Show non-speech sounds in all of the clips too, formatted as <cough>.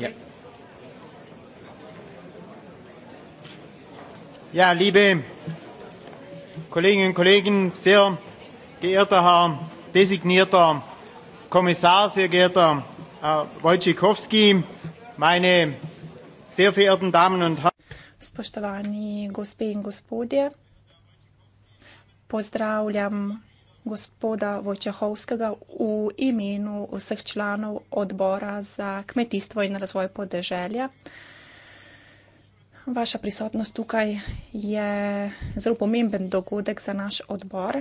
Yep. Ja. ja, liebe Kolleginnen und Kollegen, sehr geehrter Herr designierter Kommissar, sehr geehrter Herr äh, Wojciechowski, meine sehr verehrten Damen und Herren, Spoštovani gospe in gospodje, pozdravljam gospoda Vojčehovskega v imenu vseh članov odbora za kmetijstvo in razvoj podeželja. Vaša prisotnost tukaj je zelo pomemben dogodek za naš odbor.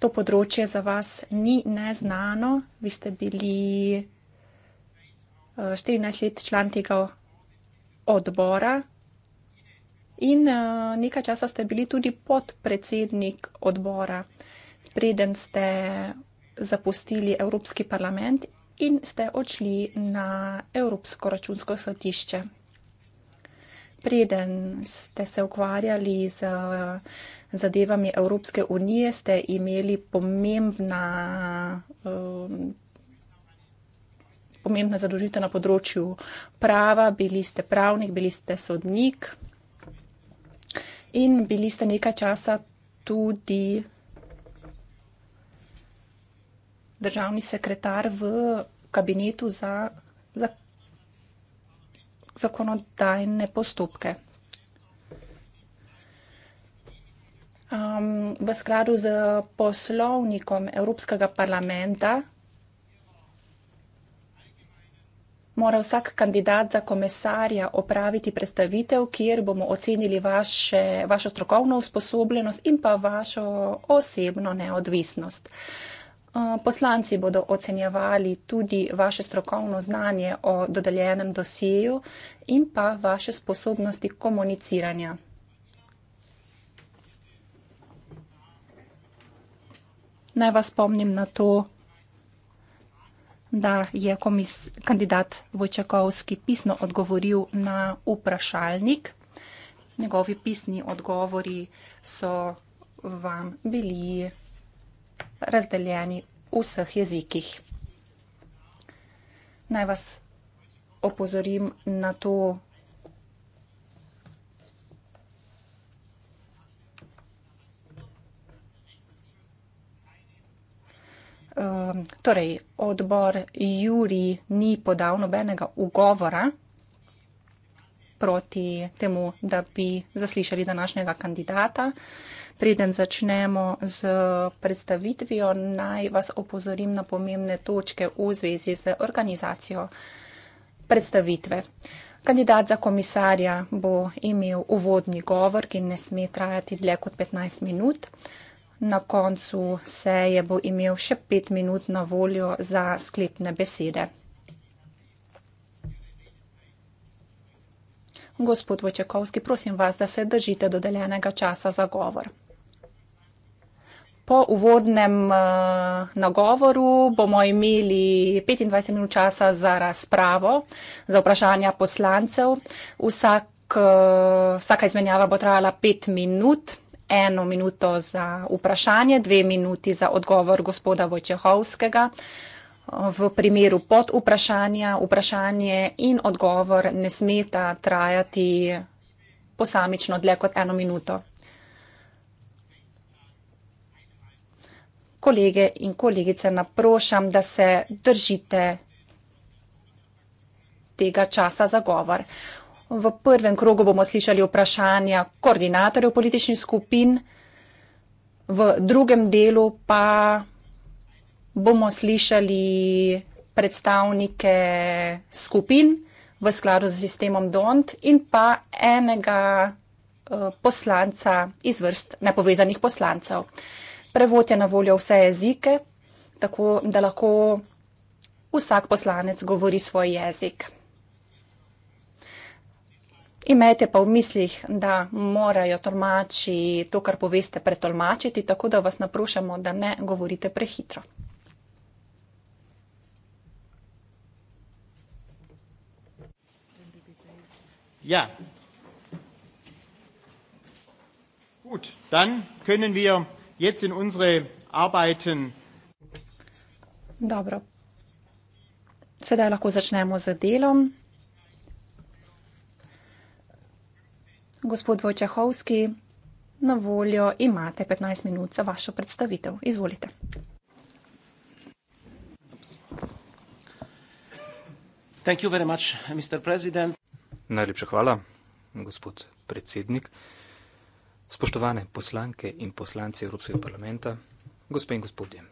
To področje za vas ni neznano. Vi ste bili 14 eh, let član tega odbora. In uh, nekaj časa ste bili tudi podpredsednik odbora, preden ste zapustili Evropski parlament in ste odšli na Evropsko računsko sodišče. Preden ste se ukvarjali z eh, zadevami Evropske unije, ste imeli pomembna, um, pomembna zadožitev na področju prava, bili ste pravnik, bili ste sodnik in bili ste nekaj časa tudi državni sekretar v kabinetu za, za zakonodajne postopke. Um, v skladu z poslovnikom Evropskega parlamenta mora vsak kandidat za komisarja opraviti predstavitev, kjer bomo ocenili vaše, vašo strokovno usposobljenost in pa vašo osebno neodvisnost. Uh, poslanci bodo ocenjevali tudi vaše strokovno znanje o dodeljenem dosijeju in pa vaše sposobnosti komuniciranja. Naj vas spomnim na to, da je komis, kandidat Vojčakovski pisno odgovoril na vprašalnik. Njegovi pisni odgovori so vam bili razdeljeni v vseh jezikih. Naj vas opozorim na to, um, torej odbor Juri ni podal nobenega ugovora proti temu, da bi zaslišali današnjega kandidata. Preden začnemo z predstavitvijo, naj vas opozorim na pomembne točke v zvezi z organizacijo predstavitve. Kandidat za komisarja bo imel uvodni govor, ki ne sme trajati dlje kot 15 minut. Uh, na koncu seje bo imel še pet minut na voljo za sklepne besede. Gospod Vojčakovski, prosim vas, da se držite dodeljenega časa za govor. Po uvodnem uh, nagovoru bomo imeli 25 minut časa za razpravo, za vprašanja poslancev. Vsak, uh, vsaka izmenjava bo trajala 5 minut eno minuto za vprašanje, dve minuti za odgovor gospoda Vojčehovskega. V primeru pod vprašanja, vprašanje in odgovor ne smeta trajati posamično dlje kot eno minuto. Kolege in kolegice naprošam, da se držite tega časa za govor. V prvem krogu bomo slišali vprašanja koordinatorjev političnih skupin, v drugem delu pa bomo slišali predstavnike skupin v skladu z sistemom DONT in pa enega eh, poslanca iz vrst nepovezanih poslancev. Prevod je na voljo vse jezike, tako da lahko vsak poslanec govori svoj jezik. Imejte pa v mislih, da morajo tolmači to, kar poveste, pretolmačiti, tako da vas naprošamo, da ne govorite prehitro. Ja. Gut, dann können wir jetzt in unsere Arbeiten. Dobro. Sedaj lahko začnemo z delom. gospod Vojčehovski, na voljo imate 15 minut za vašo predstavitev. Izvolite. Much, Najlepša hvala, gospod predsednik. Spoštovane poslanke in poslanci Evropskega parlamenta, gospe in gospodje.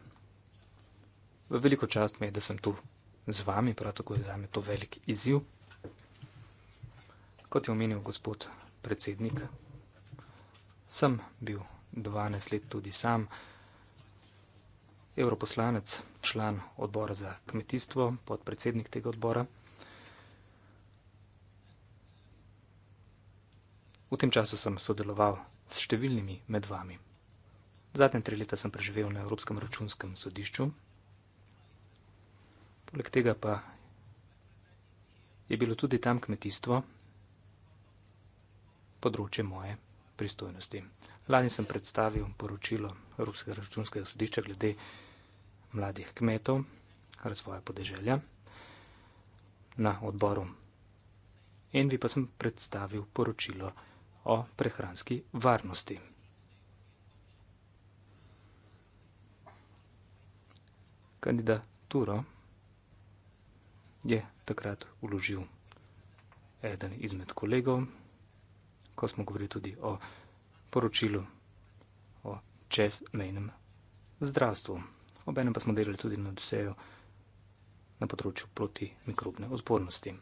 Veliko čast me je, da sem tu z vami, prav tako je za me to velik izziv. Kot je omenil gospod predsednik. Sem bil 12 let tudi sam europoslanec, član odbora za kmetijstvo, podpredsednik tega odbora. V tem času sem sodeloval s številnimi med vami. Zadnje tri leta sem preživel na Evropskem računskem sodišču. Poleg tega pa je bilo tudi tam kmetijstvo, področje moje pristojnosti. Lani sem predstavil poročilo Evropskega računskega sodišča glede mladih kmetov, razvoja podeželja na odboru. In vi pa sem predstavil poročilo o prehranski varnosti. Kandidaturo je takrat uložil eden izmed kolegov ko smo govorili tudi o poročilu o čezmejnem zdravstvu. Obenem pa smo delali tudi na dosejo na področju proti mikrobne odpornosti.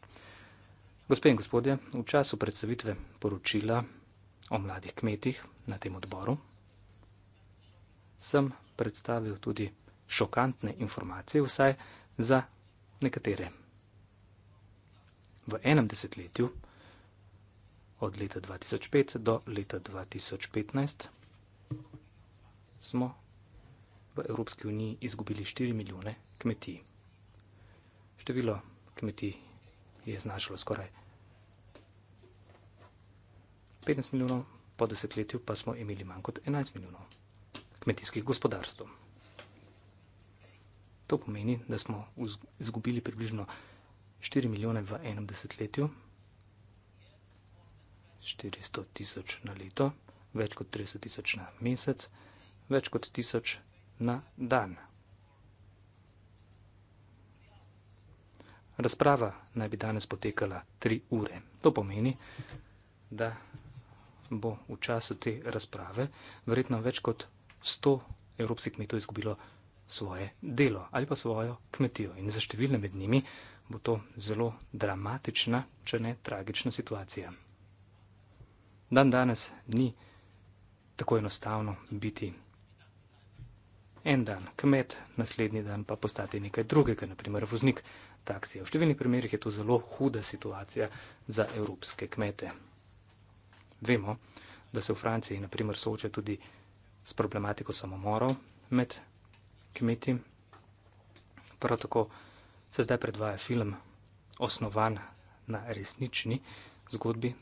Gospe in gospodje, v času predstavitve poročila o mladih kmetih na tem odboru sem predstavil tudi šokantne informacije, vsaj za nekatere. V enem desetletju od leta 2005 do leta 2015 smo v Evropski uniji izgubili 4 milijone kmetij. Število kmetij je znašalo skoraj 15 milijonov, po desetletju pa smo imeli manj kot 11 milijonov kmetijskih gospodarstv. To pomeni, da smo izgubili približno 4 milijone v enem desetletju. 400 tisoč na leto, več kot 30 tisoč na mesec, več kot tisoč na dan. Razprava naj bi danes potekala tri ure. To pomeni, da bo v času te razprave verjetno več kot 100 evropskih kmetov izgubilo svoje delo ali pa svojo kmetijo. In za številne med njimi bo to zelo dramatična, če ne tragična situacija. Dan danes ni tako enostavno biti en dan kmet, naslednji dan pa postati nekaj drugega, naprimer voznik taksija. V številnih primerih je to zelo huda situacija za evropske kmete. Vemo, da se v Franciji naprimer sooča tudi s problematiko samomorov med kmeti. Prav tako se zdaj predvaja film osnovan na resnični zgodbi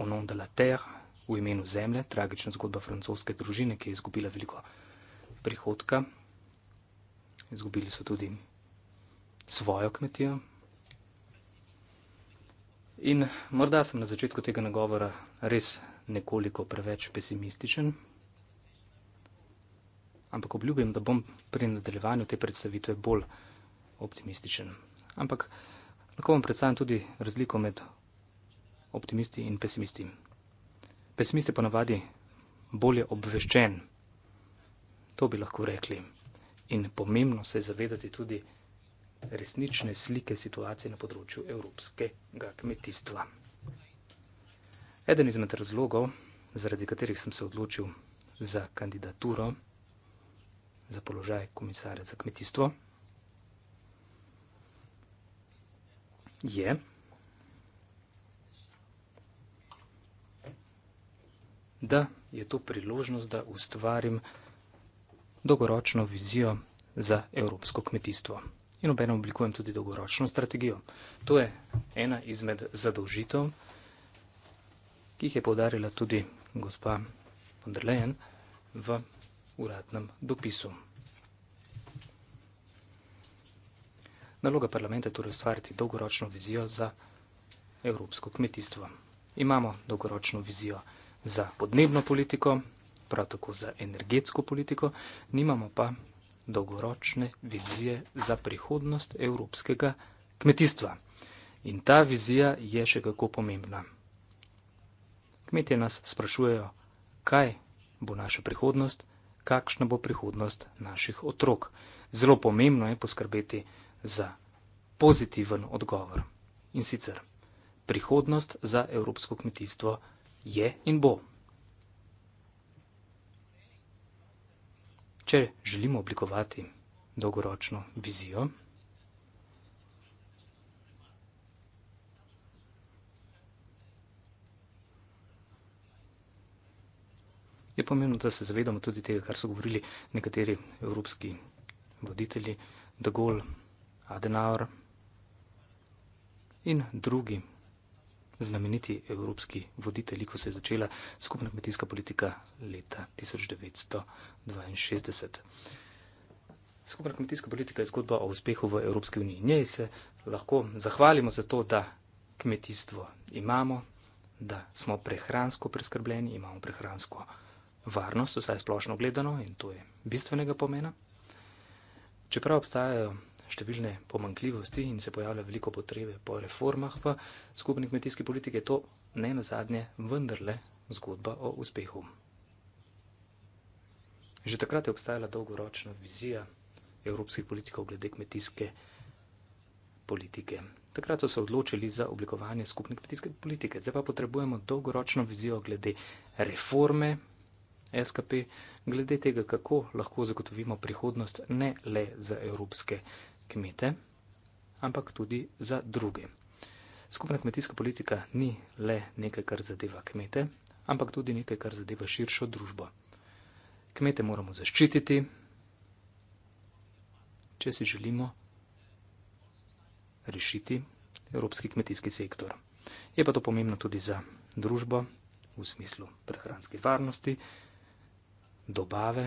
O nom de la terre, v imenu zemlje, tragična zgodba francoske družine, ki je izgubila veliko prihodka. Izgubili so tudi svojo kmetijo. In morda sem na začetku tega nagovora res nekoliko preveč pesimističen, ampak obljubim, da bom pri nadaljevanju te predstavitve bolj optimističen. Ampak lahko vam predstavim tudi razliko med optimisti in pesimisti. Pesimist je ponavadi bolje obveščen, to bi lahko rekli. In pomembno se je zavedati tudi resnične slike situacije na področju evropskega kmetijstva. Eden izmed razlogov, zaradi katerih sem se odločil za kandidaturo za položaj komisarja za kmetijstvo, je, da je to priložnost, da ustvarim dolgoročno vizijo za evropsko kmetijstvo. In obenem oblikujem tudi dolgoročno strategijo. To je ena izmed zadolžitev, ki jih je povdarila tudi gospa von der Leyen v uradnem dopisu. Naloga parlamenta je torej ustvariti dolgoročno vizijo za evropsko kmetijstvo. Imamo dolgoročno vizijo za podnebno politiko, prav tako za energetsko politiko, nimamo pa dolgoročne vizije za prihodnost evropskega kmetijstva. In ta vizija je še kako pomembna. Kmetje nas sprašujejo, kaj bo naša prihodnost, kakšna bo prihodnost naših otrok. Zelo pomembno je poskrbeti za pozitiven odgovor. In sicer prihodnost za evropsko kmetijstvo je in bo. Če želimo oblikovati dolgoročno vizijo, je pomembno, da se zavedamo tudi tega, kar so govorili nekateri evropski voditelji, da gol Adenauer in drugi znameniti evropski voditelji, ko se je začela skupna kmetijska politika leta 1962. Skupna kmetijska politika je zgodba o uspehu v Evropski uniji. Njej se lahko zahvalimo za to, da kmetijstvo imamo, da smo prehransko preskrbljeni, imamo prehransko varnost, vsaj splošno gledano, in to je bistvenega pomena. Čeprav obstajajo številne pomankljivosti in se pojavlja veliko potrebe po reformah v skupni kmetijski politiki, je to ne na zadnje vendarle zgodba o uspehu. Že takrat je obstajala dolgoročna vizija evropskih politikov glede kmetijske politike. Takrat so se odločili za oblikovanje skupne kmetijske politike, zdaj pa potrebujemo dolgoročno vizijo glede reforme SKP, glede tega, kako lahko zagotovimo prihodnost ne le za evropske kmete, ampak tudi za druge. Skupna kmetijska politika ni le nekaj, kar zadeva kmete, ampak tudi nekaj, kar zadeva širšo družbo. Kmete moramo zaščititi, če si želimo rešiti evropski kmetijski sektor. Je pa to pomembno tudi za družbo v smislu prehranske varnosti, dobave.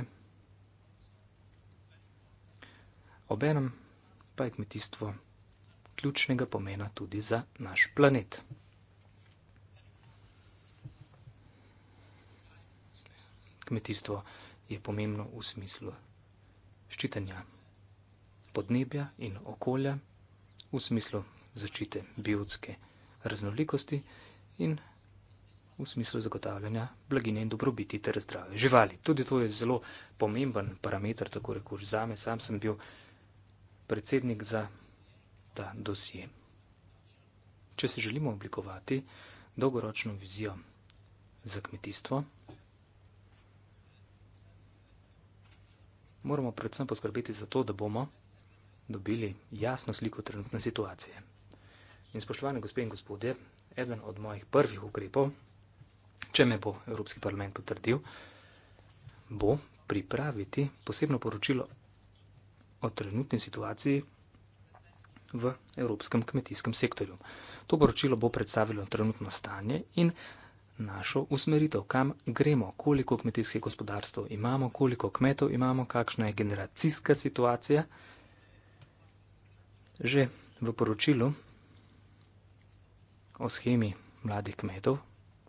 Obenem pa je kmetijstvo ključnega pomena tudi za naš planet. Kmetijstvo je pomembno v smislu ščitanja podnebja in okolja, v smislu zaščite biotske raznolikosti in v smislu zagotavljanja blaginje in dobrobiti ter zdrave živali. Tudi to je zelo pomemben parameter, tako rekoč zame, sam sem bil predsednik za ta dosje. Če se želimo oblikovati dolgoročno vizijo za kmetijstvo, moramo predvsem poskrbeti za to, da bomo dobili jasno sliko trenutne situacije. In spoštovane gospe in gospodje, eden od mojih prvih ukrepov, če me bo Evropski parlament potrdil, bo pripraviti posebno poročilo o trenutni situaciji v evropskem kmetijskem sektorju. To poročilo bo predstavilo trenutno stanje in našo usmeritev, kam gremo, koliko kmetijskih gospodarstv imamo, koliko kmetov imamo, kakšna je generacijska situacija. Že v poročilu o schemi mladih kmetov,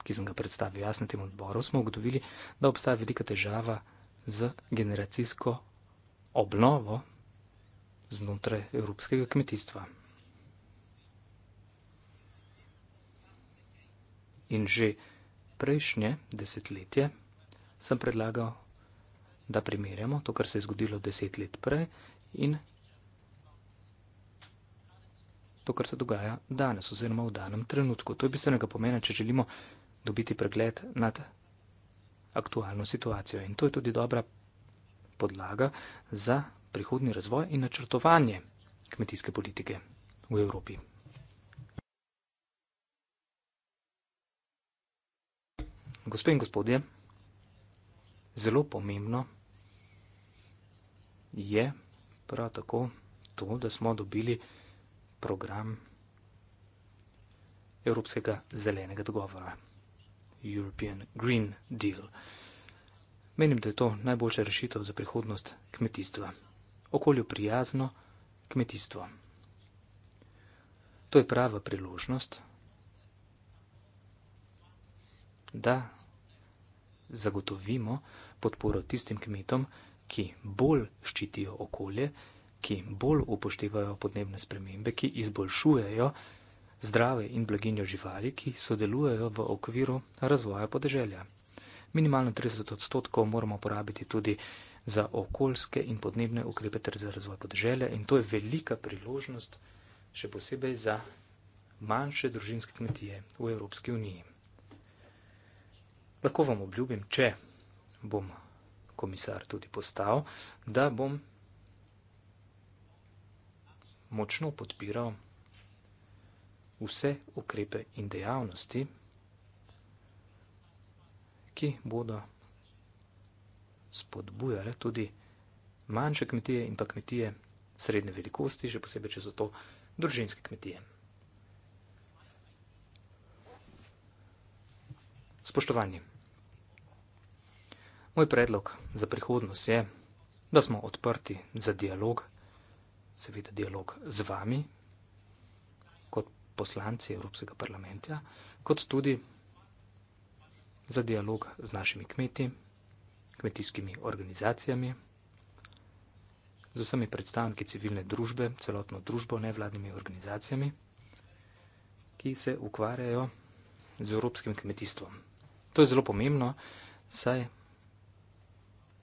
ki sem ga predstavil jasno tem odboru, smo ugotovili, da obstaja velika težava z generacijsko obnovo znotraj evropskega kmetijstva. In že prejšnje desetletje sem predlagal, da primerjamo to, kar se je zgodilo deset let prej in to, kar se dogaja danes oziroma v danem trenutku. To je bistvenega pomena, če želimo dobiti pregled nad aktualno situacijo. In to je tudi dobra podlaga za prihodni razvoj in načrtovanje kmetijske politike v Evropi. Gospe in gospodje, zelo pomembno je prav tako to, da smo dobili program Evropskega zelenega dogovora, European Green Deal. Menim, da je to najboljša rešitev za prihodnost kmetijstva okolju prijazno kmetijstvo. To je prava priložnost, da zagotovimo podporo tistim kmetom, ki bolj ščitijo okolje, ki bolj upoštevajo podnebne spremembe, ki izboljšujejo zdrave in blaginjo živali, ki sodelujejo v okviru razvoja podeželja. Minimalno 30 odstotkov moramo porabiti tudi za okoljske in podnebne ukrepe ter za razvoj podeželja in to je velika priložnost, še posebej za manjše družinske kmetije v Evropski uniji. Lahko vam obljubim, če bom komisar tudi postal, da bom močno podpiral vse ukrepe in dejavnosti, ki bodo spodbujale tudi manjše kmetije in pa kmetije srednje velikosti, še posebej, če so to družinske kmetije. Spoštovanje. Moj predlog za prihodnost je, da smo odprti za dialog, seveda dialog z vami, kot poslanci Evropskega parlamenta, kot tudi za dialog z našimi kmetijami kmetijskimi organizacijami, z vsemi predstavniki civilne družbe, celotno družbo, nevladnimi organizacijami, ki se ukvarjajo z evropskim kmetijstvom. To je zelo pomembno, saj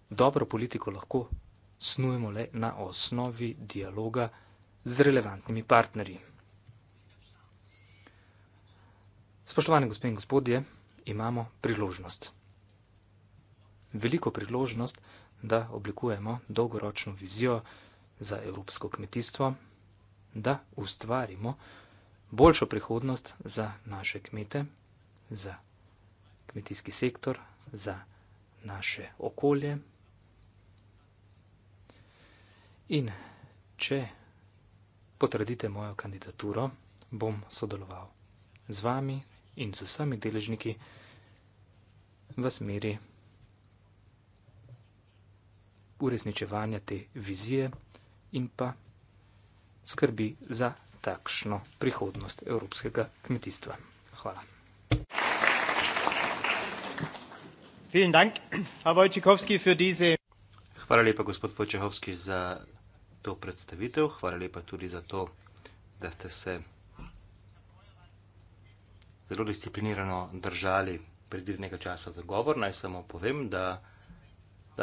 dobro politiko lahko snujemo le na osnovi dialoga z relevantnimi partnerji. Spoštovane gospe in gospodje, imamo priložnost veliko priložnost, da oblikujemo dolgoročno vizijo za evropsko kmetijstvo, da ustvarimo boljšo prihodnost za naše kmete, za kmetijski sektor, za naše okolje. In če potrdite mojo kandidaturo, bom sodeloval z vami in z vsemi deležniki v smeri uresničevanja te vizije in pa skrbi za takšno prihodnost evropskega kmetijstva. Hvala. Hvala lepa, gospod Vojčehovski, za to predstavitev. Hvala lepa tudi za to, da ste se zelo disciplinirano držali predvidenega časa za govor. Naj samo povem, da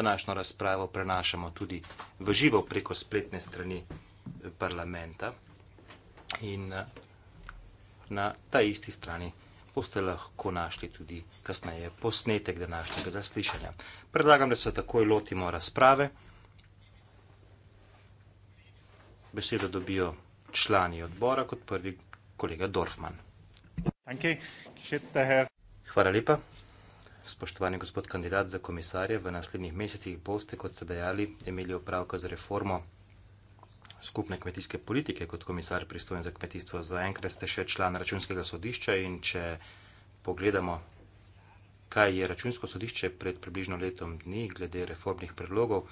današnjo razpravo prenašamo tudi v živo preko spletne strani eh, parlamenta. In eh, na ta isti strani boste lahko našli tudi kasneje posnetek današnjega zaslišanja. Predlagam, da se takoj lotimo razprave. Besedo dobijo člani odbora, kot prvi kolega Dorfman. Hvala lepa. Spoštovani gospod kandidat za komisarje, v naslednjih mesecih boste, kot ste dejali, imeli opravka z reformo skupne kmetijske politike kot komisar pristojen za kmetijstvo. Zaenkrat ste še član računskega sodišča in če pogledamo, kaj je računsko sodišče pred približno letom dni glede reformnih predlogov,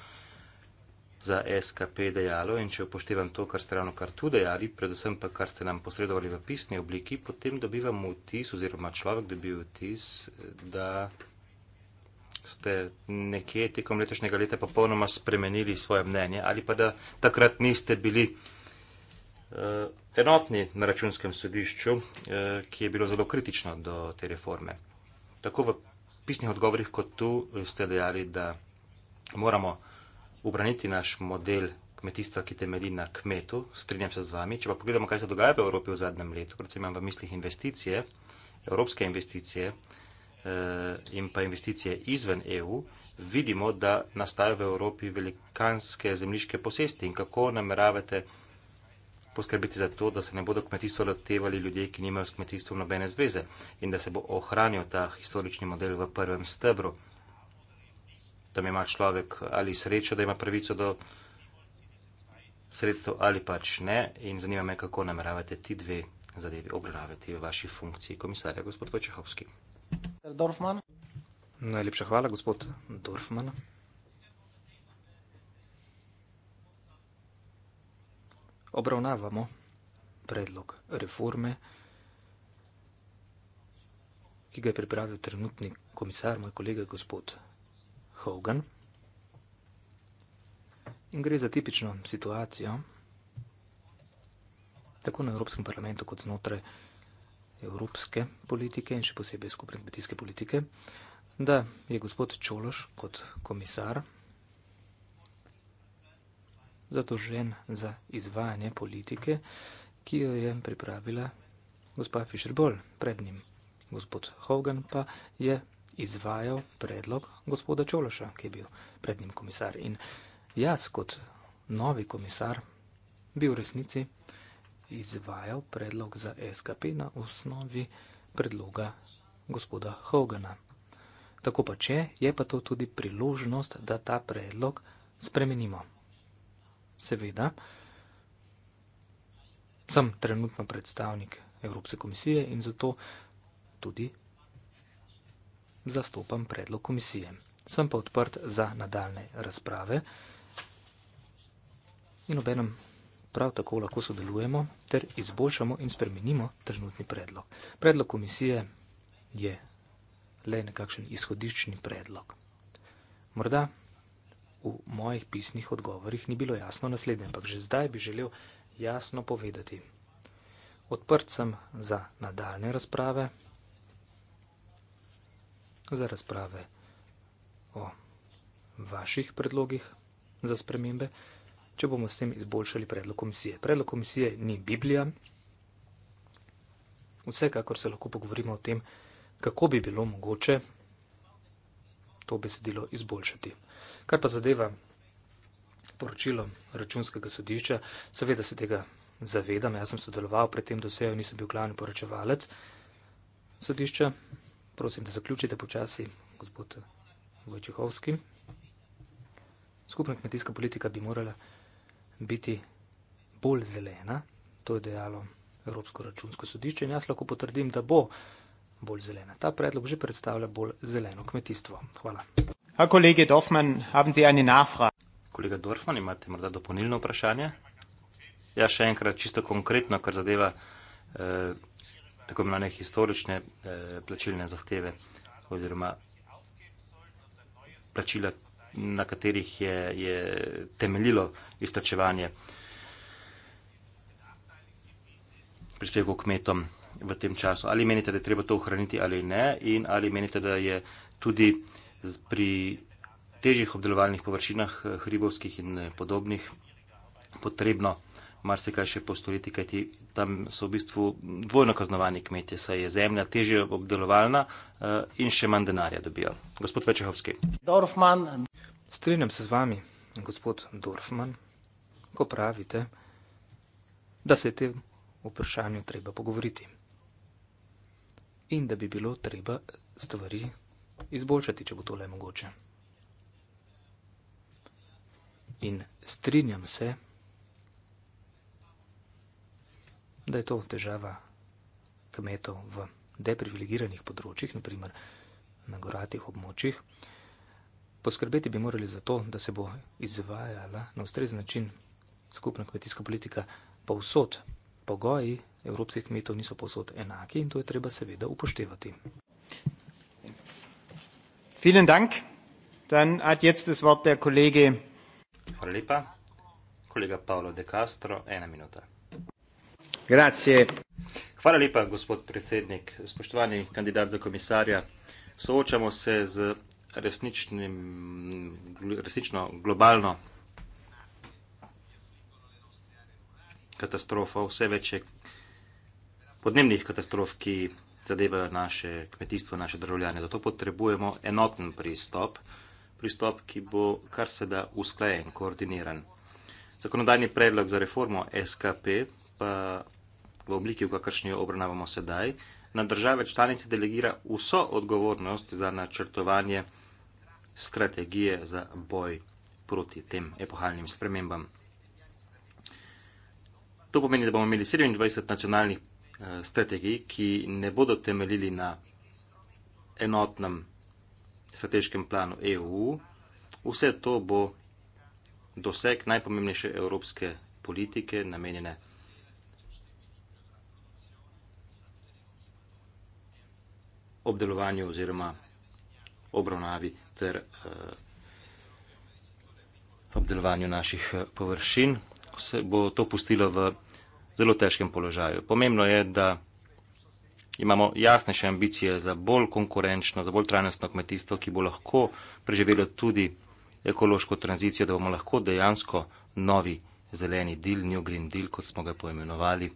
za SKP dejalo in če upoštevam to, kar ste ravno kar tu dejali, predvsem pa kar ste nam posredovali v pisni obliki, potem dobivamo vtis oziroma človek dobi vtis, da ste nekje tekom letošnjega leta popolnoma spremenili svoje mnenje ali pa da takrat niste bili uh, enotni na računskem sodišču, uh, ki je bilo zelo kritično do te reforme. Tako v pisnih odgovorih kot tu ste dejali, da moramo uh, obraniti naš model kmetijstva, ki temelji na kmetu. Strinjam se z vami. Če pa pogledamo, kaj se dogaja v Evropi v zadnjem letu, predvsem imam v mislih investicije, evropske investicije eh, in pa investicije izven EU, vidimo, da nastajajo v Evropi velikanske zemljiške posesti in kako nameravate poskrbiti za to, da se ne bodo kmetijstvo lotevali ljudje, ki nimajo s kmetijstvom nobene zveze in da se bo ohranil ta historični model v prvem stebru tam ima človek ali srečo, da ima pravico do sredstev ali pač ne. In zanima me, kako nameravate ti dve zadevi obravnavati v vaši funkciji komisarja, gospod Vojčehovski. Dorfman. Najlepša hvala, gospod Dorfman. Obravnavamo predlog reforme, ki ga je pripravil trenutni komisar, moj kolega gospod Hogan. In gre za tipično situacijo, tako na Evropskem parlamentu, kot znotraj evropske politike in še posebej skupne kmetijske politike, da je gospod Čološ kot komisar zadožen za izvajanje politike, ki jo je pripravila gospa Fischer-Boll pred njim. Gospod Hogan pa je izvajal predlog gospoda Čološa, ki je bil pred njim komisar. In jaz kot novi komisar bi v resnici izvajal predlog za SKP na osnovi predloga gospoda Hogana. Tako pa če, je pa to tudi priložnost, da ta predlog spremenimo. Seveda, sem trenutno predstavnik Evropske komisije in zato tudi zastopam predlog komisije. Sem pa odprt za nadaljne razprave in obenem prav tako lahko sodelujemo ter izboljšamo in spremenimo trenutni predlog. Predlog komisije je le nekakšen izhodiščni predlog. Morda v mojih pisnih odgovorih ni bilo jasno naslednje, ampak že zdaj bi želel jasno povedati. Odprt sem za nadaljne razprave za razprave o vaših predlogih za spremembe, če bomo s tem izboljšali predlog komisije. Predlog komisije ni Biblija. Vsekakor se lahko pogovorimo o tem, kako bi bilo mogoče to besedilo izboljšati. Kar pa zadeva poročilo računskega sodišča, seveda se tega zavedam, jaz sem sodeloval pri tem dosejo, nisem bil glavni poročevalec sodišča. Prosim, da zaključite počasi, gospod Vojčehovski. Skupna kmetijska politika bi morala biti bolj zelena, to je dejalo Evropsko računsko sodišče in jaz lahko potrdim, da bo bolj zelena. Ta predlog že predstavlja bolj zeleno kmetijstvo. Hvala. Kolega Dorfman, imate morda dopolnilno vprašanje? Ja, še enkrat čisto konkretno, kar zadeva. Eh, tako imenovane historične eh, plačilne zahteve oziroma plačila, na katerih je, je temeljilo izplačevanje prispevkov kmetom v tem času. Ali menite, da je treba to ohraniti ali ne in ali menite, da je tudi pri težjih obdelovalnih površinah eh, hribovskih in eh, podobnih potrebno marsikaj še postoriti, kajti tam so v bistvu dvojno kaznovani kmetje, saj je zemlja težje obdelovalna eh, in še manj denarja dobijo. Gospod Večehovski. Dorfman. Strinjam se z vami, gospod Dorfman, ko pravite, da se je tem vprašanju treba pogovoriti in da bi bilo treba stvari izboljšati, če bo to le mogoče. In strinjam se, da je to težava kmetov v deprivilegiranih področjih, naprimer na goratih območjih. Poskrbeti bi morali za to, da se bo izvajala na ustrezen način skupna kmetijska politika povsod. Pogoji evropskih kmetov niso povsod enaki in to je treba seveda upoštevati. Vielen Dank. Dann hat jetzt das Wort der Kollege. Hvala lepa. Kolega Paolo De Castro, ena minuta. Grazie. Hvala lepa, gospod predsednik. Spoštovani kandidat za komisarja, soočamo se z resnično globalno katastrofo, vse več je podnebnih katastrof, ki zadevajo naše kmetijstvo, naše državljane. Zato potrebujemo enoten pristop, pristop, ki bo kar se da usklajen, koordiniran. Zakonodajni predlog za reformo SKP pa v obliki, v kakršni jo obravnavamo sedaj, na države članice delegira vso odgovornost za načrtovanje strategije za boj proti tem epohalnim spremembam. To pomeni, da bomo imeli 27 nacionalnih eh, strategij, ki ne bodo temeljili na enotnem strateškem planu EU. Vse to bo doseg najpomembnejše evropske politike, namenjene obdelovanju oziroma obravnavi ter eh, obdelovanju naših eh, površin, se bo to pustilo v zelo težkem položaju. Pomembno je, da imamo jasnejše ambicije za bolj konkurenčno, za bolj trajnostno kmetijstvo, ki bo lahko preživelo tudi ekološko tranzicijo, da bomo lahko dejansko novi zeleni del, New Green Deal, kot smo ga poimenovali,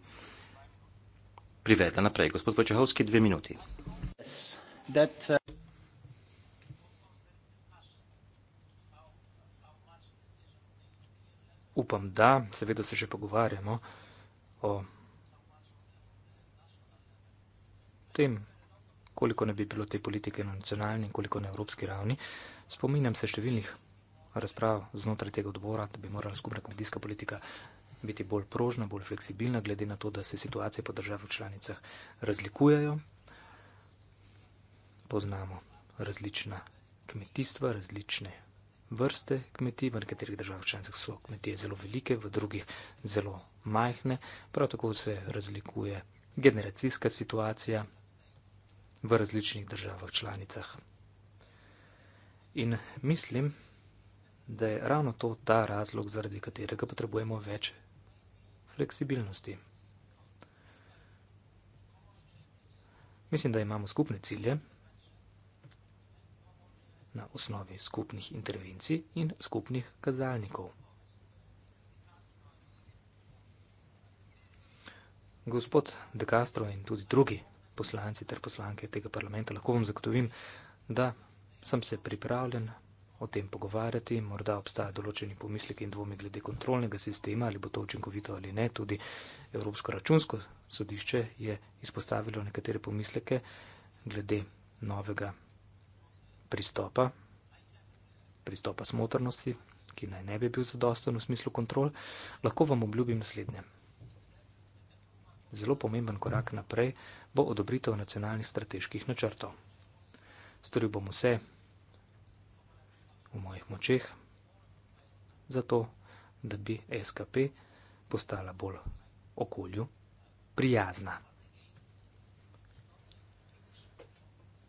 privedla naprej. Gospod Počehovski, dve minuti. Yes, that. Uh... Upam, da, seveda se že pogovarjamo o tem, koliko ne bi bilo te politike na nacionalni in koliko na evropski ravni. Spominjam se številnih razprav znotraj tega odbora, da bi morala skupna kmetijska politika biti bolj prožna, bolj fleksibilna, glede na to, da se situacije po državah članicah razlikujejo poznamo različna kmetijstva, različne vrste kmetij, v nekaterih državah članicah so kmetije zelo velike, v drugih zelo majhne, prav tako se razlikuje generacijska situacija v različnih državah članicah. In mislim, da je ravno to ta razlog, zaradi katerega potrebujemo več fleksibilnosti. Mislim, da imamo skupne cilje na osnovi skupnih intervencij in skupnih kazalnikov. Gospod De Castro in tudi drugi poslanci ter poslanke tega parlamenta, lahko vam zagotovim, da sem se pripravljen o tem pogovarjati, morda obstaja določeni pomislek in dvomi glede kontrolnega sistema, ali bo to učinkovito ali ne. Tudi Evropsko računsko sodišče je izpostavilo nekatere pomisleke glede novega pristopa, pristopa smotrnosti, ki naj ne bi bil zadosten v smislu kontrol, lahko vam obljubim naslednje. Zelo pomemben korak naprej bo odobritev nacionalnih strateških načrtov. Storil bom vse v mojih močeh, zato da bi SKP postala bolj okolju prijazna.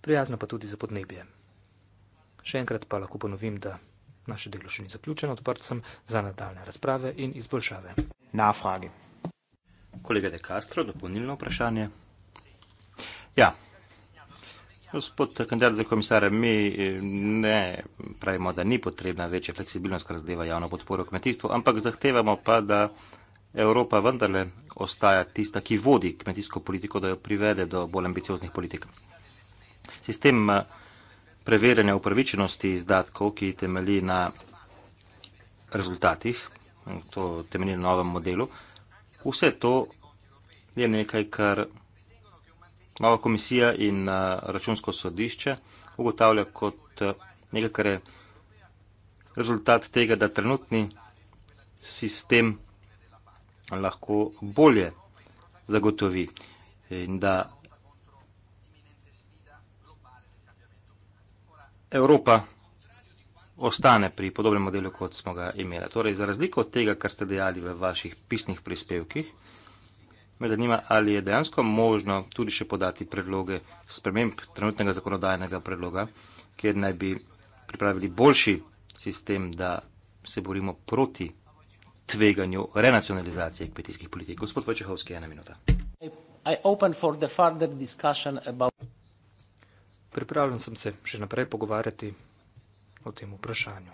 Prijazna pa tudi za podnebje. Še enkrat pa lahko ponovim, da naše delo še ni zaključeno, odprt sem za nadaljne razprave in izboljšave. Na fragi. Kolega De Castro, dopolnilno vprašanje. Ja. Gospod kandidat za komisare, mi eh, ne pravimo, da ni potrebna večja fleksibilnost, kar zadeva javno podporo kmetijstvu, ampak zahtevamo pa, da Evropa vendarle ostaja tista, ki vodi kmetijsko politiko, da jo privede do bolj ambicioznih politik. Sistem eh, preverjanja upravičenosti izdatkov, ki temelji na rezultatih, to temelji na novem modelu. Vse to je nekaj, kar nova komisija in računsko sodišče ugotavlja kot nekaj, kar je rezultat tega, da trenutni sistem lahko bolje zagotovi in da Evropa ostane pri podobnem modelu, kot smo ga imeli. Torej, za razliko od tega, kar ste dejali v vaših pisnih prispevkih, me zanima, ali je dejansko možno tudi še podati predloge sprememb trenutnega zakonodajnega predloga, kjer naj bi pripravili boljši sistem, da se borimo proti tveganju renacionalizacije kmetijskih politik. Gospod Vojčehovski, ena minuta. I open for the further discussion about Pripravljen sem se še naprej pogovarjati o tem vprašanju.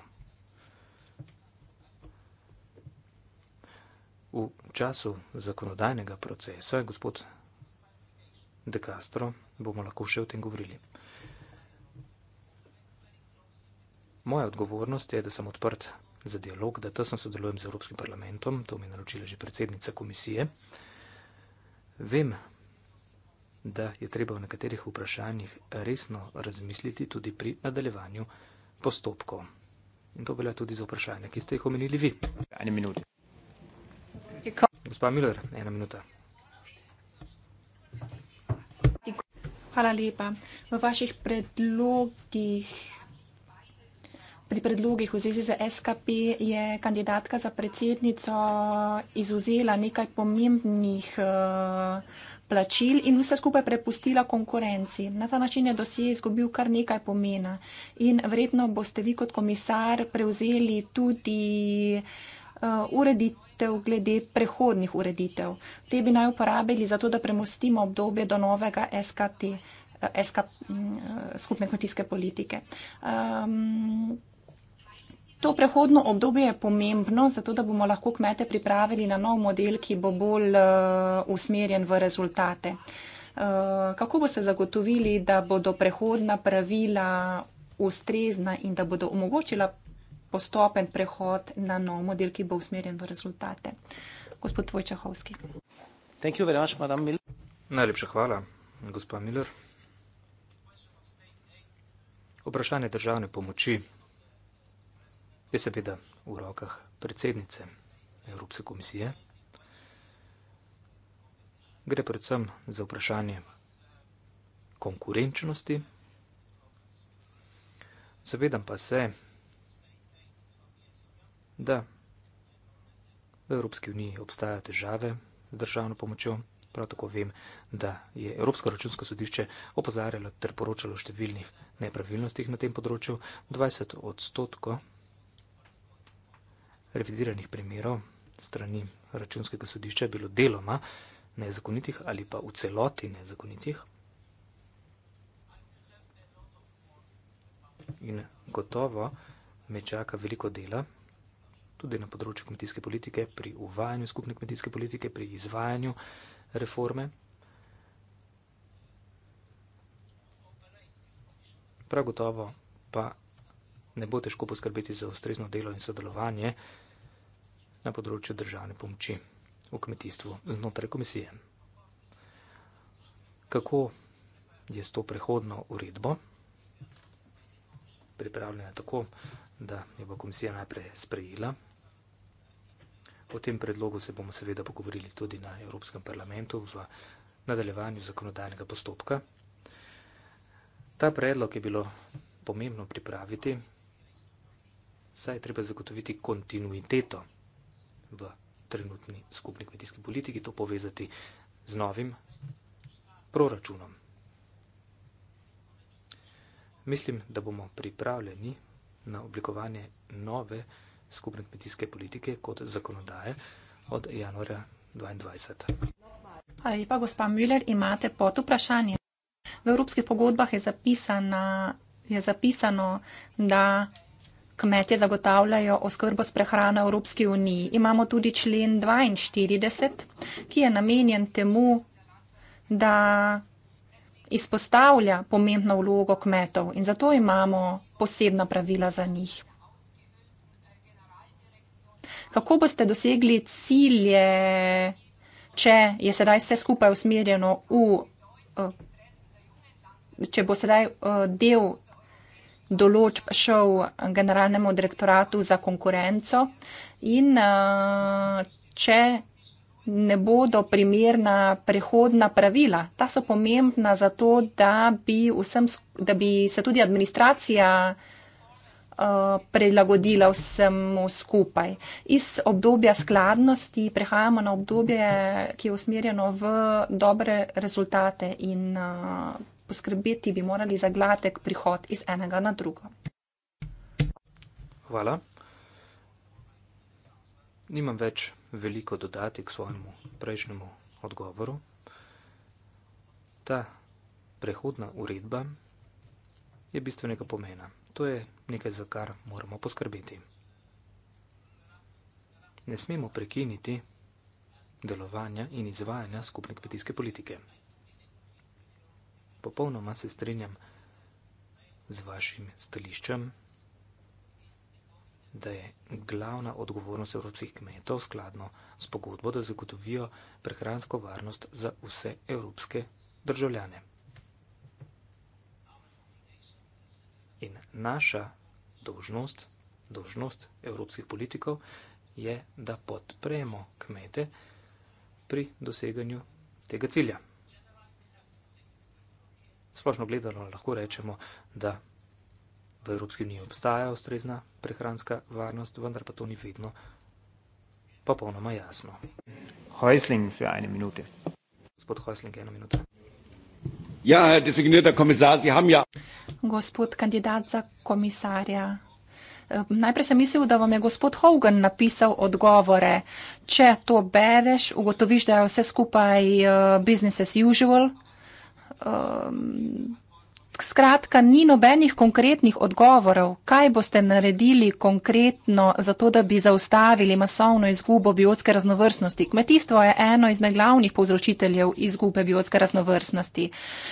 V času zakonodajnega procesa, gospod De Castro, bomo lahko še o tem govorili. Moja odgovornost je, da sem odprt za dialog, da tesno sodelujem z Evropskim parlamentom, to mi je naročila že predsednica komisije. Vem, da je treba v nekaterih vprašanjih resno razmisliti tudi pri nadaljevanju postopkov. In to velja tudi za vprašanje, ki ste jih omenili vi. Ene minute. Gospa Miller, ena minuta. Hvala lepa. V vaših predlogih, pri predlogih v zvezi z SKP je kandidatka za predsednico izuzela nekaj pomembnih uh, plačil in vse skupaj prepustila konkurenci. Na ta način je dosje izgubil kar nekaj pomena in vredno boste vi kot komisar prevzeli tudi uh, ureditev glede prehodnih ureditev. Te bi naj uporabili za to, da premostimo obdobje do novega SKT, uh, SK, mm, uh, skupne kmetijske politike. Um, To prehodno obdobje je pomembno, zato da bomo lahko kmete pripravili na nov model, ki bo bolj uh, usmerjen v rezultate. Uh, kako boste zagotovili, da bodo prehodna pravila ustrezna in da bodo omogočila postopen prehod na nov model, ki bo usmerjen v rezultate? Gospod Vojčahovski. Najlepša hvala, gospod Miller. Vprašanje državne pomoči je seveda v rokah predsednice Evropske komisije. Gre predvsem za vprašanje konkurenčnosti. Zavedam pa se, da v Evropski uniji obstajajo težave z državno pomočjo. Prav tako vem, da je Evropsko računsko sodišče opozarjalo ter poročalo o številnih nepravilnostih na tem področju. 20 odstotkov revidiranih primerov strani računskega sodišča je bilo deloma nezakonitih ali pa v celoti nezakonitih. In gotovo me čaka veliko dela tudi na področju kmetijske politike, pri uvajanju skupne kmetijske politike, pri izvajanju reforme. Prav gotovo pa ne bo težko poskrbeti za ustrezno delo in sodelovanje na področju državne pomoči v kmetijstvu znotraj komisije. Kako je s to prehodno uredbo pripravljena tako, da jo bo komisija najprej sprejela? O tem predlogu se bomo seveda pogovorili tudi na Evropskem parlamentu v nadaljevanju zakonodajnega postopka. Ta predlog je bilo pomembno pripraviti, saj je treba zagotoviti kontinuiteto v trenutni skupni kmetijski politiki, to povezati z novim proračunom. Mislim, da bomo pripravljeni na oblikovanje nove skupne kmetijske politike kot zakonodaje od januarja 2022. Hvala lepa, gospa Müller, imate pod vprašanje. V evropskih pogodbah je zapisano, je zapisano da kmetje zagotavljajo oskrbo s prehrano Evropski uniji. Imamo tudi člen 42, ki je namenjen temu, da izpostavlja pomembno vlogo kmetov in zato imamo posebna pravila za njih. Kako boste dosegli cilje, če je sedaj vse skupaj usmerjeno v, eh, če bo sedaj eh, del določb šel generalnemu direktoratu za konkurenco in eh, če ne bodo primerna prehodna pravila. Ta so pomembna zato, da bi, vsem, da bi se tudi administracija uh, prilagodila vsemu skupaj. Iz obdobja skladnosti prehajamo na obdobje, ki je usmerjeno v dobre rezultate in uh, poskrbeti bi morali za gladek prihod iz enega na drugo. Hvala. Nimam več veliko dodati k svojemu prejšnjemu odgovoru. Ta prehodna uredba je bistvenega pomena. To je nekaj, za kar moramo poskrbeti. Ne smemo prekiniti delovanja in izvajanja skupne kmetijske politike popolnoma se strinjam z vašim stališčem, da je glavna odgovornost evropskih kmetov skladno s pogodbo, da zagotovijo prehransko varnost za vse evropske državljane. In naša dožnost, dožnost evropskih politikov je, da podpremo kmete pri doseganju tega cilja splošno gledano lahko rečemo, da v Evropski uniji obstaja ustrezna prehranska varnost, vendar pa to ni vedno popolnoma jasno. Hojsling, še ene minute. Gospod Hojsling, ena minuta. Ja, designirana komisarja, ham ja. Gospod kandidat za komisarja. Eh, najprej sem mislil, da vam je gospod Hogan napisal odgovore. Če to bereš, ugotoviš, da je vse skupaj eh, business as usual, Um, skratka, ni nobenih konkretnih odgovorov, kaj boste naredili konkretno za to, da bi zaustavili masovno izgubo biotske raznovrstnosti. Kmetijstvo je eno izmed glavnih povzročiteljev izgube biotske raznovrstnosti.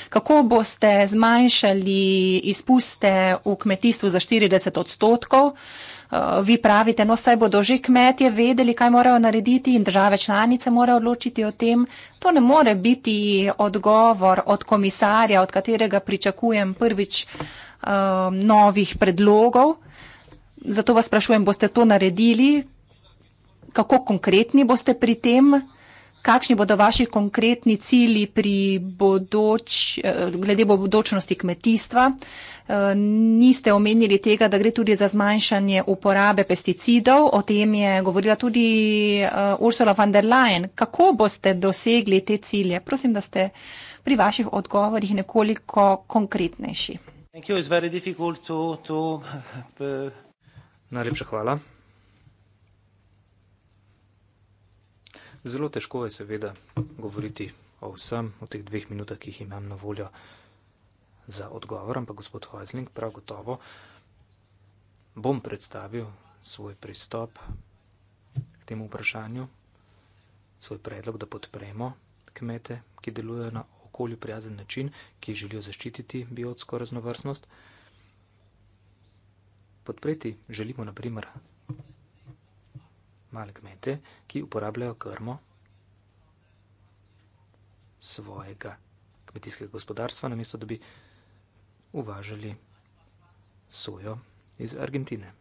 Kako boste zmanjšali izpuste v kmetijstvu za 40 odstotkov? Uh, Eh, vi pravite, no saj bodo že kmetje vedeli, kaj morajo narediti in države članice morajo odločiti o tem. To ne more biti odgovor od komisarja, od katerega pričakujem prvič eh, novih predlogov. Zato vas sprašujem, boste to naredili? Kako konkretni boste pri tem? kakšni bodo vaši konkretni cilji bodoč, eh, glede bodočnosti kmetijstva. Eh, niste omenili tega, da gre tudi za zmanjšanje uporabe pesticidov, o tem je govorila tudi eh, Ursula von der Leyen. Kako boste dosegli te cilje? Prosim, da ste pri vaših odgovorih nekoliko konkretnejši. <laughs> Najlepša hvala. Zelo težko je seveda govoriti o vsem v teh dveh minutah, ki jih imam na voljo za odgovor, ampak gospod Hojzling prav gotovo bom predstavil svoj pristop k temu vprašanju, svoj predlog, da podpremo kmete, ki delujejo na okolju prijazen način, ki želijo zaščititi biotsko raznovrstnost. Podpreti želimo naprimer male kmete, ki uporabljajo krmo svojega kmetijskega gospodarstva, namesto da bi uvažali sojo iz Argentine.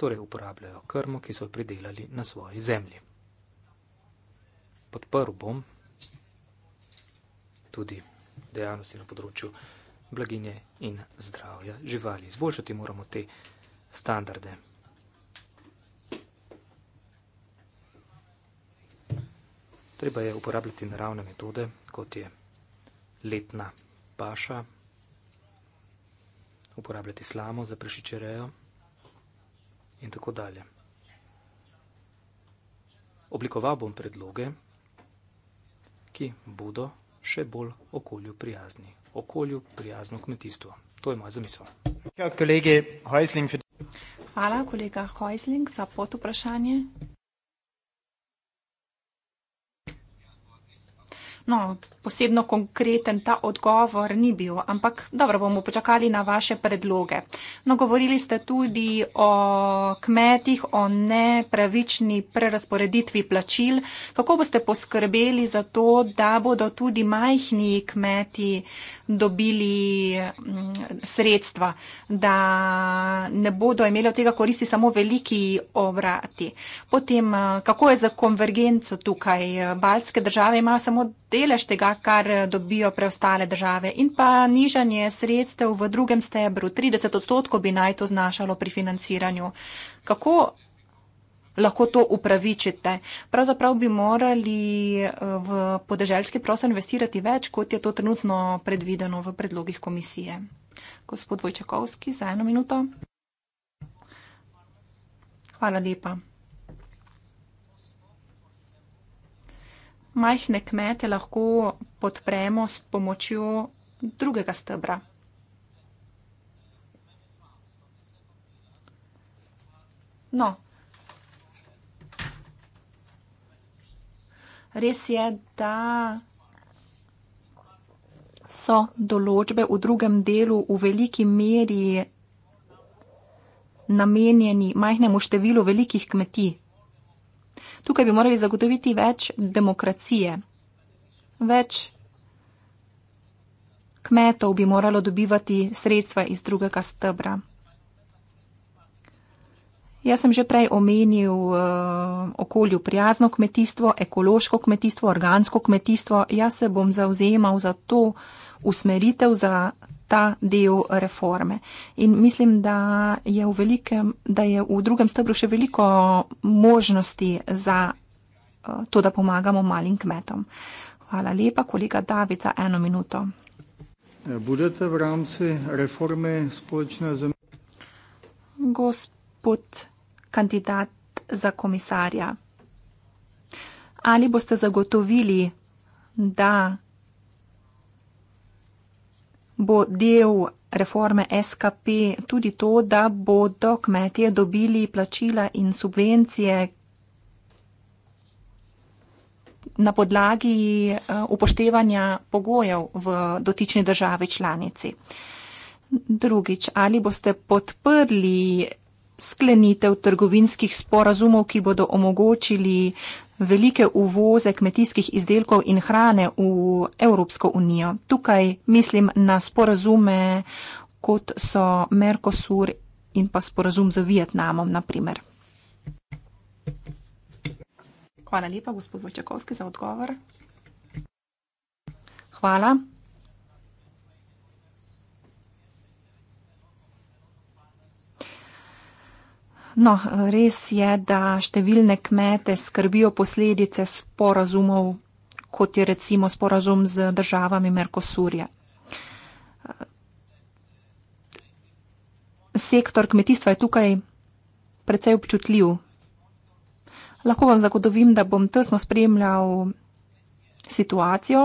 Torej uporabljajo krmo, ki so pridelali na svoji zemlji. Podprl bom tudi dejavnosti na področju blaginje in zdravja živali. Izboljšati moramo te standarde. Treba je uporabljati naravne metode, kot je letna paša, uporabljati slamo za prešičerejo in tako dalje. Oblikoval bom predloge, ki bodo še bolj okolju prijazni. Okolju prijazno kmetijstvo. To je moja zamisel. Hvala, kolega Hojsling, za pot vprašanje. no, posebno konkreten ta odgovor ni bil, ampak dobro, bomo počakali na vaše predloge. No, govorili ste tudi o kmetih, o nepravični prerasporeditvi plačil. Kako boste poskrbeli za to, da bodo tudi majhni kmeti dobili mm, sredstva, da ne bodo imeli od tega koristi samo veliki obrati? Potem, eh, kako je za konvergenco tukaj? Baltske države imajo samo te delež tega, kar eh, dobijo preostale države in pa nižanje sredstev v drugem stebru. 30 odstotkov bi naj to znašalo pri financiranju. Kako lahko to upravičite? Pravzaprav bi morali eh, v podeželjski prostor investirati več, kot je to trenutno predvideno v predlogih komisije. Gospod Vojčakovski, za eno minuto. Hvala lepa. majhne kmete lahko podpremo s pomočjo drugega stebra. No. Res je, da so določbe v drugem delu v veliki meri namenjeni majhnemu številu velikih kmetij. Tukaj bi morali zagotoviti več demokracije, več kmetov bi moralo dobivati sredstva iz drugega stebra. Jaz sem že prej omenil uh, okolju prijazno kmetijstvo, ekološko kmetijstvo, organsko kmetijstvo. Jaz se bom zauzemal za to usmeritev, za ta del reforme. In mislim, da je v, velikem, da je v drugem stebru še veliko možnosti za eh, to, da pomagamo malim kmetom. Hvala lepa, kolega David, za eno minuto. Budete v rámci reforme spoločne zemlje? Gospod kandidat za komisarja, ali boste zagotovili, da bo del reforme SKP tudi to, da bodo kmetije dobili plačila in subvencije na podlagi eh, upoštevanja pogojev v dotični državi članici. Drugič, ali boste podprli sklenitev trgovinskih sporazumov, ki bodo omogočili velike uvoze kmetijskih izdelkov in hrane v Evropsko unijo. Tukaj mislim na sporazume, kot so Mercosur in pa sporazum z Vietnamom, naprimer. Hvala lepa, gospod Vojčakovski, za odgovor. Hvala. No, res je, da številne kmete skrbijo posledice sporazumov, kot je recimo sporazum z državami Merkosurja. Sektor kmetijstva je tukaj precej občutljiv. Lahko vam zagotovim, da bom tesno spremljal situacijo.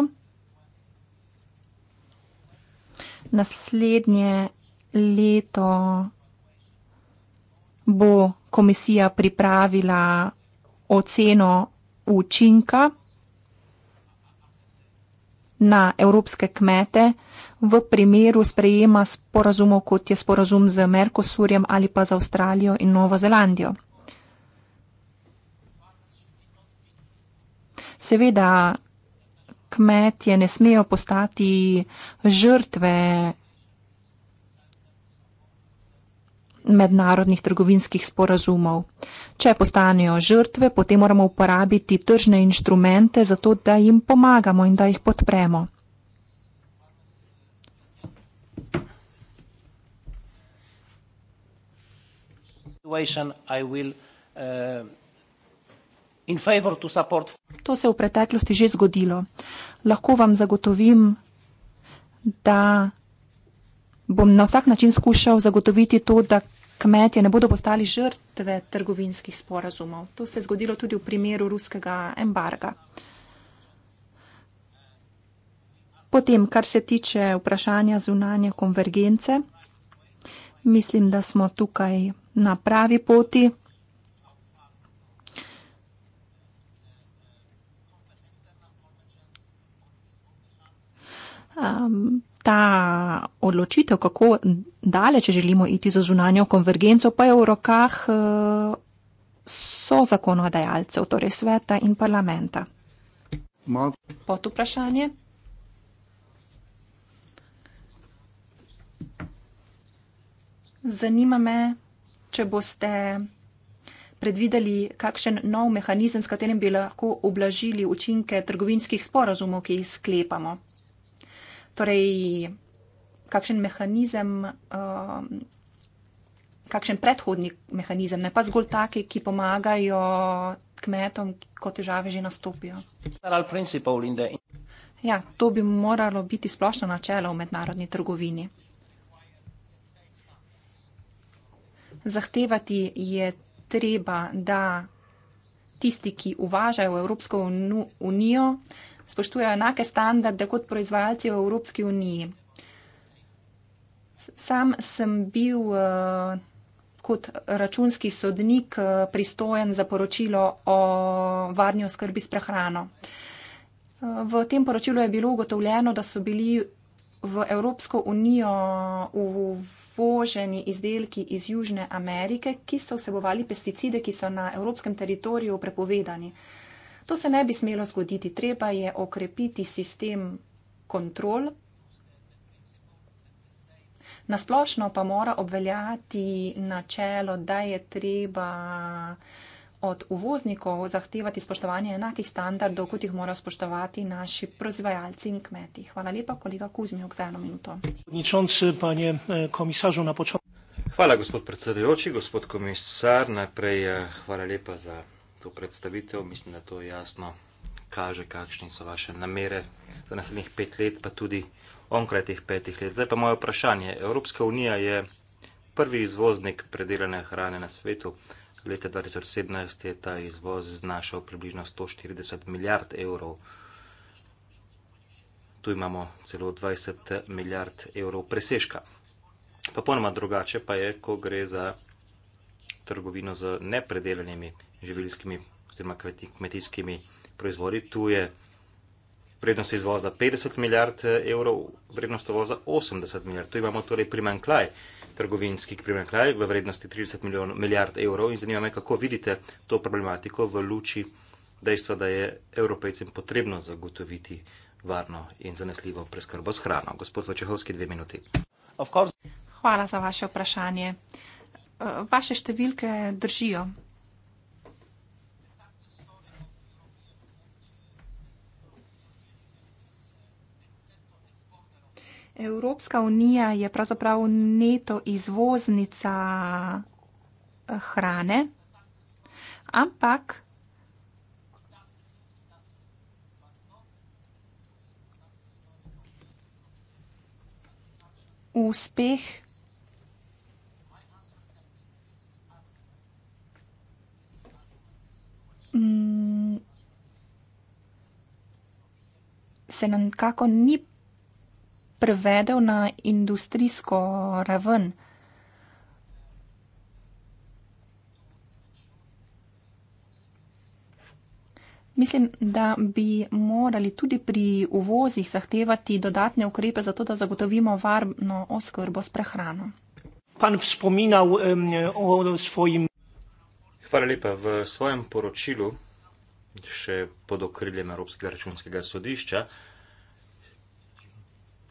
Naslednje leto bo komisija pripravila oceno učinka na evropske kmete v primeru sprejema sporazumov, kot je sporazum z Merkosurjem ali pa z Avstralijo in Novo Zelandijo. Seveda, kmetje ne smejo postati žrtve mednarodnih trgovinskih sporazumov. Če postanejo žrtve, potem moramo uporabiti tržne inštrumente za to, da jim pomagamo in da jih podpremo. Uh, to se je v preteklosti že zgodilo. Lahko vam zagotovim, da bom na vsak način skušal zagotoviti to, da kmetje ne bodo postali žrtve trgovinskih sporazumov. To se je zgodilo tudi v primeru ruskega embarga. Potem, kar se tiče vprašanja zunanje konvergence, mislim, da smo tukaj na pravi poti. Um, ta odločitev, kako daleč želimo iti za zunanjo konvergenco, pa je v rokah eh, so zakonodajalcev, torej sveta in parlamenta. Pot vprašanje. Zanima me, če boste predvideli kakšen nov mehanizem, s katerim bi lahko oblažili učinke trgovinskih sporazumov, ki jih sklepamo torej, kakšen mehanizem, uh, kakšen predhodni mehanizem, ne pa zgolj taki, ki pomagajo kmetom, ko težave že nastopijo. Ja, to bi moralo biti splošno načelo v mednarodni trgovini. Zahtevati je treba, da tisti, ki uvažajo v Evropsko unijo, uh, spoštujejo enake standarde kot proizvajalci v Evropski uniji. Sam sem bil uh, kot računski sodnik uh, pristojen za poročilo o varni oskrbi s prehrano. Eh, v tem poročilu je bilo ugotovljeno, da so bili v Evropsko unijo uvoženi izdelki iz Južne Amerike, ki so vsebovali pesticide, ki so na evropskem teritoriju prepovedani. Uh, To se ne bi smelo zgoditi. Treba je okrepiti sistem kontrol. Nasplošno pa mora obveljati načelo, da je treba od uvoznikov zahtevati spoštovanje enakih standardov, kot jih morajo spoštovati naši proizvajalci in kmeti. Hvala lepa, kolega Kuzmjok, za eno minuto. E, hvala, gospod predsedujoči, gospod komisar. Najprej e, hvala lepa za to predstavitev. Mislim, da to jasno kaže, kakšne so vaše namere za naslednjih pet let, pa tudi onkraj teh petih let. Zdaj pa moje vprašanje. Evropska unija je prvi izvoznik predelane hrane na svetu. Leta 2017 je ta izvoz znašal približno 140 milijard evrov. Tu imamo celo 20 milijard evrov presežka. Pa ponoma drugače pa je, ko gre za trgovino z nepredelanimi živilskimi oziroma kmetijskimi proizvori. Tu je vrednost izvoza 50 milijard eh, evrov, vrednost uvoza 80 milijard. Tu imamo torej primankljaj, trgovinski primankljaj v vrednosti 30 milijard evrov in zanima me, kako vidite to problematiko v luči dejstva, da je evropejcem potrebno zagotoviti varno in zanesljivo preskrbo s hrano. Gospod Vačehovski, dve minuti. Hvala za vaše vprašanje. Eh, vaše številke držijo. Evropska unija je pravzaprav neto izvoznica eh, hrane, ampak uspeh mm, se nam kako ni prevedel na industrijsko raven. Mislim, da bi morali tudi pri uvozih zahtevati dodatne ukrepe za to, da zagotovimo varno oskrbo s prehrano. Spominal, um, svojim... Hvala lepa. V svojem poročilu, še pod okriljem Evropskega računskega sodišča,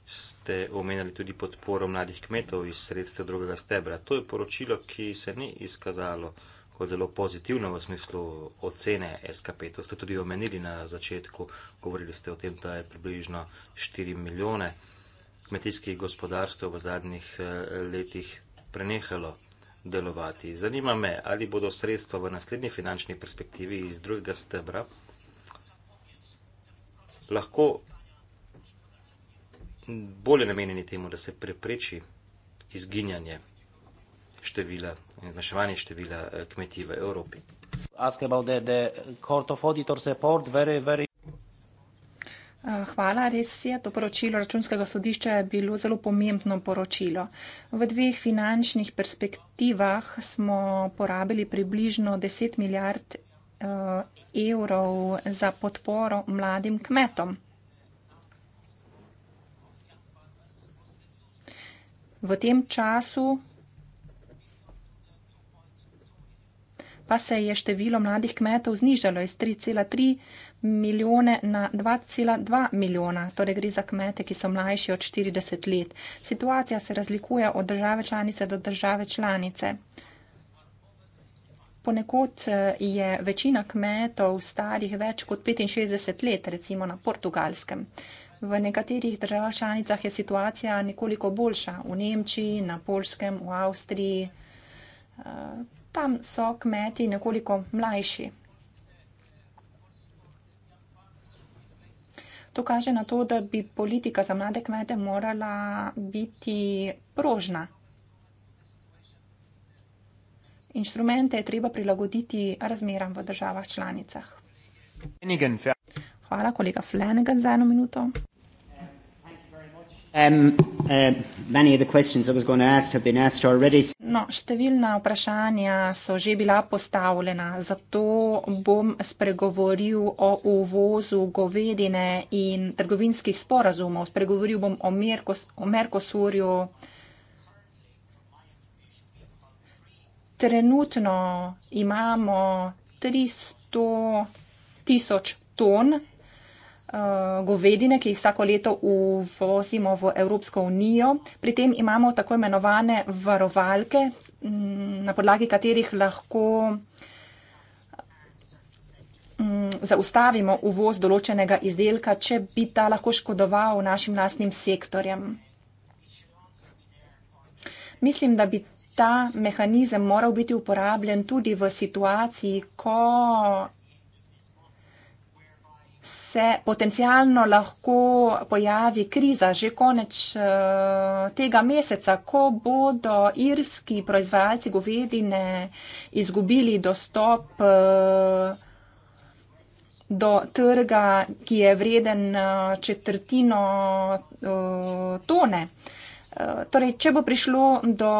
ste omenjali tudi podporo mladih kmetov iz sredstev drugega stebra. To je poročilo, ki se ni izkazalo kot zelo pozitivno v smislu ocene SKP. To ste tudi omenili na začetku, govorili ste o tem, da je približno 4 milijone kmetijskih gospodarstev v zadnjih eh, letih prenehalo delovati. Zanima me, ali bodo sredstva v naslednji finančni perspektivi iz drugega stebra lahko bolje namenjeni temu, da se prepreči izginjanje števila in zmanjševanje števila eh, kmetij v Evropi. Eh, hvala, res je. To poročilo računskega sodišča je bilo zelo pomembno poročilo. V dveh finančnih perspektivah smo porabili približno 10 milijard eh, evrov za podporo mladim kmetom. V tem času pa se je število mladih kmetov znižalo iz 3,3 milijone na 2,2 milijona. Torej gre za kmete, ki so mlajši od 40 let. Situacija se razlikuje od države članice do države članice. Ponekod eh, je večina kmetov starih več kot 65 let, recimo na portugalskem. V nekaterih državah članicah je situacija nekoliko boljša, v Nemčiji, na Polskem, v Avstriji. Eh, tam so kmeti nekoliko mlajši. To kaže na to, da bi politika za mlade kmete morala biti prožna. Inštrumente je treba prilagoditi razmeram v državah članicah. Hvala, kolega Flanagan, za eno minuto. Um, uh, many of the questions I was going to ask have been asked already. No, številna vprašanja so že bila postavljena, zato bom spregovoril o uvozu govedine in trgovinskih sporazumov. Spregovoril bom o, Merkos, o Merkosurju. Trenutno imamo 300 tisoč ton Eh, govedine, ki jih vsako leto uvozimo v Evropsko unijo. Pri tem imamo tako imenovane varovalke, mm, na podlagi katerih lahko mm, zaustavimo uvoz določenega izdelka, če bi ta lahko škodoval našim lastnim sektorjem. Mislim, da bi ta mehanizem moral biti uporabljen tudi v situaciji, ko se potencialno lahko pojavi kriza že konec eh, tega meseca, ko bodo irski proizvajalci govedine izgubili dostop eh, do trga, ki je vreden eh, četrtino tone. Torej, če bo prišlo do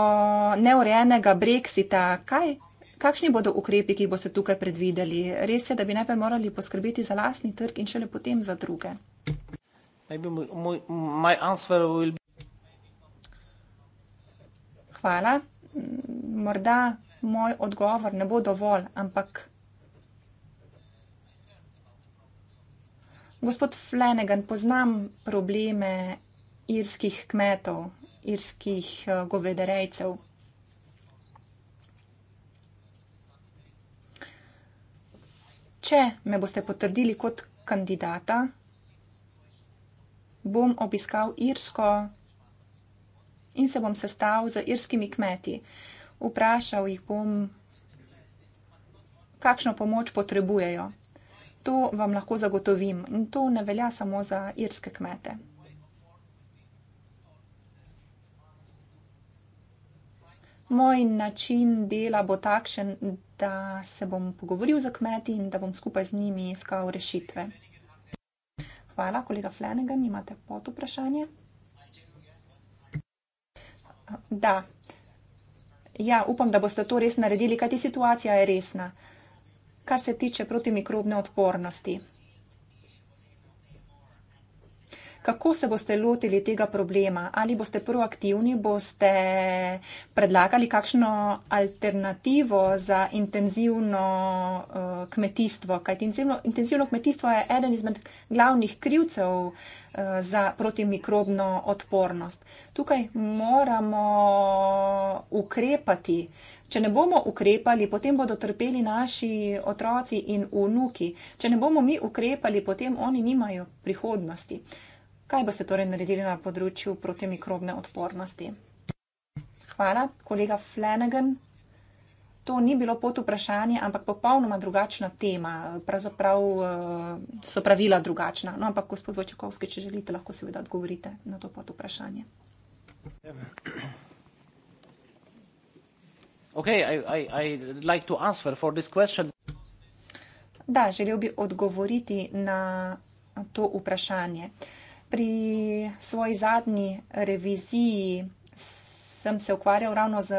neurejenega brexita, kaj Kakšni bodo ukrepi, ki boste tukaj predvideli? Res je, da bi najprej morali poskrbeti za lastni trg in šele potem za druge. Hvala. Morda moj odgovor ne bo dovolj, ampak. Gospod Flanagan, poznam probleme irskih kmetov, irskih eh, govedarejcev. Če me boste potrdili kot kandidata, bom obiskal Irsko in se bom sestavil z irskimi kmeti. Vprašal jih bom, kakšno pomoč potrebujejo. To vam lahko zagotovim in to ne velja samo za irske kmete. Moj način dela bo takšen, da se bom pogovoril z kmeti in da bom skupaj z njimi iskal rešitve. Hvala, kolega Flanagan, imate pod vprašanje? Da. Ja, upam, da boste to res naredili, kajti situacija je resna. Kar se tiče protimikrobne odpornosti kako se boste lotili tega problema? Ali boste proaktivni, boste predlagali kakšno alternativo za intenzivno uh, kmetijstvo? Kaj intenzivno, intenzivno kmetijstvo je eden izmed glavnih krivcev uh, za protimikrobno odpornost. Tukaj moramo ukrepati. Če ne bomo ukrepali, potem bodo trpeli naši otroci in vnuki. Če ne bomo mi ukrepali, potem oni nimajo prihodnosti. Uh, Kaj boste torej naredili na področju protimikrobne odpornosti? Hvala, kolega Flanagan. To ni bilo pot vprašanje, ampak popolnoma drugačna tema. Pravzaprav eh, so pravila drugačna. No, ampak, gospod Vojčakovski, če želite, lahko seveda odgovorite na to pot vprašanje. Okay, I, I, I like da, želel bi odgovoriti na to vprašanje. Uh, pri svoji zadnji reviziji sem se ukvarjal ravno z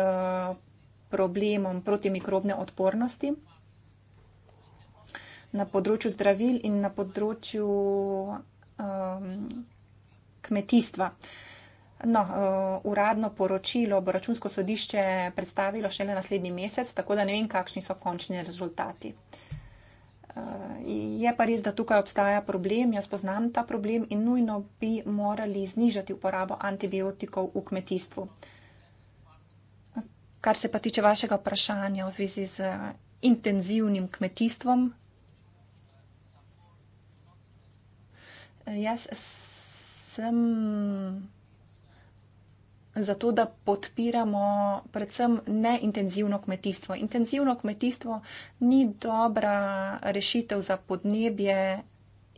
problemom protimikrobne odpornosti na področju zdravil in na področju um, kmetijstva. No, uh, uradno poročilo bo računsko sodišče predstavilo šele naslednji mesec, tako da ne vem, kakšni so končni rezultati. Uh, Eh, je pa res, da tukaj obstaja problem, jaz poznam ta problem in nujno bi morali znižati uporabo antibiotikov v kmetijstvu. Kar se pa tiče vašega vprašanja v zvezi z eh, intenzivnim kmetijstvom, eh, jaz sem zato da podpiramo predvsem neintenzivno kmetijstvo. Intenzivno kmetijstvo ni dobra rešitev za podnebje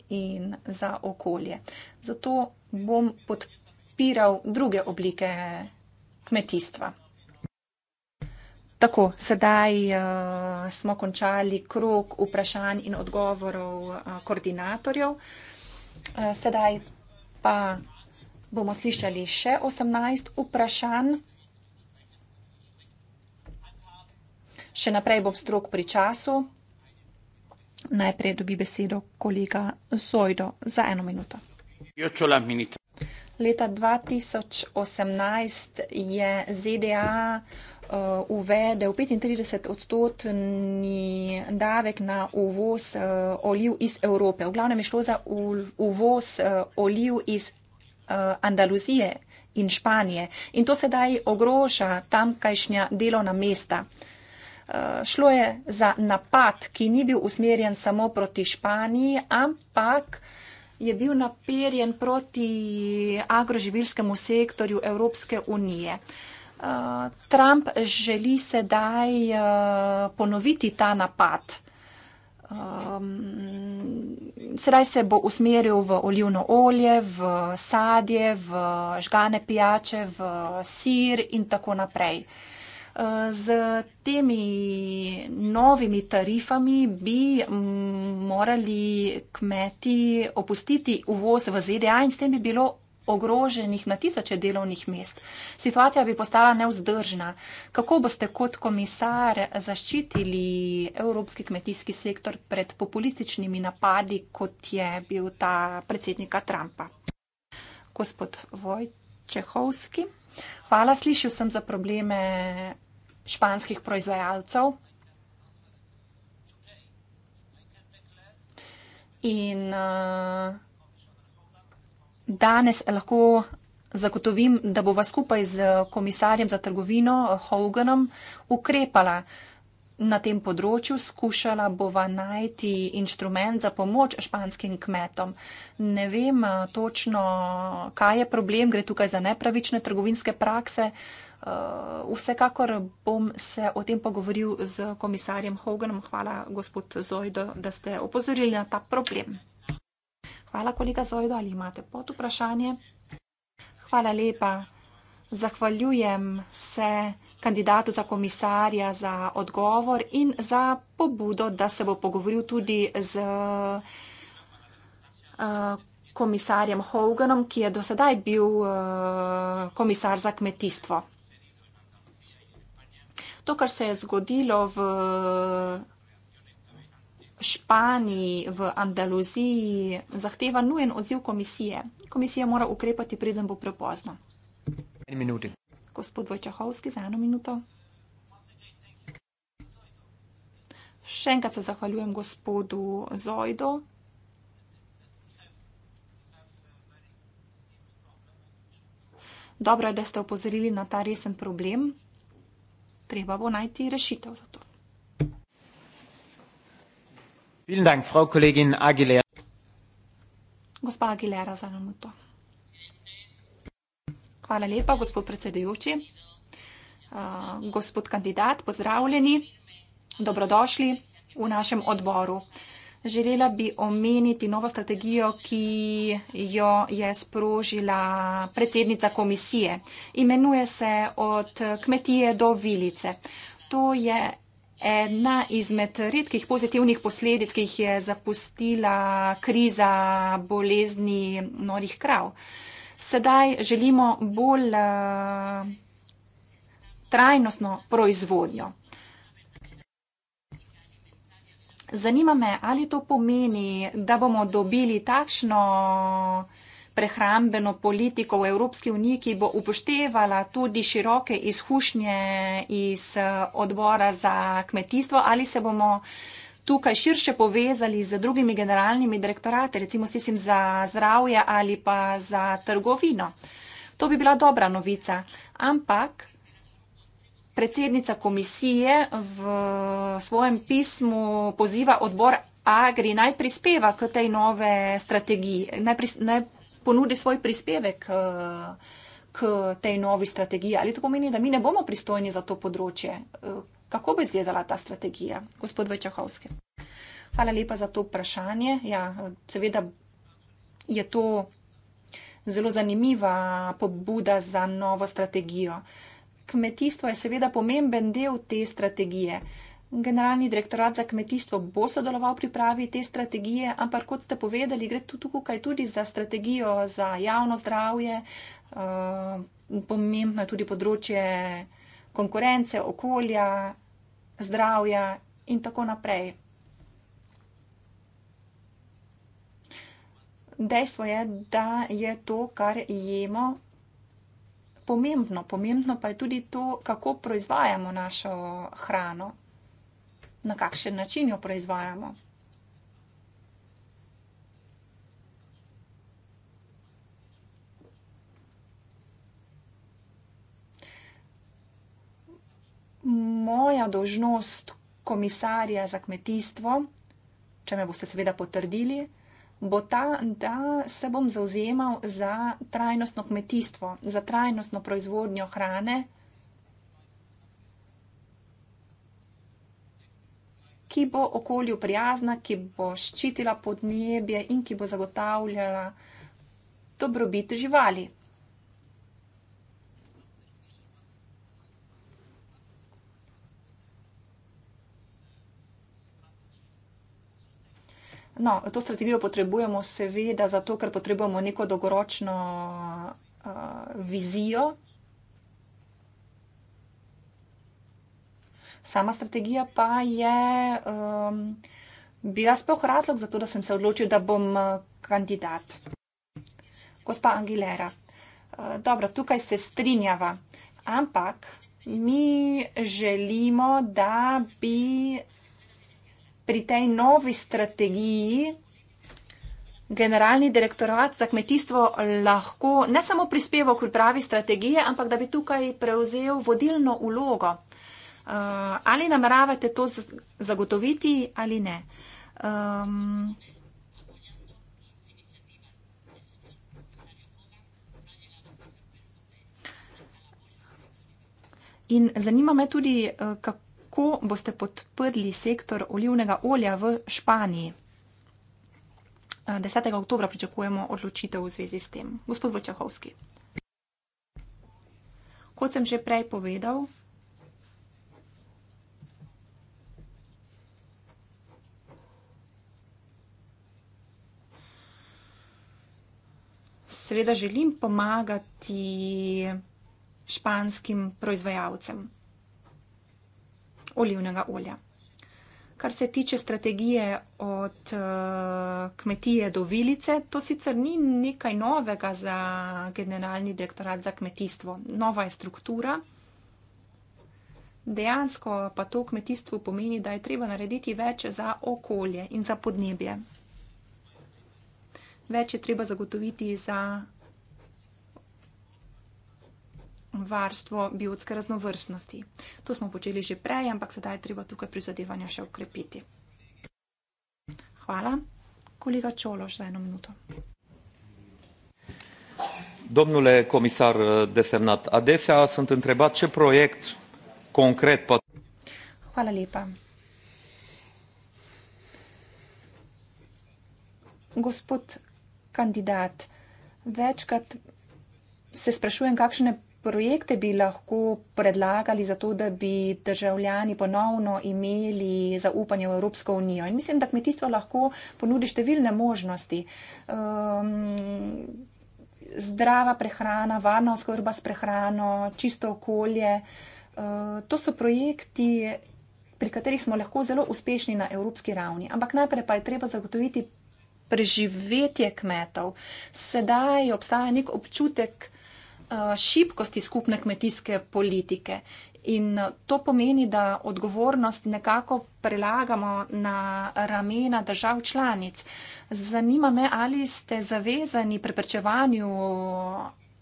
in za okolje. Zato bom podpiral druge oblike kmetijstva. Tako, sedaj uh, smo končali krok vprašanj in odgovorov uh, koordinatorjev. Uh, sedaj pa bomo slišali še 18 vprašanj. Še naprej bom strok pri času. Najprej dobi besedo kolega Sojdo za eno minuto. Leta 2018 je ZDA uh, uvedel 35 odstotni davek na uvoz uh, oliv iz Evrope. V glavnem je šlo za uvoz uh, oliv iz Eh, Andaluzije in Španije. In to sedaj ogroža tamkajšnja delovna mesta. Eh, šlo je za napad, ki ni bil usmerjen samo proti Španiji, ampak je bil naperjen proti agroživilskemu sektorju Evropske unije. Eh, Trump želi sedaj ponoviti ta napad. Um, sedaj se bo usmeril v olivno olje, v sadje, v žgane pijače, v sir in tako naprej. Uh, z temi novimi tarifami bi mm, morali kmeti opustiti uvoz v ZDA in s tem bi bilo ogroženih na tisoče delovnih mest. Situacija bi postala neuzdržna. Kako boste kot komisar zaščitili evropski kmetijski sektor pred populističnimi napadi, kot je bil ta predsednika Trumpa? Gospod Vojčehovski, hvala, slišal sem za probleme španskih proizvajalcev. In uh, Danes lahko zagotovim, da bova skupaj z komisarjem za trgovino eh, Hoganom ukrepala na tem področju, skušala bova najti inštrument za pomoč španskim kmetom. Ne vem eh, točno, kaj je problem, gre tukaj za nepravične trgovinske prakse. Eh, vsekakor bom se o tem pogovoril z komisarjem Hoganom. Hvala, gospod Zojdo, da ste opozorili na ta problem. Hvala, kolega Zojdo, ali imate pod vprašanje? Hvala lepa. Zahvaljujem se kandidatu za komisarja za odgovor in za pobudo, da se bo pogovoril tudi z eh, komisarjem Hoganom, ki je dosedaj bil eh, komisar za kmetijstvo. To, kar se je zgodilo v Španiji, v Andaluziji, zahteva nujen odziv komisije. Komisija mora ukrepati, preden bo prepozno. Gospod Vojčahovski, za eno minuto. Še enkrat se zahvaljujem gospodu Zojdu. Dobro je, da ste upozorili na ta resen problem. Treba bo najti rešitev za to. Vielen Dank, Frau Kollegin Aguilera. Gospa Aguilera, za eno minuto. Hvala lepa, gospod predsedujoči. Gospod kandidat, pozdravljeni, dobrodošli v našem odboru. Želela bi omeniti novo strategijo, ki jo je sprožila predsednica komisije. Imenuje se od kmetije do vilice. To je ena izmed redkih pozitivnih posledic, ki jih je zapustila kriza bolezni norih krav. Sedaj želimo bolj eh, trajnostno proizvodnjo. Zanima me, ali to pomeni, da bomo dobili takšno prehrambeno politiko v Evropski uniji, ki bo upoštevala tudi široke izkušnje iz eh, odbora za kmetijstvo, ali se bomo tukaj širše povezali z drugimi generalnimi direktorati, recimo sistem za zdravje ali pa za trgovino. To bi bila dobra novica, ampak predsednica komisije v eh, svojem pismu poziva odbor Agri naj prispeva k tej nove strategiji, naj, pris, naj ponudi svoj prispevek k, eh, k tej novi strategiji. Ali to pomeni, da mi ne bomo pristojni za to področje? Eh, kako bi izgledala ta strategija, gospod Večahovski? Hvala lepa za to vprašanje. Ja, seveda je to zelo zanimiva pobuda za novo strategijo. Kmetijstvo je seveda pomemben del te strategije. Uh, generalni direktorat za kmetijstvo bo sodeloval pri pravi te strategije, ampak kot ste povedali, gre tu tukaj tudi za strategijo za javno zdravje, eh, pomembno je tudi področje konkurence, okolja, zdravja in tako naprej. Dejstvo je, da je to, kar jemo, pomembno. Pomembno pa je tudi to, kako proizvajamo našo hrano na kakšen način jo proizvajamo. Moja dožnost komisarja za kmetijstvo, če me boste seveda potrdili, bo ta, da se bom zauzemal za trajnostno kmetijstvo, za trajnostno proizvodnjo hrane. ki bo okolju prijazna, ki bo ščitila podnebje in ki bo zagotavljala dobrobit živali. No, to strategijo potrebujemo seveda zato, ker potrebujemo neko dolgoročno uh, vizijo, sama strategija pa je um, bila sploh razlog za to, da sem se odločil, da bom uh, kandidat. Gospa Angilera, uh, dobro, tukaj se strinjava, ampak mi želimo, da bi pri tej novi strategiji generalni direktorat za kmetijstvo lahko ne samo prispeval k pravi strategiji, ampak da bi tukaj prevzel vodilno ulogo. Eh, ali nameravate to zagotoviti ali ne. Um, In zanima me tudi, eh, kako boste podprli sektor olivnega olja v Španiji. 10. Eh, oktobra pričakujemo odločitev v zvezi s tem. Gospod Vočahovski. Kot sem že prej povedal, seveda želim pomagati španskim proizvajalcem olivnega olja. Kar se tiče strategije od eh, kmetije do vilice, to sicer ni nekaj novega za generalni direktorat za kmetijstvo. Nova je struktura. Dejansko pa to v kmetijstvu pomeni, da je treba narediti več za okolje in za podnebje več je treba zagotoviti za varstvo biotske raznovrstnosti. To smo počeli že prej, ampak sedaj je treba tukaj prizadevanja še ukrepiti. Hvala. Kolega Čološ za eno minuto. Domnule komisar Desemnat, adesea sunt întrebat ce proiect concret pot... Hvala lepa. Gospod kandidat. Večkrat se sprašujem, kakšne projekte bi lahko predlagali za to, da bi državljani ponovno imeli zaupanje v Evropsko unijo. In mislim, da kmetijstvo lahko ponudi številne možnosti. Um, zdrava prehrana, varna oskrba s prehrano, čisto okolje. Uh, to so projekti, pri katerih smo lahko zelo uspešni na evropski ravni. Ampak najprej pa je treba zagotoviti preživetje kmetov. Sedaj obstaja nek občutek eh, šibkosti skupne kmetijske politike. In eh, to pomeni, da odgovornost nekako prelagamo na ramena držav članic. Zanima me, ali ste zavezani preprečevanju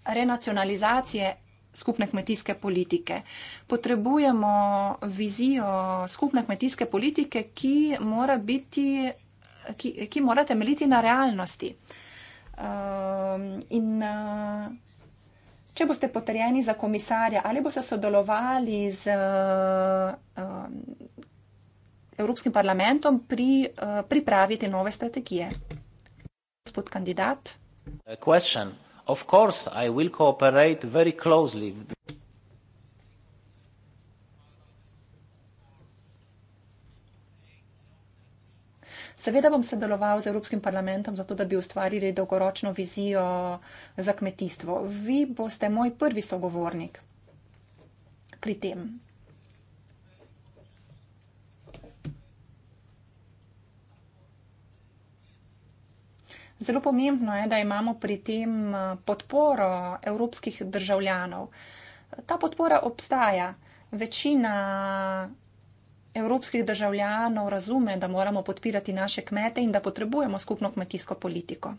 renacionalizacije skupne kmetijske politike. Potrebujemo vizijo skupne kmetijske politike, ki mora biti ki, ki mora temeljiti na realnosti. Um, in, uh, če boste potrjeni za komisarja, ali boste sodelovali z uh, um, Evropskim parlamentom pri uh, pripravi te nove strategije? Gospod kandidat. Question. Of course, I will cooperate very closely Seveda bom sodeloval z Evropskim parlamentom, zato da bi ustvarili dolgoročno vizijo za kmetijstvo. Vi boste moj prvi sogovornik pri tem. Zelo pomembno je, da imamo pri tem eh, podporo evropskih državljanov. Ta podpora obstaja. Večina evropskih državljanov razume, da moramo podpirati naše kmete in da potrebujemo skupno kmetijsko politiko.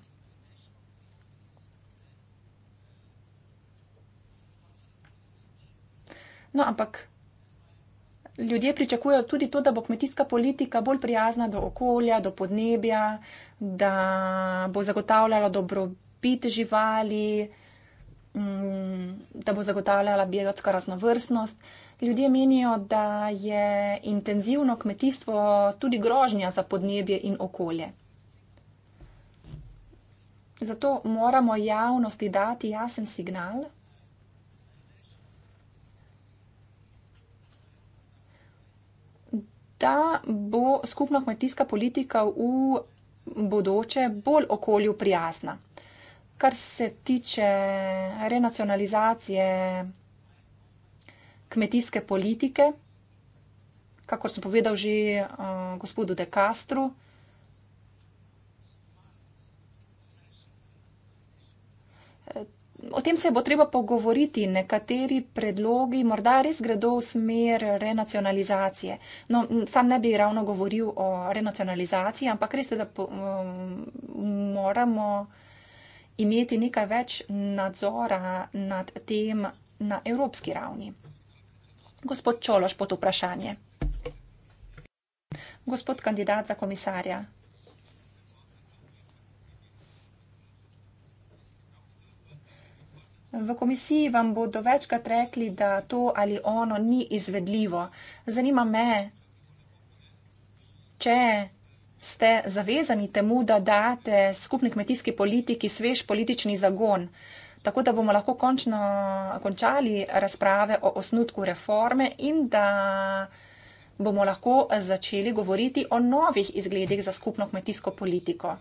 No, ampak ljudje pričakujejo tudi to, da bo kmetijska politika bolj prijazna do okolja, do podnebja, da bo zagotavljala dobrobit živali. Mm, da bo zagotavljala biotsko raznovrstnost. Ljudje menijo, da je intenzivno kmetijstvo tudi grožnja za podnebje in okolje. Zato moramo javnosti dati jasen signal. Da bo skupna kmetijska politika v bodoče bolj okolju prijazna kar se tiče renacionalizacije kmetijske politike, kakor sem povedal že uh, gospodu De Castru, eh, O tem se bo treba pogovoriti. Nekateri predlogi morda res gredo v smer renacionalizacije. No, sam ne bi ravno govoril o renacionalizaciji, ampak res je, da po, um, moramo uh, imeti nekaj več nadzora nad tem na evropski ravni. Gospod Čološ, pod vprašanje. Gospod kandidat za komisarja. V komisiji vam bodo večkrat rekli, da to ali ono ni izvedljivo. Zanima me, če ste zavezani temu, da date skupni kmetijski politiki svež politični zagon. Tako da bomo lahko končno končali razprave o osnutku reforme in da bomo lahko začeli govoriti o novih izgledih za skupno kmetijsko politiko.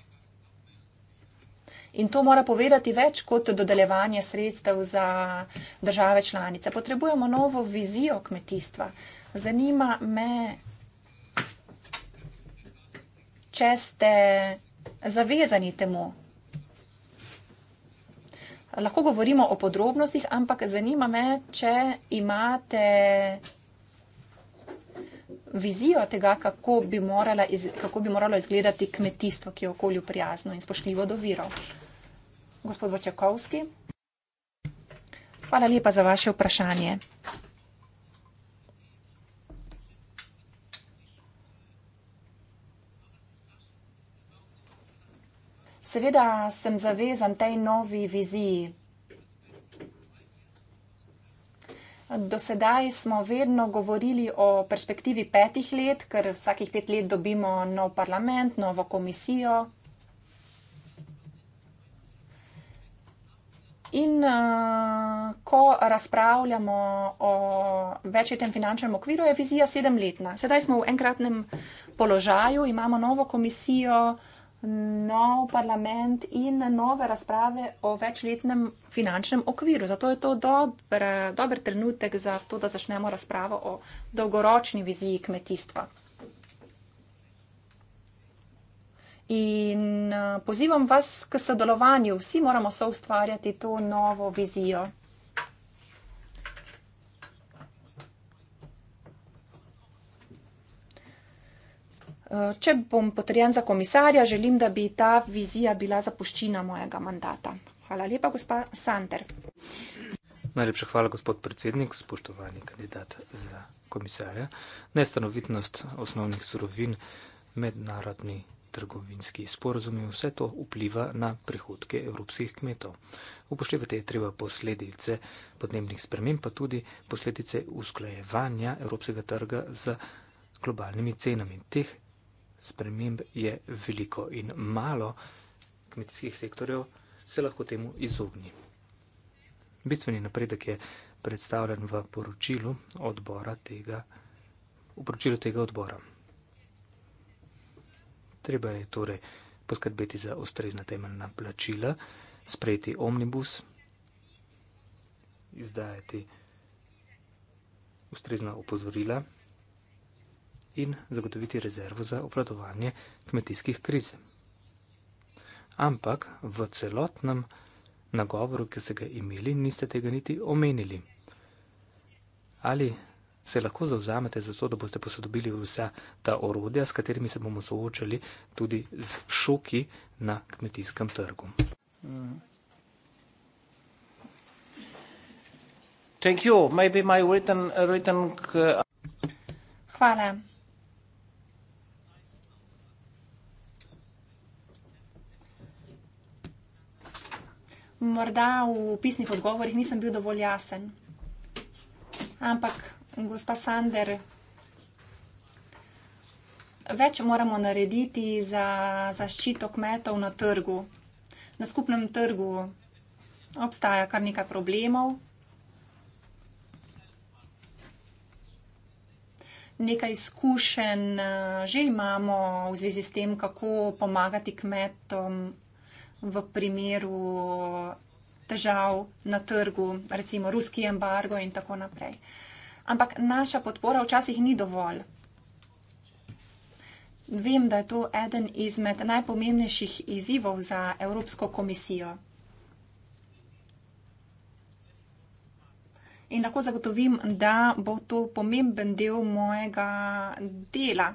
In to mora povedati več kot dodeljevanje sredstev za države članice. Potrebujemo novo vizijo kmetijstva. Zanima me, če ste zavezani temu. Lahko govorimo o podrobnostih, ampak zanima me, če imate vizijo tega, kako bi, iz, kako bi moralo izgledati kmetijstvo, ki je okolju prijazno in spoštljivo do virov. Gospod Vočakovski, hvala lepa za vaše vprašanje. Seveda sem zavezan tej novi viziji. Do sedaj smo vedno govorili o perspektivi petih let, ker vsakih pet let dobimo nov parlament, novo komisijo. In uh, ko razpravljamo o večjem finančnem okviru, je vizija sedemletna. Sedaj smo v enkratnem položaju, imamo novo komisijo, uh, nov parlament in nove razprave o večletnem finančnem okviru. Zato je to dober, dober trenutek za to, da začnemo razpravo o dolgoročni viziji kmetijstva. In eh, pozivam vas k sodelovanju. Vsi moramo soustvarjati to novo vizijo. Eh, če bom potrjen za komisarja, želim, da bi ta vizija bila zapuščina mojega mandata. Hvala lepa, gospa Sander. Najlepša hvala, gospod predsednik, spoštovani kandidat za komisarja. Nestanovitnost osnovnih surovin, mednarodni trgovinski sporozumi, vse to vpliva na prihodke evropskih kmetov. Upoštevati je treba posledice podnebnih sprememb, pa tudi posledice usklajevanja evropskega trga z globalnimi cenami. Teh sprememb je veliko in malo kmetijskih sektorjev se lahko temu izogni. Bistveni napredek je predstavljen v poročilu odbora tega, v poročilu tega odbora. Treba je torej poskrbeti za ustrezna temeljna plačila, sprejeti omnibus, izdajati ustrezna opozorila in zagotoviti rezervo za obvladovanje kmetijskih kriz. Ampak v celotnem nagovoru, ki ste ga imeli, niste tega niti omenili. Ali se lahko zauzamete za to, da boste posodobili vsa ta orodja, s katerimi se bomo soočali tudi z šoki na kmetijskem trgu? Uh, uh, Hvala. morda v pisnih odgovorih nisem bil dovolj jasen. Ampak, gospa Sander, več moramo narediti za zaščito kmetov na trgu. Na skupnem trgu obstaja kar nekaj problemov. Nekaj izkušenj eh, že imamo v zvezi s tem, kako pomagati kmetom v primeru težav na trgu, recimo ruski embargo in tako naprej. Ampak naša podpora včasih ni dovolj. Vem, da je to eden izmed najpomembnejših izzivov za Evropsko komisijo. In lahko zagotovim, da bo to pomemben del mojega dela.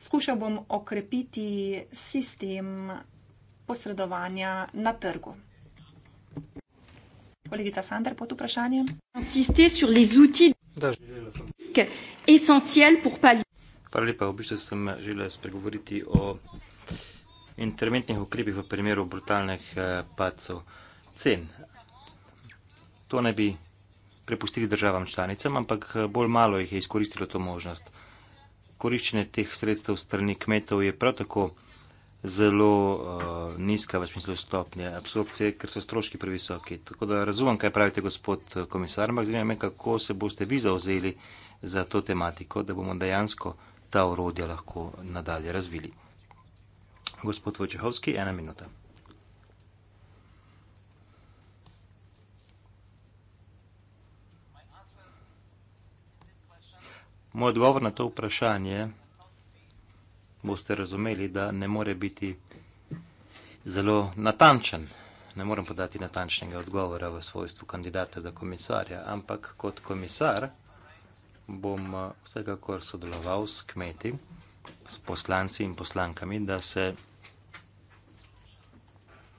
Skušal bom okrepiti sistem posredovanja na trgu. Kolegica Sandra, pod vprašanjem. Hvala lepa. V bistvu sem želel spregovoriti o interventnih ukrepih v primeru brutalnih eh, pacov cen. To ne bi prepustili državam članicam, ampak eh, bolj malo jih je izkoristilo to možnost. Koriščenje teh sredstev strani kmetov je prav tako zelo uh, nizka, v smislu stopnje absorpcije, ker so stroški previsoki. Tako da razumem, kaj pravite, gospod eh, komisar, ampak zanima me, kako se boste vi zauzeli za to tematiko, da bomo dejansko ta orodja lahko nadalje razvili. Gospod Vojčehovski, ena minuta. Moj odgovor na to vprašanje je, boste razumeli, da ne more biti zelo natančen. Ne morem podati natančnega odgovora v svojstvu kandidata za komisarja, ampak kot komisar bom eh, vsekakor sodeloval s kmeti, s poslanci in poslankami, da se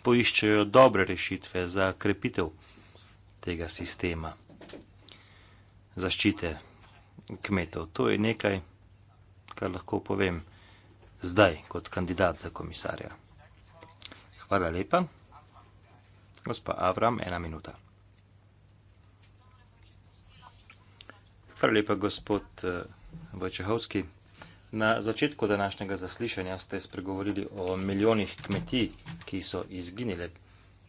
poiščejo dobre rešitve za krepitev tega sistema zaščite kmetov. To je nekaj, kar lahko povem zdaj kot kandidat za komisarja. Hvala lepa. Gospa Avram, ena minuta. Hvala lepa, gospod eh, Vojčehovski. Na začetku današnjega zaslišanja ste spregovorili o milijonih kmetij, ki so izginile,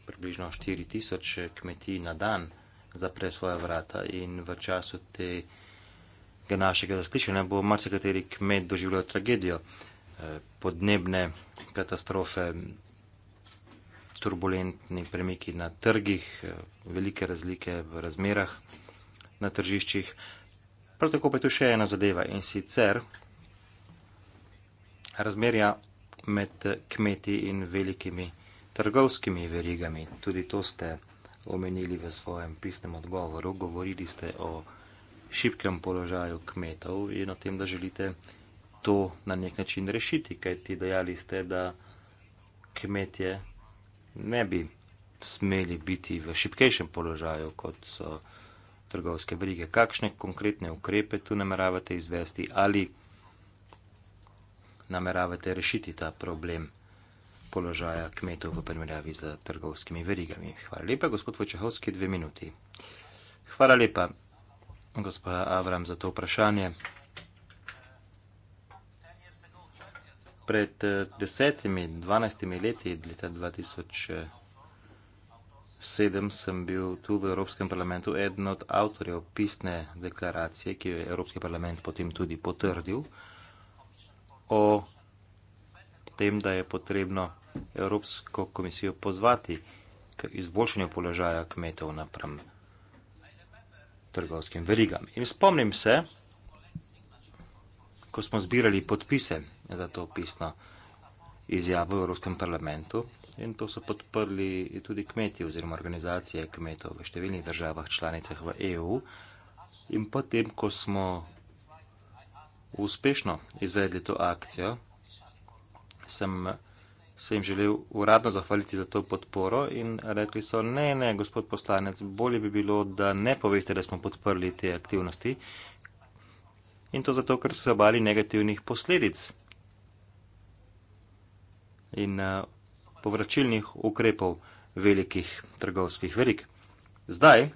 približno 4000 eh, kmetij na dan zapre svoja vrata in v času tega našega zaslišanja bo marsikateri kmet doživljal tragedijo podnebne katastrofe, turbulentni premiki na trgih, velike razlike v razmerah na tržiščih. Prav tako pa je tu še ena zadeva in sicer razmerja med kmeti in velikimi trgovskimi verigami. Tudi to ste omenili v svojem pisnem odgovoru. Govorili ste o šibkem položaju kmetov in o tem, da želite to na nek način rešiti, kaj ti dejali ste, da kmetje ne bi smeli biti v šipkejšem položaju, kot so trgovske verige. Kakšne konkretne ukrepe tu nameravate izvesti ali nameravate rešiti ta problem položaja kmetov v primerjavi z trgovskimi verigami? Hvala lepa, gospod Vojčehovski, dve minuti. Hvala lepa, gospod Avram, za to vprašanje. pred eh, desetimi, dvanajstimi leti, leta 2007, sem bil tu v Evropskem parlamentu eden od avtorjev pisne deklaracije, ki jo je Evropski parlament potem tudi potrdil, o tem, da je potrebno Evropsko komisijo pozvati k izboljšanju položaja kmetov napram trgovskim verigam. In spomnim se, ko smo zbirali podpise za to pisno izjavo v Evropskem parlamentu in to so podprli tudi kmetje oziroma organizacije kmetov v številnih državah članicah v EU. In potem, ko smo uspešno izvedli to akcijo, sem se jim želel uradno zahvaliti za to podporo in rekli so, ne, ne, gospod poslanec, bolje bi bilo, da ne poveste, da smo podprli te aktivnosti. In to zato, ker so se bali negativnih posledic in eh, povračilnih ukrepov velikih trgovskih verik. Zdaj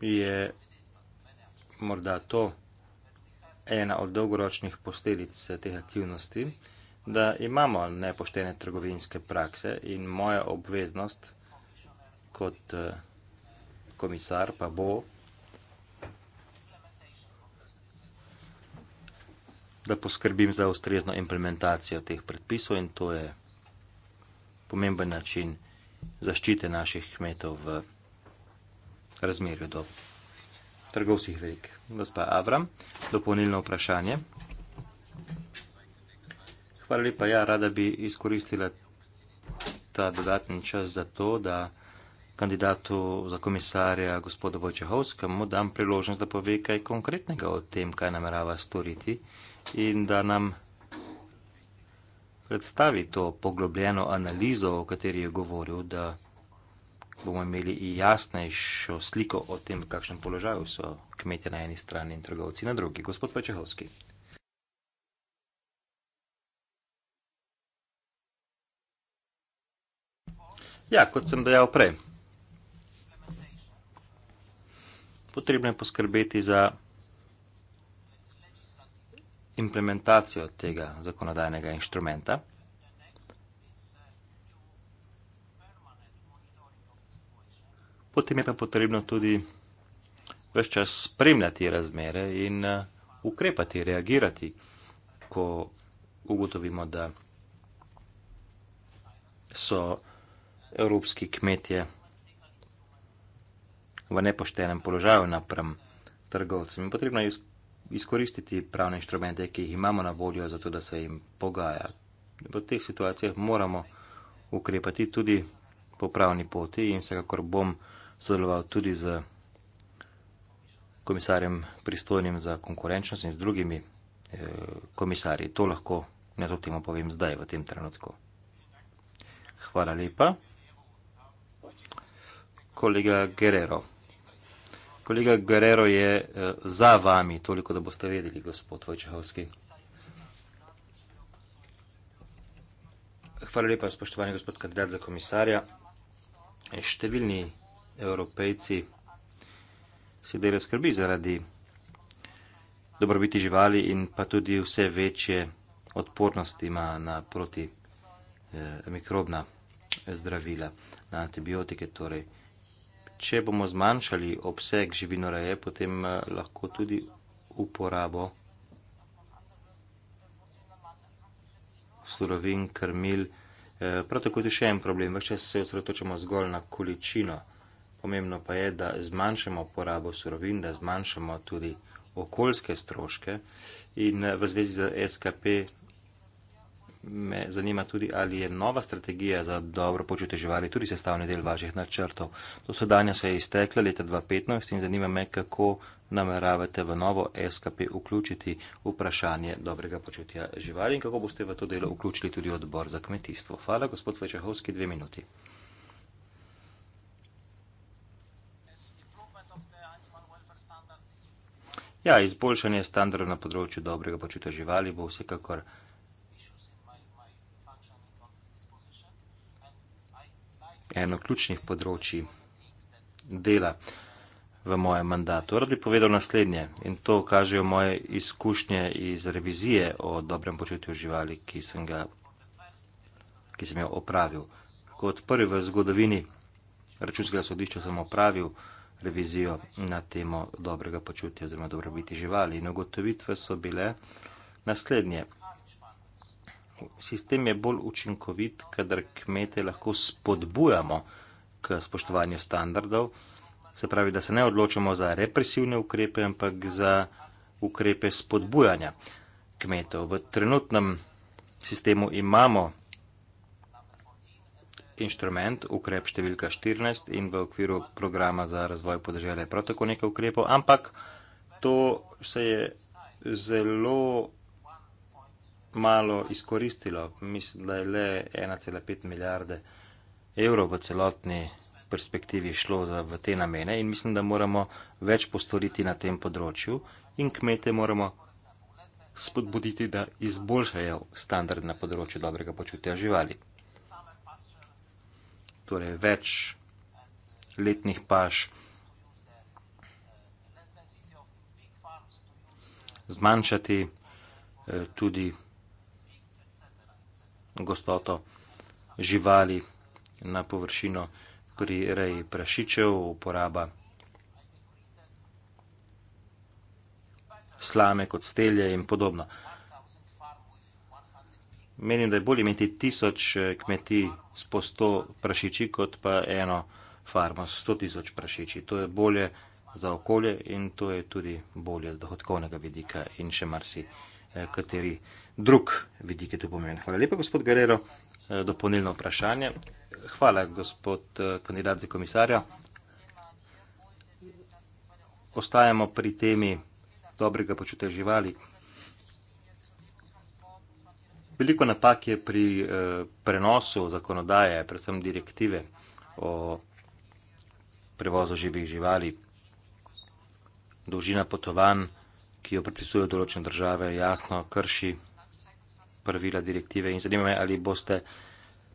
je morda to ena od dolgoročnih posledic eh, teh aktivnosti, da imamo nepoštene trgovinske prakse in moja obveznost kot eh, komisar pa bo da poskrbim za ustrezno implementacijo teh predpisov in to je pomemben način zaščite naših kmetov v razmerju do trgovskih velik. Gospa Avram, dopolnilno vprašanje. Hvala lepa, ja, rada bi izkoristila ta dodatni čas za to, da kandidatu za komisarja gospodu Vojčehovskemu dam priložnost, da pove kaj konkretnega o tem, kaj namerava storiti in da nam predstavi to poglobljeno analizo, o kateri je govoril, da bomo imeli jasnejšo sliko o tem, v kakšnem položaju so kmetje na eni strani in trgovci na drugi. Gospod Pačehovski. Ja, kot sem dejal prej, potrebno je poskrbeti za implementacijo tega zakonodajnega inštrumenta. Potem je pa potrebno tudi vse čas spremljati razmere in eh, ukrepati, reagirati, ko ugotovimo, da so evropski kmetje v nepoštenem položaju naprem trgovcem. Potrebno je izkoristiti pravne inštrumente, ki jih imamo na voljo, zato da se jim pogaja. V teh situacijah moramo ukrepati tudi po pravni poti in vsekakor bom sodeloval tudi z komisarjem pristojnim za konkurenčnost in z drugimi eh, komisarji. To lahko na to temo povem zdaj, v tem trenutku. Hvala lepa. Kolega Guerrero. Kolega Guerrero je eh, za vami, toliko da boste vedeli, gospod Vojčehovski. Hvala lepa, spoštovani gospod kandidat za komisarja. Eh, številni evropejci se delajo skrbi zaradi dobrobiti živali in pa tudi vse večje odpornosti ima na proti eh, mikrobna zdravila, na antibiotike, torej vsega če bomo zmanjšali obseg živinoreje, potem eh, lahko tudi uporabo surovin, krmil. Eh, prav tako je še en problem, več čas se osredotočamo zgolj na količino. Pomembno pa je, da zmanjšamo porabo surovin, da zmanjšamo tudi okoljske stroške. In eh, v zvezi z SKP me zanima tudi, ali je nova strategija za dobro počutje živali tudi sestavni del vaših načrtov. To sedanje se je izteklo leta 2015 in zanima me, kako nameravate v novo SKP vključiti vprašanje dobrega počutja živali in kako boste v to delo vključili tudi odbor za kmetijstvo. Hvala, gospod Večahovski, dve minuti. Ja, izboljšanje standardov na področju dobrega počutja živali bo vsekakor. eno ključnih področji dela v mojem mandatu. Rad bi povedal naslednje in to kažejo moje izkušnje iz revizije o dobrem počutju živali, ki sem, ga, ki sem jo opravil. Kot prvi v zgodovini računskega sodišča sem opravil revizijo na temo dobrega počutja oziroma dobrobiti živali in ugotovitve so bile naslednje sistem je bolj učinkovit, kadar kmete lahko spodbujamo k spoštovanju standardov. Se pravi, da se ne odločamo za represivne ukrepe, ampak za ukrepe spodbujanja kmetov. V trenutnem sistemu imamo inštrument, ukrep številka 14 in v okviru programa za razvoj podeželja je prav tako nekaj ukrepov, ampak to se je zelo malo izkoristilo. Mislim, da je le 1,5 milijarde evrov v celotni perspektivi šlo za te namene in mislim, da moramo več postoriti na tem področju in kmete moramo spodbuditi, da izboljšajo standard na področju dobrega počutja živali. Torej več letnih paš, zmanjšati eh, tudi gostoto živali na površino pri reji prašičev, uporaba slame kot stelje in podobno. Menim, da je bolje imeti tisoč eh, kmetij s po sto prašiči, kot pa eno farmo s sto tisoč prašiči. To je bolje za okolje in to je tudi bolje z dohodkovnega vidika in še marsi kateri. Eh, drug vidik je tu pomemben. Hvala lepa, gospod Garero. Eh, dopolnilno vprašanje. Hvala, gospod eh, kandidat za komisarja. Ostajamo pri temi dobrega počutja živali. Veliko napak je pri eh, prenosu zakonodaje, predvsem direktive o prevozu živih živali. Dolžina potovanj, ki jo predpisujejo določene države, jasno krši pravila direktive in zanima me, ali boste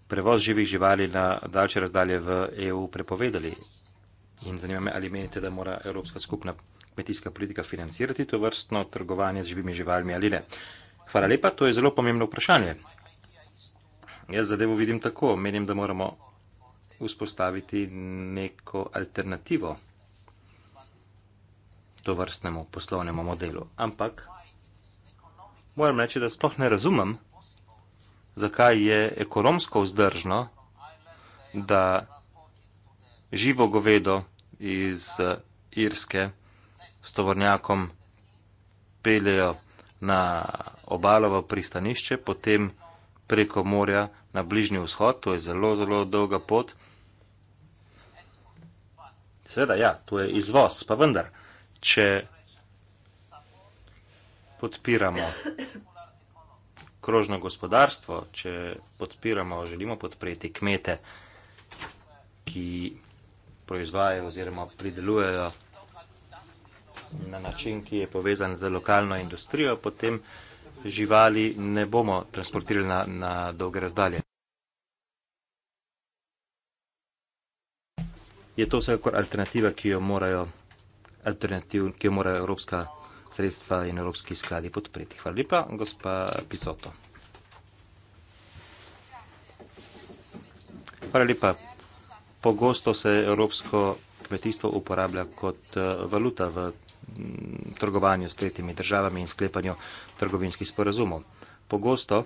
prevoz živih živali na daljše razdalje v EU prepovedali. In zanima me, ali menite, da mora Evropska skupna kmetijska politika financirati to vrstno trgovanje z živimi živalmi ali ne. Hvala lepa, to je zelo pomembno vprašanje. Jaz zadevo vidim tako, menim, da moramo vzpostaviti neko alternativo to vrstnemu poslovnemu modelu. Ampak moram reči, da sploh ne razumem, zakaj je ekonomsko vzdržno, da živo govedo iz eh, Irske s tovornjakom peljejo na obalovo pristanišče, potem preko morja na bližnji vzhod, to je zelo, zelo dolga pot. Seveda, ja, to je izvoz, pa vendar, če podpiramo krožno gospodarstvo, če podpiramo, želimo podpreti kmete, ki proizvajajo oziroma pridelujejo na način, ki je povezan z lokalno industrijo, potem živali ne bomo transportirali na, na dolge razdalje. Je to vsekakor alternativa, ki jo morajo, ki jo morajo Evropska unija sredstva in evropski skladi podpreti. Hvala lepa, gospa Picoto. Hvala lepa. Pogosto se evropsko kmetijstvo uporablja kot eh, valuta v mm, trgovanju s tretjimi državami in sklepanju trgovinskih sporazumov. Pogosto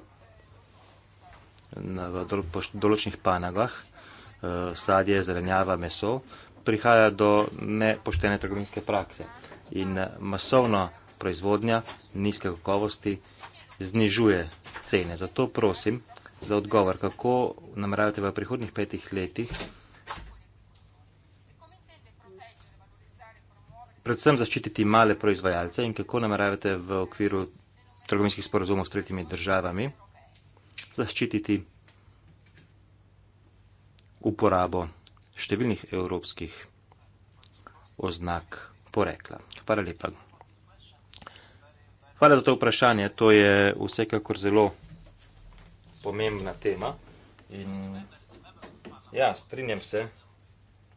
v določenih panagah eh, sadje, zelenjava, meso prihaja do nepoštene trgovinske prakse in eh, masovna proizvodnja nizke kakovosti znižuje cene. Zato prosim za odgovor, kako nameravate v prihodnih petih letih predvsem zaščititi male proizvajalce in kako nameravate v okviru trgovinskih sporozumov s tretjimi državami zaščititi uporabo številnih evropskih oznak porekla. Hvala lepa. Hvala za to vprašanje. To je vsekakor zelo pomembna tema. In ja, strinjam se,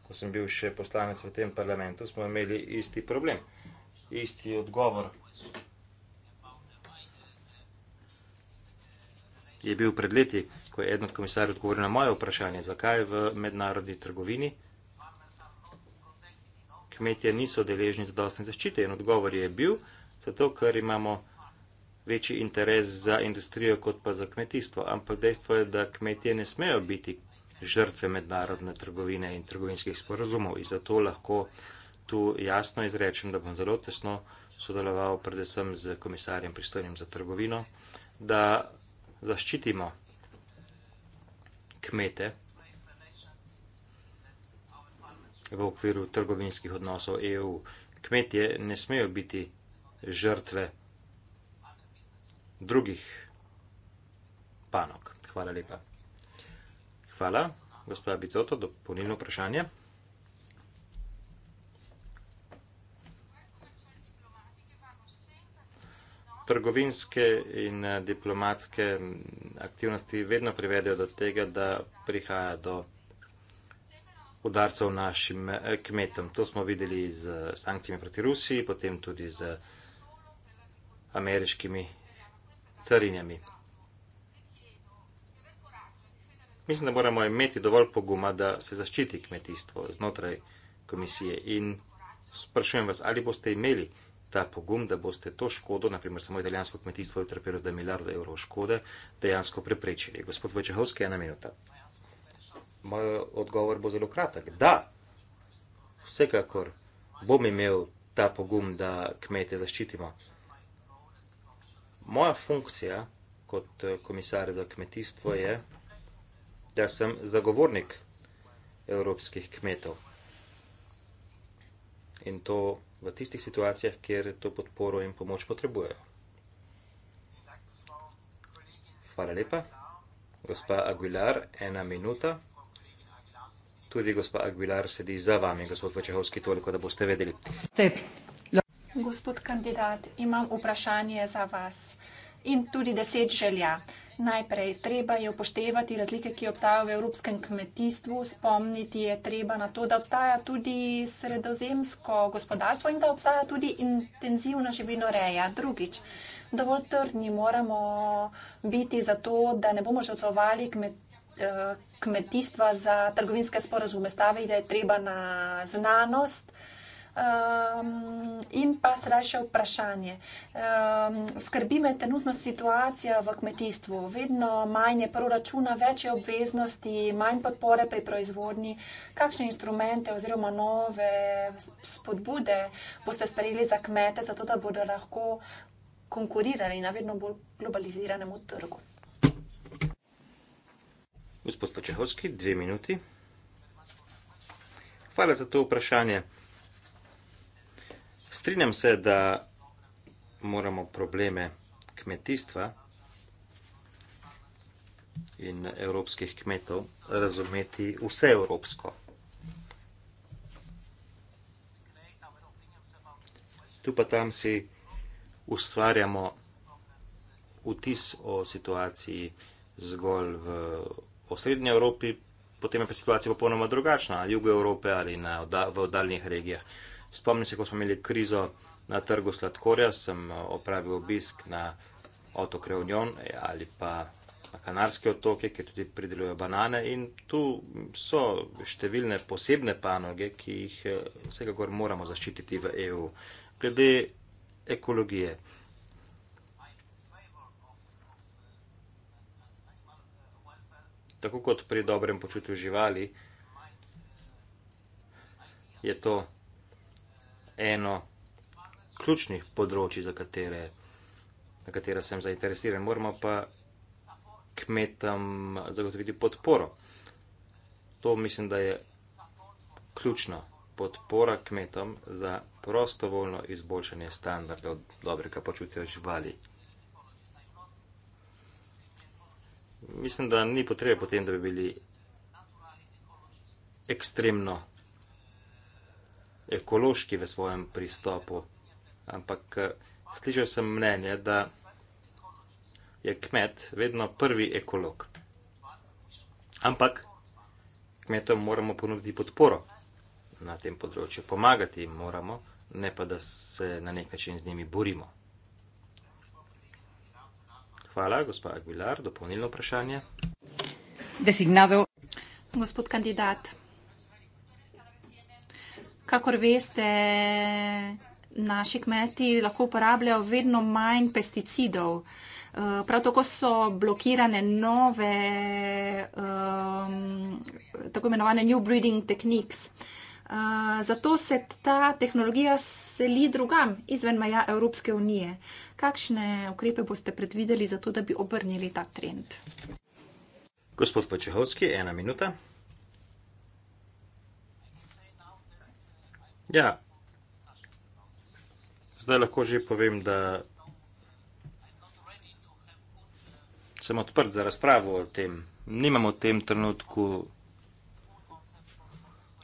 ko sem bil še poslanec v tem parlamentu, smo imeli isti problem, isti odgovor. Je bil pred leti, ko je eden od komisarjev odgovoril na moje vprašanje, zakaj v mednarodni trgovini kmetje niso deležni zadostne zaščite in odgovor je bil, zato ker imamo večji interes za industrijo kot pa za kmetijstvo. Ampak dejstvo je, da kmetje ne smejo biti žrtve mednarodne trgovine in trgovinskih sporazumov in zato lahko tu jasno izrečem, da bom zelo tesno sodeloval predvsem z komisarjem pristojnim za trgovino, da zaščitimo kmete v okviru trgovinskih odnosov EU. Kmetje ne smejo biti žrtve drugih panok. Hvala lepa. Hvala, gospoda Bicoto, dopolnilno vprašanje. Trgovinske in eh, diplomatske aktivnosti vedno privedejo do tega, da prihaja do udarcev našim eh, kmetom. To smo videli z sankcijami proti Rusiji, potem tudi z ameriškimi carinjami. Mislim, da moramo imeti dovolj poguma, da se zaščiti kmetijstvo znotraj komisije in sprašujem vas, ali boste imeli ta pogum, da boste to škodo, naprimer samo italijansko kmetijstvo je utrpelo zdaj milijardo evrov škode, dejansko preprečili. Gospod Vojčehovski, ena minuta moj odgovor bo zelo kratek. Da, vsekakor bom imel ta pogum, da kmete zaščitimo. Moja funkcija kot eh, komisar za kmetijstvo je, da sem zagovornik evropskih kmetov. In to v tistih situacijah, kjer to podporo in pomoč potrebujejo. Hvala lepa. Gospa Aguilar, ena minuta tudi gospod Aguilar sedi za vami, gospod Vačehovski, toliko da boste vedeli. Gospod kandidat, imam vprašanje za vas in tudi deset želja. Najprej, treba je upoštevati razlike, ki obstajajo v evropskem kmetijstvu, spomniti je treba na to, da obstaja tudi sredozemsko gospodarstvo in da obstaja tudi intenzivna živinoreja. Drugič, dovolj trdni moramo biti za to, da ne bomo žrtvovali kmetijstva. Eh, kmetijstva za trgovinske sporazume, stavi, da je treba na znanost. Um, in pa sedaj še vprašanje. Um, skrbi me trenutna situacija v kmetijstvu. Vedno manj je proračuna, več je obveznosti, manj podpore pri proizvodnji. Kakšne instrumente oziroma nove spodbude boste sprejeli za kmete, zato da bodo lahko konkurirali na vedno bolj globaliziranemu trgu? Gospod Počehovski, dve minuti. Hvala za to vprašanje. Strinjam se, da moramo probleme kmetijstva in evropskih kmetov razumeti vse evropsko. Tu pa tam si ustvarjamo vtis o situaciji zgolj v Evropi v srednji Evropi, potem je pa situacija popolnoma drugačna, ali jugu Evrope ali na, v daljnih regijah. Spomnim se, ko smo imeli krizo na trgu sladkorja, sem eh, opravil obisk na otok Reunion eh, ali pa na Kanarske otoke, ki tudi pridelujejo banane in tu so številne posebne panoge, ki jih eh, vsekakor moramo zaščititi v EU. Glede ekologije. tako kot pri dobrem počutju živali, je to eno ključnih področji, za katere, na katera sem zainteresiran. Moramo pa kmetam zagotoviti podporo. To mislim, da je ključno. Podpora kmetom za prostovoljno izboljšanje standardov dobrega počutja živali. mislim, da ni potrebe potem, da bi bili ekstremno ekološki v svojem pristopu. Ampak eh, slišal sem mnenje, da je kmet vedno prvi ekolog. Ampak kmetom moramo ponuditi podporo na tem področju. Pomagati jim moramo, ne pa da se na nek način z njimi borimo. Hvala, gospod Aguilar, dopolnilno vprašanje. Designado. Gospod kandidat, kakor veste, naši kmeti lahko uporabljajo vedno manj pesticidov. Eh, prav tako so blokirane nove, um, tako imenovane new breeding techniques. Uh, zato se ta tehnologija seli drugam izven meja Evropske unije. Kakšne ukrepe boste predvideli za to, da bi obrnili ta trend? Gospod Vačehovski, ena minuta. Ja, zdaj lahko že povem, da sem odprt za razpravo o tem. Nimamo v tem trenutku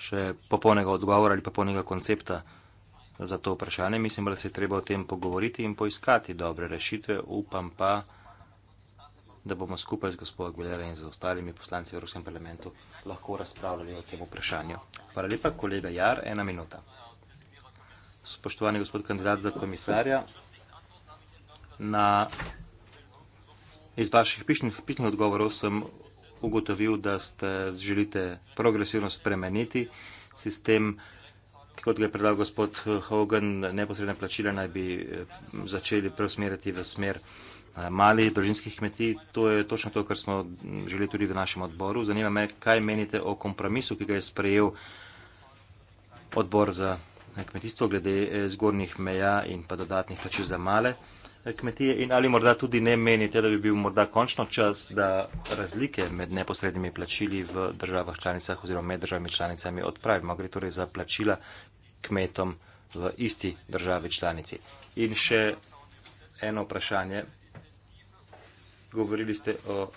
še popolnega odgovora ali popolnega koncepta za to vprašanje. Mislim, da se je treba o tem pogovoriti in poiskati dobre rešitve. Upam pa, da bomo skupaj z gospodom Gulerem in z ostalimi poslanci v Evropskem parlamentu lahko razpravljali o tem vprašanju. Hvala lepa, kolega Jar, ena minuta. Spoštovani gospod kandidat za komisarja, na, iz vaših pisnih odgovorov sem ugotovil, da ste želite progresivno spremeniti sistem, kot ga je predal gospod Hogan, neposredne plačile naj bi eh, začeli preusmeriti v smer eh, malih družinskih kmetij. To je točno to, kar smo mm, želeli tudi v našem odboru. Zanima me, kaj menite o kompromisu, ki ga je sprejel odbor za kmetijstvo glede eh, zgornjih meja in pa dodatnih plačil za male kmetije in ali morda tudi ne menite, da bi bil morda končno čas, da razlike med neposrednimi plačili v državah članicah oziroma med državami članicami odpravimo. Gre torej za plačila kmetom v isti državi članici. In še eno vprašanje. Govorili ste o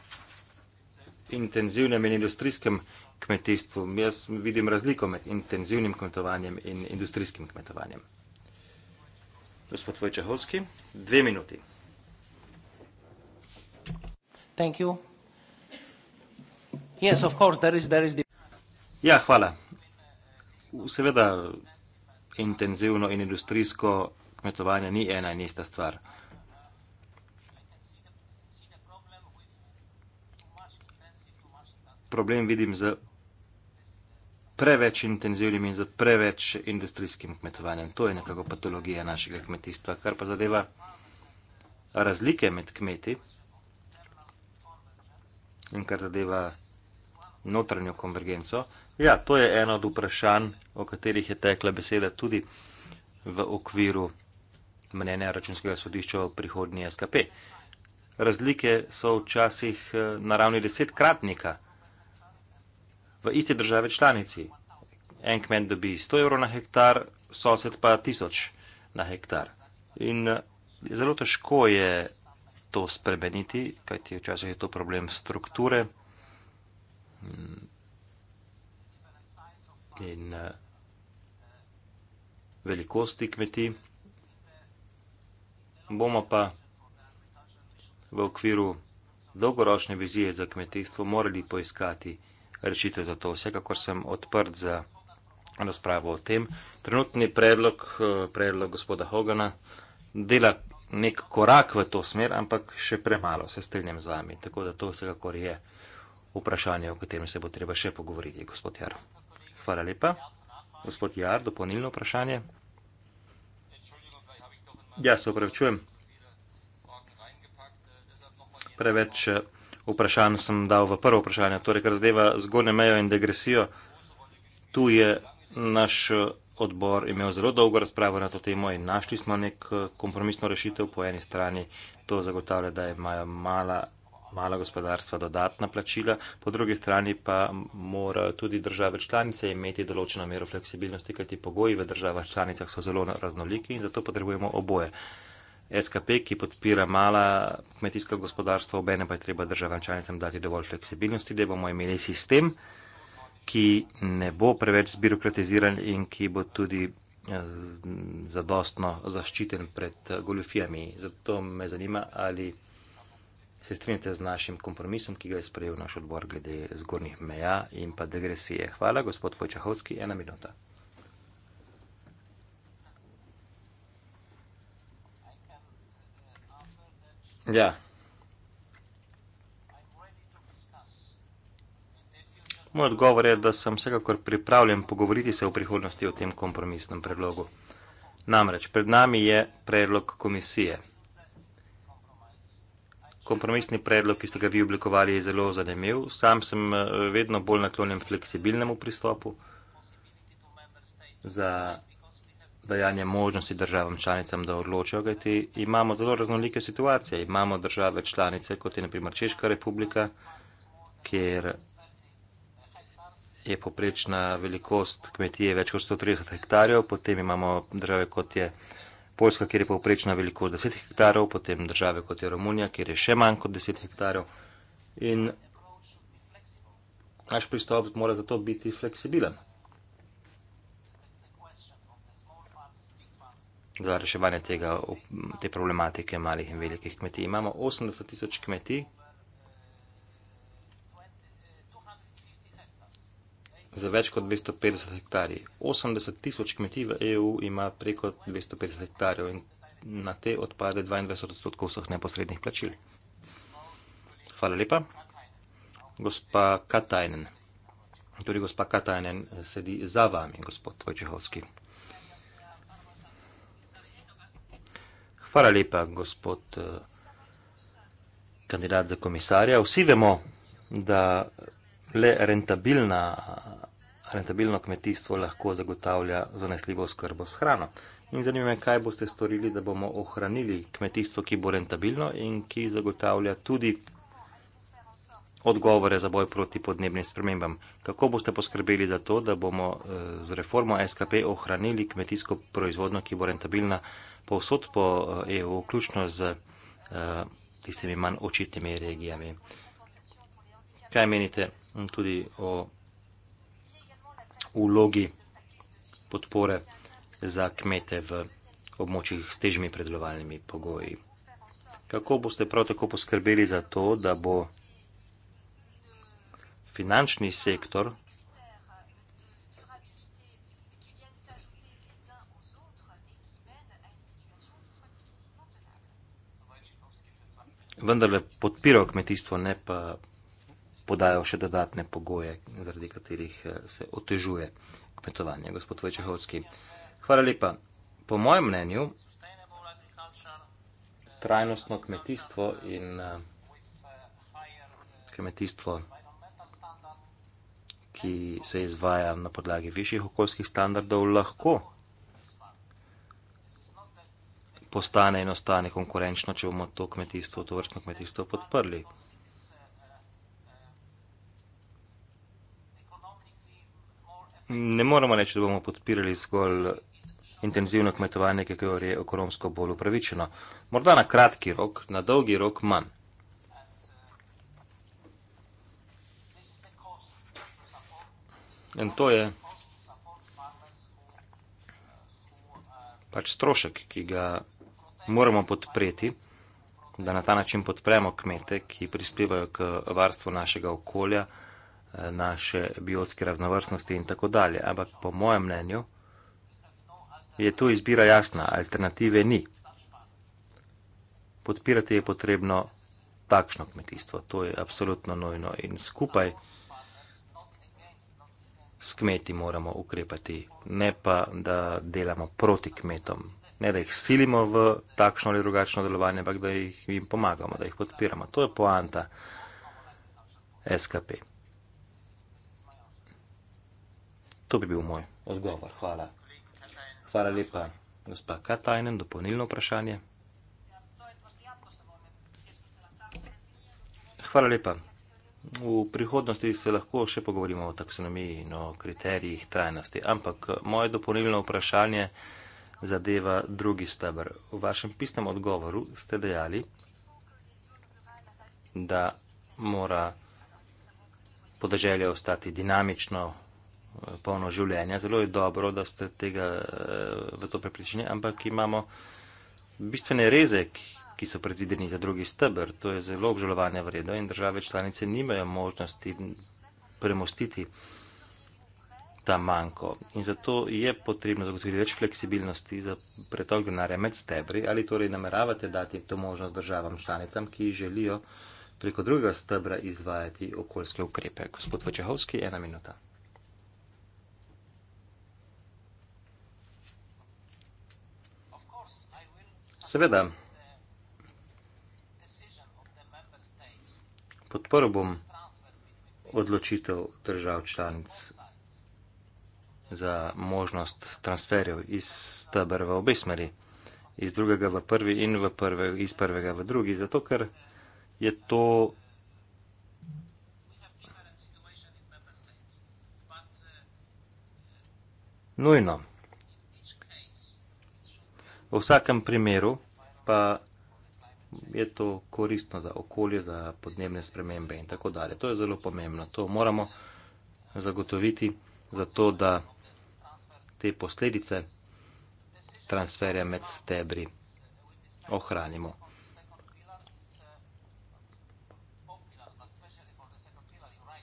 intenzivnem in industrijskem kmetijstvu. Jaz vidim razliko med intenzivnim kmetovanjem in industrijskim kmetovanjem. Gospod Vojčehovski, dve minuti. Thank you. Yes, of course, there is, there is the... Ja, hvala. Seveda, intenzivno in industrijsko kmetovanje ni ena in ista stvar. Problem vidim z preveč intenzivnim in z preveč industrijskim kmetovanjem. To je nekako patologija našega kmetijstva. Kar pa zadeva razlike med kmeti in kar zadeva notranjo konvergenco. Ja, to je eno od vprašanj, o katerih je tekla beseda tudi v okviru mnenja računskega sodišča o prihodnji SKP. Razlike so včasih eh, na ravni desetkratnika v isti države članici. En kmet dobi 100 evrov na hektar, sosed pa 1000 na hektar. In eh, zelo težko je to spremeniti, kajti včasih je to problem strukture. Hmm. In eh, velikosti kmetij. Bomo pa v okviru dolgoročne vizije za kmetijstvo morali poiskati kmetijstvo rešitev za to. Vsekakor sem odprt za razpravo o tem. Trenutni predlog, eh, predlog gospoda Hogana, dela nek korak v to smer, ampak še premalo, se strinjam z vami. Tako da to vsekakor je vprašanje, o katerem se bo treba še pogovoriti, gospod Jar. Hvala lepa. Gospod Jar, dopolnilno vprašanje. Ja, se upravičujem. Preveč eh, vprašanju sem dal v prvo vprašanje, torej kar zadeva zgodne mejo in degresijo. Tu je naš odbor imel zelo dolgo razpravo na to temo in našli smo nek eh, kompromisno rešitev. Po eni strani to zagotavlja, da imajo mala, mala gospodarstva dodatna plačila, po drugi strani pa mora tudi države članice imeti določeno mero fleksibilnosti, kajti pogoji v državah članicah so zelo raznoliki in zato potrebujemo oboje. SKP, ki podpira mala kmetijska gospodarstva, obene pa je treba državam članicam dati dovolj fleksibilnosti, da bomo imeli sistem, ki ne bo preveč zbirokratiziran in ki bo tudi eh, zadostno zaščiten pred eh, goljofijami. Zato me zanima, ali se strinjate z našim kompromisom, ki ga je sprejel naš odbor glede zgornjih meja in pa degresije. Hvala, gospod Vojčahovski, ena minuta. Ja. Moj odgovor je, da sem vsekakor pripravljen pogovoriti se v prihodnosti o tem kompromisnem predlogu. Namreč, pred nami je predlog komisije. Kompromisni predlog, ki ste ga vi oblikovali, je zelo zanimiv. Sam sem eh, vedno bolj naklonjen fleksibilnemu pristopu za predlog dajanje možnosti državam članicam, da odločajo, kajti imamo zelo raznolike situacije. Imamo države članice, kot je naprimer Češka republika, kjer je poprečna velikost kmetije več kot 130 hektarjev, potem imamo države, kot je Poljska, kjer je poprečna velikost 10 hektarjev, potem države, kot je Romunija, kjer je še manj kot 10 hektarjev. In naš pristop mora zato biti fleksibilen. za reševanje tega, te problematike malih in velikih kmetij. Imamo 80 tisoč kmetij. Za več kot 250 hektarji. 80 tisoč kmetij v EU ima preko 250 hektarjev in na te odpade 22 odstotkov vseh neposrednih plačil. Hvala lepa. Gospa Katajnen. Tudi gospa Katajnen sedi za vami, gospod Vojčehovski. Hvala lepa, gospod eh, kandidat za komisarja. Vsi vemo, da le rentabilna, rentabilno kmetijstvo lahko zagotavlja zanesljivo skrbo s hrano. In zanima me, kaj boste storili, da bomo ohranili kmetijstvo, ki bo rentabilno in ki zagotavlja tudi odgovore za boj proti podnebnim spremembam. Kako boste poskrbeli za to, da bomo eh, z reformo SKP ohranili kmetijsko proizvodno, ki bo rentabilna? povsod po EU, eh, e vključno z eh, tistimi manj očitnimi regijami. Kaj menite mm, tudi o ulogi podpore za kmete v območjih s težjimi predelovalnimi pogoji? Kako boste prav tako poskrbeli za to, da bo finančni sektor vendarle podpirajo kmetijstvo, ne pa podajo še dodatne pogoje, zaradi katerih eh, se otežuje kmetovanje. Gospod Vojčehovski, hvala lepa. Po mojem mnenju, trajnostno kmetijstvo in eh, kmetijstvo, ki se izvaja na podlagi višjih okoljskih standardov, lahko postane in ostane konkurenčno, če bomo to kmetijstvo, to vrstno kmetijstvo podprli. Ne moramo reči, da bomo podpirali zgolj intenzivno kmetovanje, ki je ekonomsko bolj upravičeno. Morda na kratki rok, na dolgi rok manj. In to je pač strošek, ki ga moramo podpreti, da na ta način podpremo kmete, ki prispevajo k varstvu našega okolja, eh, naše biotske raznovrstnosti in tako dalje. Ampak po mojem mnenju je tu izbira jasna, alternative ni. Podpirati je potrebno takšno kmetijstvo, to je absolutno nojno in skupaj s kmeti moramo ukrepati, ne pa da delamo proti kmetom ne da jih silimo v takšno ali drugačno delovanje, ampak da jih, jim pomagamo, da jih podpiramo. To je poanta SKP. To bi bil moj odgovor. Hvala. Hvala lepa, gospa Katajnen, dopolnilno vprašanje. Hvala lepa. V prihodnosti se lahko še pogovorimo o taksonomiji in o kriterijih trajnosti, ampak moje dopolnilno vprašanje je, zadeva drugi stebr. V vašem pisnem odgovoru ste dejali, da mora podeželje ostati dinamično, eh, polno življenja. Zelo je dobro, da ste tega eh, v to prepričani, ampak imamo bistvene reze, ki so predvideni za drugi stebr. To je zelo obžalovanje vredo in države članice nimajo možnosti premostiti ta manjko. In zato je potrebno zagotoviti več fleksibilnosti za pretok denarja med stebri, ali torej nameravate dati to možnost državam članicam, ki želijo preko drugega stebra izvajati okoljske ukrepe. Gospod Vačehovski, ena minuta. Seveda. Podporo bom odločitev držav članic za možnost transferjev iz stebr v obe smeri, iz drugega v prvi in v prve, iz prvega v drugi, zato ker je to. Nujno. V vsakem primeru pa je to koristno za okolje, za podnebne spremembe in tako dalje. To je zelo pomembno. To moramo zagotoviti zato, da te posledice transferja med stebri ohranimo.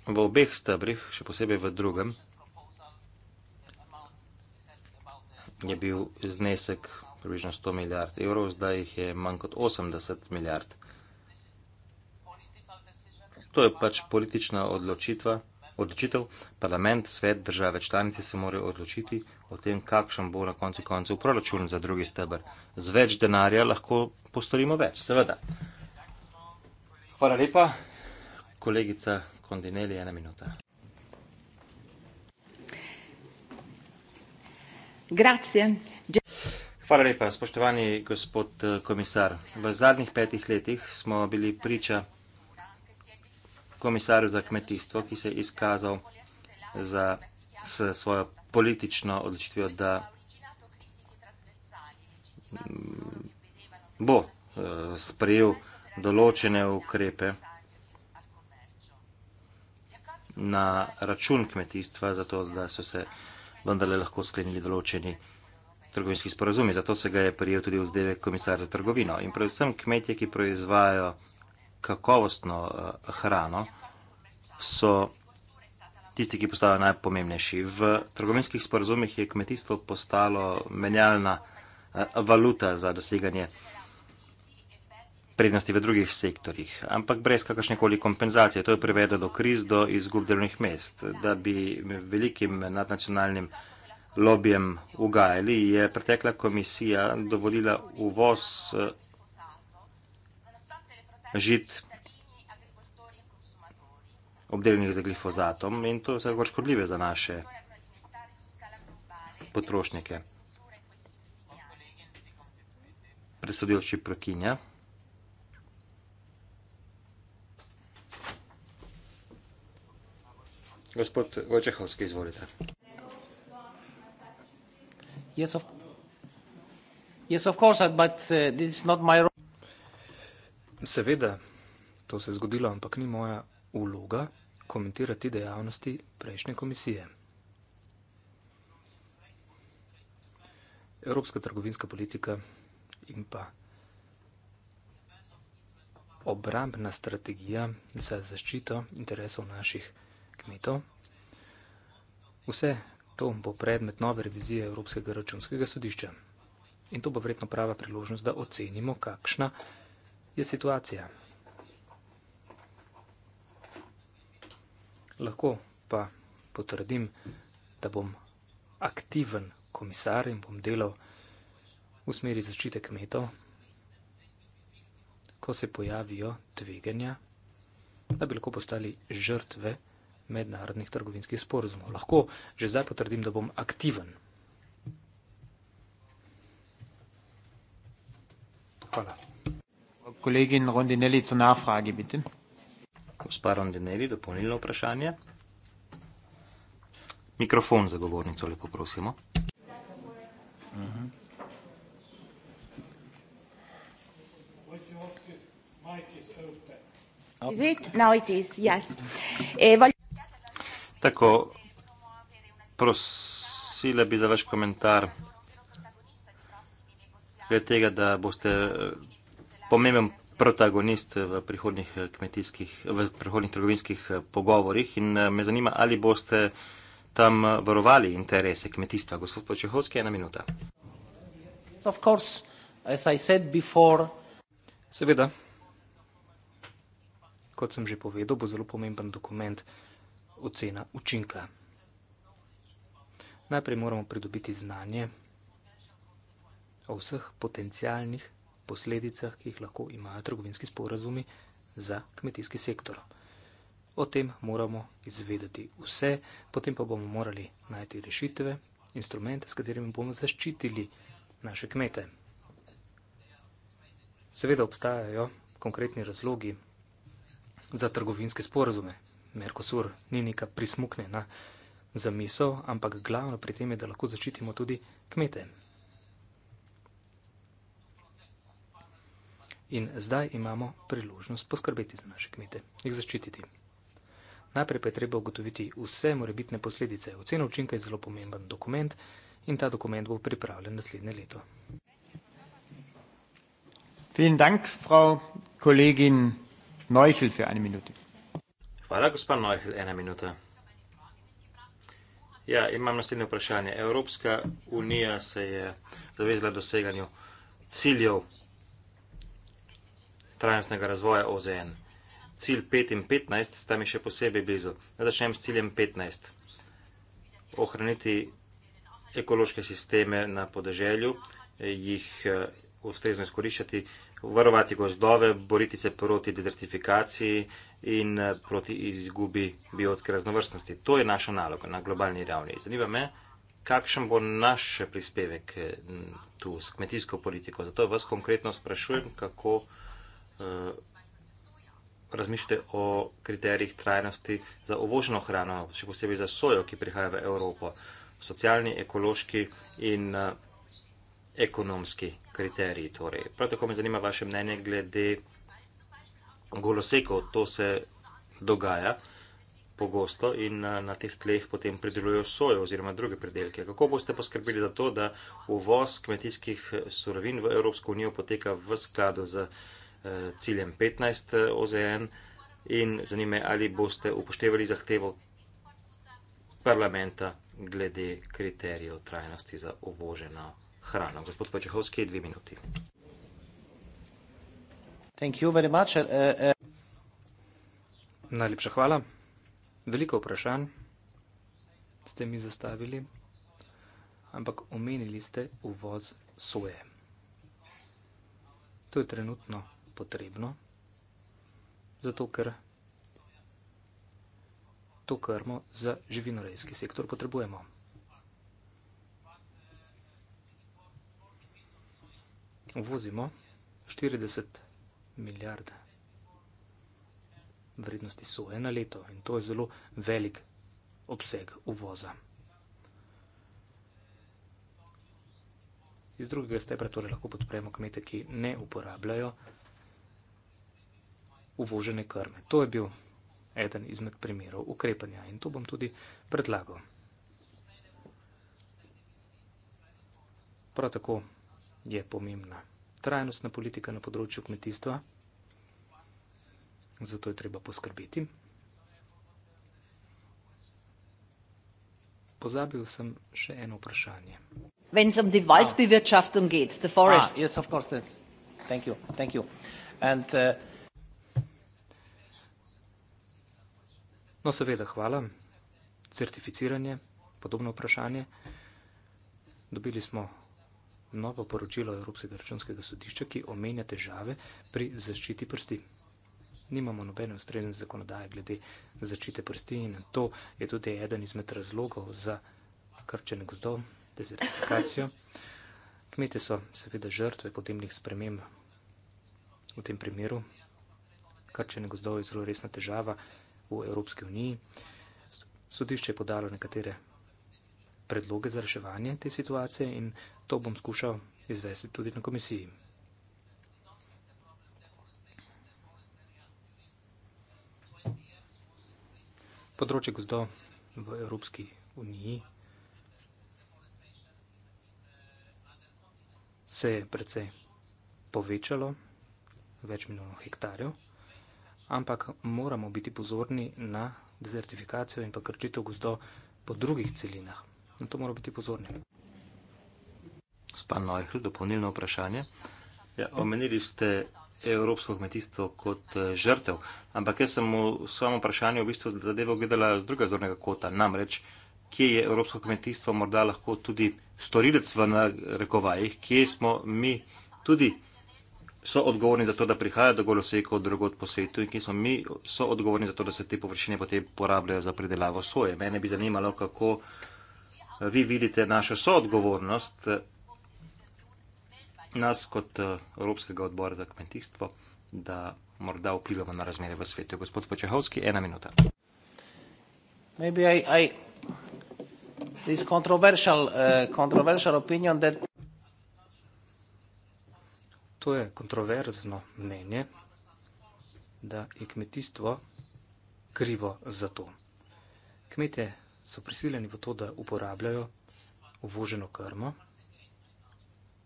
V obeh stebrih, še posebej v drugem, je bil znesek približno 100 milijard evrov, zdaj jih je manj kot 80 milijard. To je pač politična odločitva odločitev, parlament, svet, države članice se morajo odločiti o tem, kakšen bo na koncu koncev proračun za drugi stebr. Z več denarja lahko postorimo več, seveda. Hvala lepa, kolegica Kondineli, ena minuta. Hvala lepa, spoštovani gospod eh, komisar. V zadnjih petih letih smo bili priča komisar za kmetijstvo, ki se je izkazal za svojo politično odločitvijo, da mm, bo eh, sprejel določene ukrepe na račun kmetijstva, zato da so se vendarle lahko sklenili določeni trgovinski sporazumi. Zato se ga je prijel tudi vzdevek komisar za trgovino. In predvsem kmetje, ki proizvajajo kakovostno eh, hrano, so tisti, ki postajajo najpomembnejši. V trgovinskih sporazumih je kmetijstvo postalo menjalna eh, valuta za doseganje prednosti v drugih sektorjih, ampak brez kakršnekoli kompenzacije. To je privedlo do kriz, do izgub delovnih mest. Da bi velikim nadnacionalnim lobijem ugajali, je pretekla komisija dovolila uvoz eh, žit obdelnih za glifozatom in to je vsakor škodljive za naše potrošnike. Predsodilši prekinja. Gospod Vojčehovski, izvolite. Yes, of, yes, of course, but uh, this is not my role. Seveda, to se je zgodilo, ampak ni moja vloga komentirati dejavnosti prejšnje komisije. Evropska trgovinska politika in pa obrambna strategija za zaščito interesov naših kmetov. Vse to bo predmet nove revizije Evropskega računskega sodišča. In to bo vredno prava priložnost, da ocenimo, kakšna je situacija. Lahko pa potrdim, da bom aktiven komisar in bom delal v smeri zaščite kmetov, ko se pojavijo tveganja, da bi lahko postali žrtve mednarodnih trgovinskih sporozumov. Lahko že zdaj potrdim, da bom aktiven. Hvala. Kolegin Rondinelli zur Nachfrage, bitte. Gospa Rondinelli, dopolnilno vprašanje. Mikrofon za govornico lepo prosimo. Eh, Tako, prosila bi za vaš komentar glede tega, da boste pomemben protagonist v prihodnih eh, kmetijskih, v prihodnih trgovinskih eh, pogovorjih in eh, me zanima, ali boste tam varovali interese kmetijstva. Gospod Počehovski, ena minuta. Of course, as I said before... Seveda, kot sem že povedal, bo zelo pomemben dokument ocena učinka. Najprej moramo pridobiti znanje o vseh potencialnih posledicah, ki jih lahko imajo trgovinski sporazumi za kmetijski sektor. O tem moramo izvedeti vse, potem pa bomo morali najti rešitve, instrumente, s katerimi bomo zaščitili naše kmete. Seveda obstajajo konkretni razlogi za trgovinske sporazume. Merkosur ni neka prismuknjena zamisel, ampak glavno pri tem je, da lahko zaščitimo tudi kmete. In zdaj imamo priložnost poskrbeti za naše kmete, jih zaščititi. Najprej pa je treba ugotoviti vse morebitne posledice. Ocena učinka je zelo pomemben dokument in ta dokument bo pripravljen naslednje leto. Dank, frau Neuchel, für eine Hvala, gospod Neuchel, ena minuta. Ja, imam naslednje vprašanje. Evropska unija se je zavezala doseganju ciljev trajnostnega razvoja OZN. Cilj 5 in 15 sta mi še posebej blizu. Da začnem s ciljem 15. Ohraniti ekološke sisteme na podeželju, jih eh, ustrezno izkoriščati, varovati gozdove, boriti se proti detertifikaciji in eh, proti izgubi biotske raznovrstnosti. To je naša naloga na globalni ravni. Zanima me, kakšen bo naš prispevek eh, tu s kmetijsko politiko. Zato vas konkretno sprašujem, kako. Eh, razmišljate o kriterijih trajnosti za uvoženo hrano, še posebej za sojo, ki prihaja v Evropo, socialni, ekološki in eh, ekonomski kriteriji. Torej. Prav tako me zanima vaše mnenje glede golosekov. To se dogaja pogosto in eh, na teh tleh potem pridelujejo sojo oziroma druge predelke. Kako boste poskrbeli za to, da uvoz kmetijskih surovin v Evropsko unijo poteka v skladu z Eh, ciljem 15 eh, OZN in zanime, ali boste upoštevali zahtevo parlamenta glede kriterijev trajnosti za uvoženo hrano. Gospod Vojčehovski, dve minuti. Thank you very much. Uh, uh... Najlepša hvala. Veliko vprašanj ste mi zastavili, ampak omenili ste uvoz soje. To je trenutno potrebno, zato ker to krmo za živinorejski sektor potrebujemo. Uvozimo 40 milijard vrednosti soje na leto in to je zelo velik obseg uvoza. Iz drugega stebra torej lahko podpremo kmete, ki ne uporabljajo vrednosti uvožene krme. To je bil eden izmed primerov ukrepanja in to bom tudi predlagal. Prav tako je pomembna trajnostna politika na področju kmetijstva, zato je treba poskrbeti. Pozabil sem še eno vprašanje. Wenn es um die Waldbewirtschaftung geht, the forest. Ah, yes, of course, thank you, thank you. And, uh, No, seveda, hvala. Certificiranje, podobno vprašanje. Dobili smo novo poročilo Evropskega računskega sodišča, ki omenja težave pri zaščiti prsti. Nimamo nobene ustrezne zakonodaje glede zaščite prsti in to je tudi eden izmed razlogov za krčene gozdov, dezertifikacijo. Kmete so seveda žrtve podnebnih sprememb. V tem primeru krčene gozdov je zelo resna težava, v Evropski uniji. Sodišče je podalo nekatere predloge za reševanje te situacije in to bom skušal izvesti tudi na komisiji. Področje gozdov v Evropski uniji se je precej povečalo, več milijonov hektarjev ampak moramo biti pozorni na dezertifikacijo in pa krčitev gozdov po drugih celinah. Na to moramo biti pozorni. Gospod Neuhl, dopolnilno vprašanje. Ja, omenili ste evropsko kmetijstvo kot eh, žrtev, ampak jaz sem v svojem vprašanju v bistvu zadevo gledala z druga zornega kota, namreč kje je evropsko kmetijstvo morda lahko tudi storilec v narekovajih, kje smo mi tudi so odgovorni za to, da prihaja do golosekov drugod po svetu in ki smo mi so odgovorni za to, da se te površine potem porabljajo za predelavo soje. Mene bi zanimalo, kako eh, vi vidite našo soodgovornost eh, nas kot eh, Evropskega odbora za kmetijstvo, da morda vplivamo na razmere v svetu. Gospod Počehovski, ena minuta. Maybe I, I, this controversial, uh, controversial opinion that To je kontroverzno mnenje, da je kmetijstvo krivo za to. Kmetje so prisiljeni v to, da uporabljajo uvoženo krmo,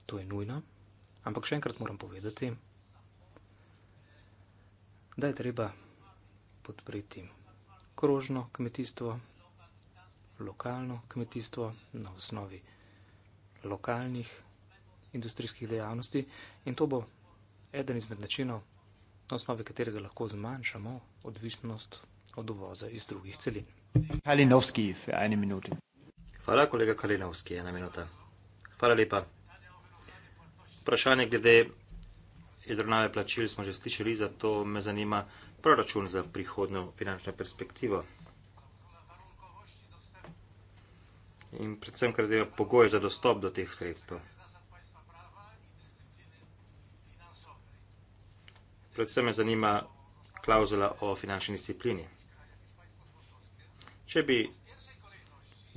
to je nujno, ampak še enkrat moram povedati, da je treba podpreti krožno kmetijstvo, lokalno kmetijstvo na osnovi lokalnih kmetijstv, industrijskih dejavnosti in to bo eden izmed načinov, na osnovi katerega lahko zmanjšamo odvisnost od uvoza iz drugih celin. Kalinovski, ena minuta. Hvala, kolega Kalinovski, ena minuta. Hvala lepa. Vprašanje glede izravnave plačil smo že slišali, zato me zanima proračun za prihodno finančno perspektivo. In predvsem, ker zdaj pogoje za dostop do teh sredstev. Predvsem me zanima klauzula o finančni disciplini. Če bi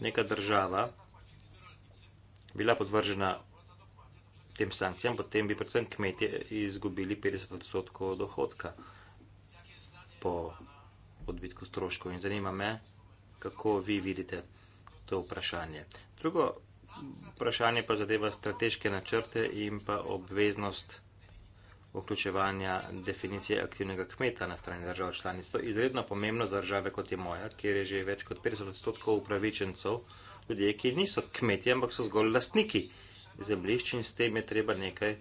neka država bila podvržena tem sankcijam, potem bi predvsem kmetje izgubili 50 odstotkov dohodka po odbitku stroškov. In zanima me, kako vi vidite to vprašanje. Drugo vprašanje pa zadeva strateške načrte in pa obveznost vprašanja vključevanja definicije aktivnega kmeta na strani držav članic. To je izredno pomembno za države kot je moja, kjer je že več kot 50 odstotkov upravičencev ljudje, ki niso kmeti, ampak so zgolj lastniki zemljišč in s tem je treba nekaj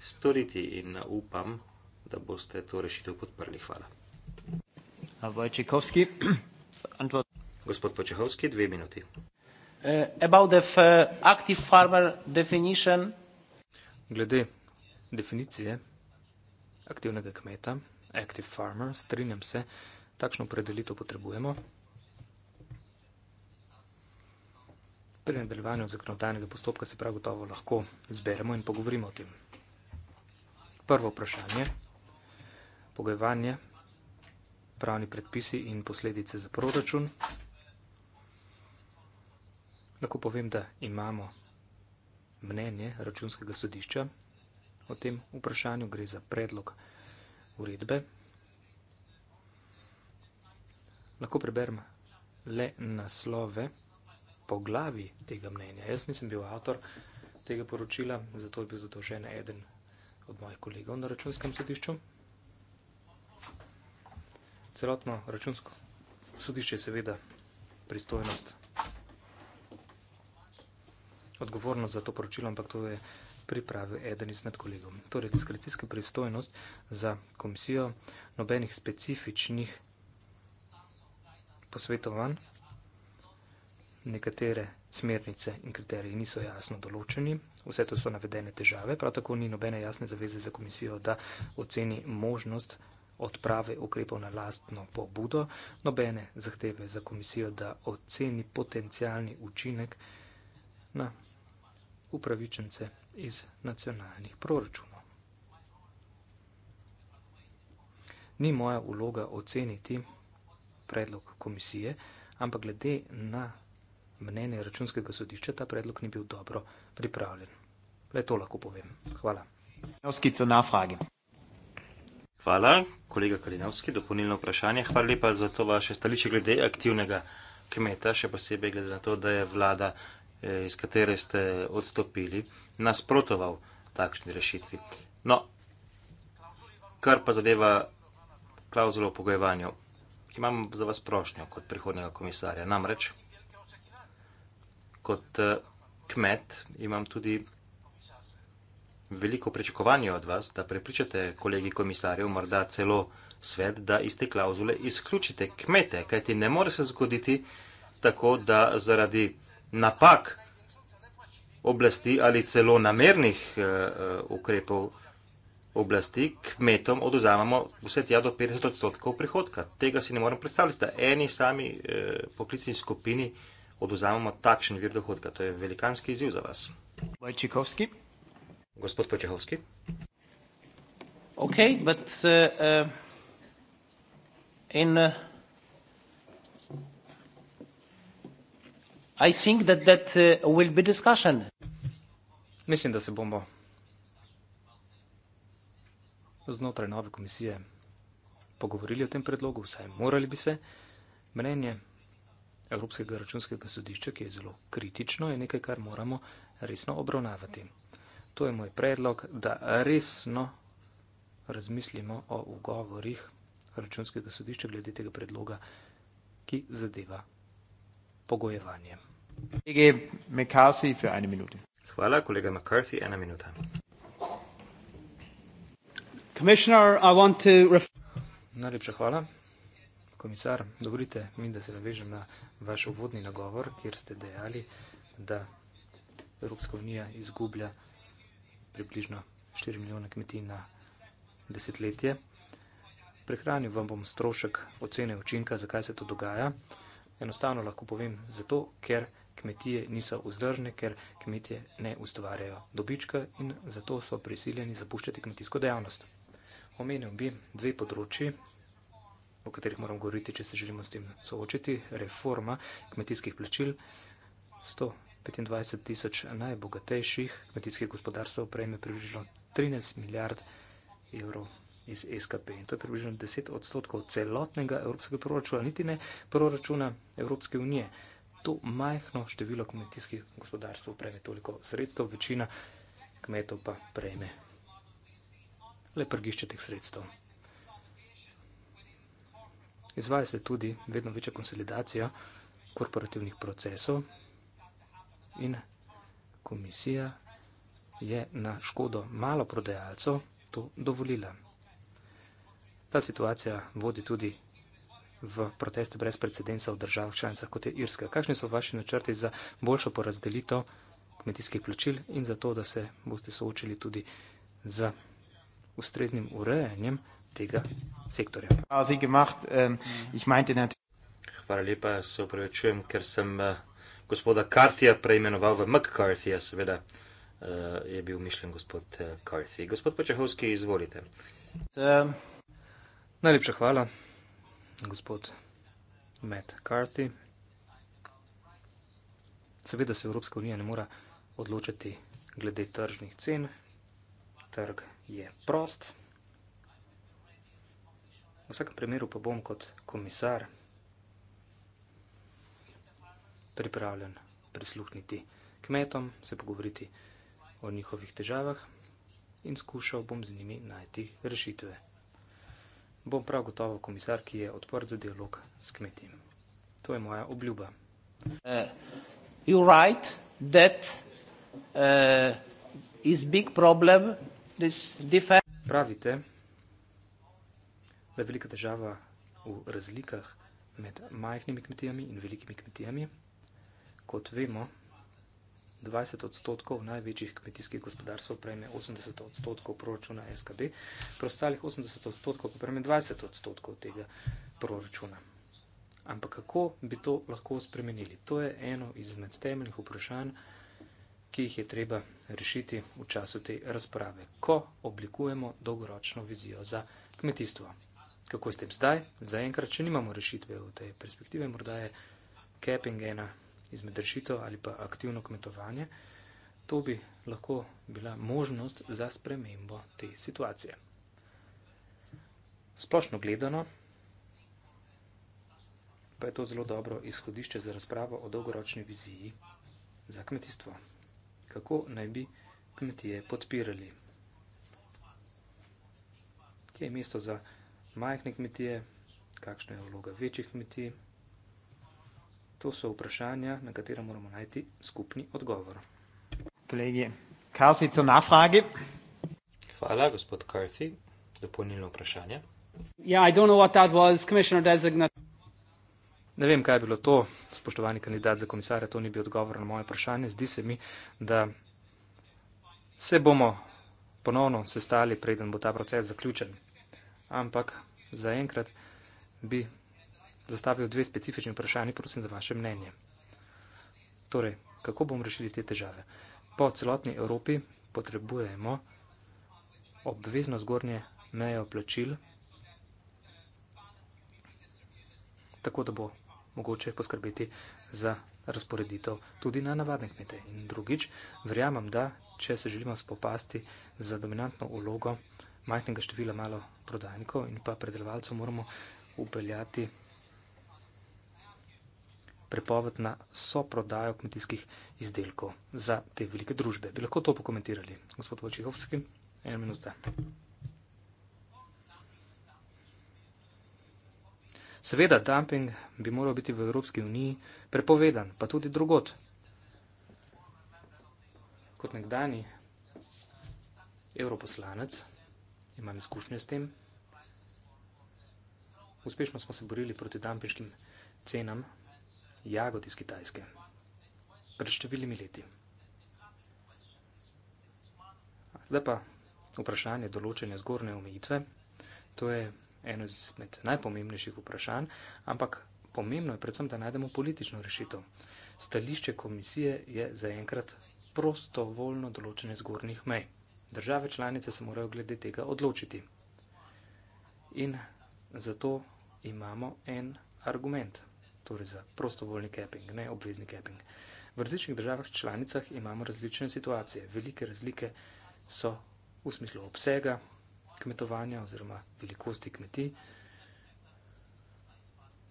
storiti in upam, da boste to rešitev podprli. Hvala. Vojčekovski. <clears throat> Gospod Vojčekovski, dve minuti. Eh, about the eh, active farmer definition. Glede definicije aktivnega kmeta, active farmer, strinjam se, takšno predelitev potrebujemo. Pri nadaljevanju zakonodajnega postopka se prav gotovo lahko zberemo in pogovorimo o tem. Prvo vprašanje, pogojevanje, pravni predpisi in posledice za proračun. Lahko povem, da imamo mnenje računskega sodišča, o tem vprašanju, gre za predlog uredbe. Lahko preberem le naslove po glavi tega mnenja. Jaz nisem bil avtor tega poročila, zato je bil zadolžen eden od mojih kolegov na računskem sodišču. Celotno računsko sodišče je seveda pristojnost odgovorno za to poročilo, ampak to je nekaj, pripravil eden izmed kolegov. Torej, diskrecijska pristojnost za komisijo nobenih specifičnih posvetovanj, nekatere smernice in kriteriji niso jasno določeni, vse to so navedene težave, prav tako ni nobene jasne zaveze za komisijo, da oceni možnost odprave ukrepov na lastno pobudo, nobene zahteve za komisijo, da oceni potencijalni učinek na upravičence iz nacionalnih proračunov. Ni moja vloga oceniti predlog komisije, ampak glede na mnenje računskega sodišča ta predlog ni bil dobro pripravljen. Le to lahko povem. Hvala. Hvala, kolega Kalinovski, dopolnilno vprašanje. Hvala lepa za to vaše stališče glede aktivnega kmeta, še posebej glede na to, da je vlada Eh, iz katere ste odstopili, nasprotoval takšni rešitvi. No, kar pa zadeva klauzulo o pogojevanju, imam za vas prošnjo kot prihodnega komisarja. Namreč, kot eh, kmet imam tudi veliko pričakovanje od vas, da prepričate kolegi komisarjev, morda celo svet, da iz te klauzule izključite kmete, kajti ne more se zgoditi tako, da zaradi napak oblasti ali celo namernih eh, eh, ukrepov oblasti, kmetom oduzamamo vse tja do 50 odstotkov prihodka. Tega si ne moram predstavljati, da eni sami eh, poklicni skupini oduzamamo takšen vir dohodka. To je velikanski izziv za vas. Vojčikovski. Gospod Vojčikovski. Ok, but uh, uh, in uh, I think that that uh, will be discussion. Mislim, da se bomo znotraj nove komisije pogovorili o tem predlogu, vsaj morali bi se. Mnenje Evropskega računskega sodišča, ki je zelo kritično, je nekaj, kar moramo resno obravnavati. To je moj predlog, da resno razmislimo o ugovorih računskega sodišča glede tega predloga, ki zadeva pogojevanjem. Hvala, kolega McCarthy, ena minuta. Najlepša hvala, komisar. Dovolite mi, da se navežem na vaš uvodni nagovor, kjer ste dejali, da Evropska unija izgublja približno 4 milijona kmetij na desetletje. Prehranil vam bom strošek ocene učinka, zakaj se to dogaja. Enostavno lahko povem zato, ker kmetije niso vzdržne, ker kmetije ne ustvarjajo dobička in zato so prisiljeni zapuščati kmetijsko dejavnost. Omenil bi dve področji, o katerih moram govoriti, če se želimo s tem soočiti. Reforma kmetijskih plačil. 125 tisoč najbogatejših kmetijskih gospodarstv prejme približno 13 milijard evrov iz SKP. In to je približno 10 odstotkov celotnega evropskega proračuna, niti ne proračuna Evropske unije. To majhno število kmetijskih gospodarstv prejme toliko sredstev, večina kmetov pa prejme le prgišče teh sredstev. Izvaja se tudi vedno večja konsolidacija korporativnih procesov in komisija je na škodo maloprodajalcev to dovolila. Ta situacija vodi tudi v proteste brez precedensa v državah članicah, kot je Irska. Kakšni so vaši načrti za boljšo porazdelitev kmetijskih plačil in za to, da se boste soočili tudi z ustreznim urejanjem tega sektorja? Hvala lepa, se upravičujem, ker sem eh, gospoda Kartija preimenoval v McCarthyja, seveda eh, je bil mišljen gospod Karthij. Eh, gospod Počehovski, izvolite. Um. Najlepša hvala, gospod Matt Carthy. Seveda se Evropska unija ne mora odločiti glede tržnih cen, trg je prost. V vsakem primeru pa bom kot komisar pripravljen prisluhniti kmetom, se pogovoriti o njihovih težavah in skušal bom z njimi najti rešitve bom prav gotovo komisar, ki je odprt za dialog s kmetijem. To je moja obljuba. Uh, eh, you write that uh, is big problem this defense. Pravite, da je velika težava v razlikah med majhnimi kmetijami in velikimi kmetijami. Kot vemo, 20 odstotkov največjih kmetijskih gospodarstv prejme 80 odstotkov proračuna SKB, preostalih 80 odstotkov pa prejme 20 odstotkov tega proračuna. Ampak kako bi to lahko spremenili? To je eno izmed temeljnih vprašanj, ki jih je treba rešiti v času te razprave, ko oblikujemo dolgoročno vizijo za kmetijstvo. Kako je s tem zdaj? Zaenkrat, če nimamo rešitve v tej perspektive, morda je capping ena izmed rešitev ali pa aktivno kmetovanje, to bi lahko bila možnost za spremembo te situacije. Splošno gledano, pa je to zelo dobro izhodišče za razpravo o dolgoročni viziji za kmetijstvo. Kako naj bi kmetije podpirali? Kje je mesto za majhne kmetije? Kakšna je vloga večjih kmetij? To so vprašanja, na katera moramo najti skupni odgovor. Kolegi, kaj si to na fragi? Hvala, gospod Karthi. Dopolnilno vprašanje. Ja, I don't know what that was, commissioner designate. Ne vem, kaj je bilo to, spoštovani kandidat za komisarja, to ni bil odgovor na moje vprašanje. Zdi se mi, da se bomo ponovno sestali, preden bo ta proces zaključen. Ampak zaenkrat bi zastavil dve specifični vprašanji, prosim za vaše mnenje. Torej, kako bomo rešili te težave? Po celotni Evropi potrebujemo obvezno zgornje mejo plačil, tako da bo mogoče poskrbeti za razporeditev tudi na navadne kmete. In drugič, verjamem, da če se želimo spopasti za dominantno ulogo majhnega števila malo prodajnikov in pa predelovalcev, moramo upeljati prepoved na soprodajo kmetijskih izdelkov za te velike družbe. Bi lahko to pokomentirali, gospod Vojčehovski? En minuta. Seveda, dumping bi moral biti v Evropski uniji prepovedan, pa tudi drugot. Kot nekdani europoslanec imam izkušnje s tem. Uspešno smo se borili proti dumpiškim cenam jagod iz Kitajske pred številnimi leti. Zdaj pa vprašanje določene zgornje omejitve. To je eno izmed najpomembnejših vprašanj, ampak pomembno je predvsem, da najdemo politično rešitev. Stališče komisije je zaenkrat prostovoljno določene zgornjih mej. Države članice se morajo glede tega odločiti. In zato imamo en argument torej za prostovoljni keping, ne obvezni keping. V različnih državah članicah imamo različne situacije. Velike razlike so v smislu obsega kmetovanja oziroma velikosti kmetij.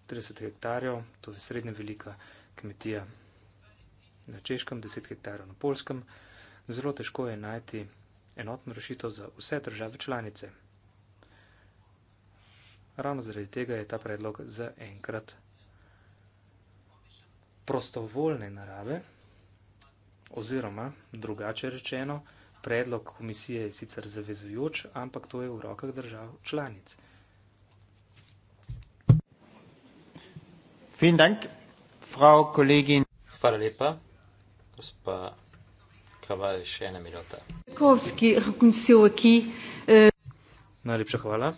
30 hektarjev, to je srednja velika kmetija na Češkem, 10 hektarjev na Polskem. Zelo težko je najti enotno rešitev za vse države članice. Ravno zaradi tega je ta predlog za enkrat vsega prostovoljne narave, oziroma drugače rečeno, predlog komisije je sicer zavezujoč, ampak to je v rokah držav članic. Dank, frau kolegin. Hvala lepa, gospa Kavali, še ena minuta. Eh, Najlepša hvala.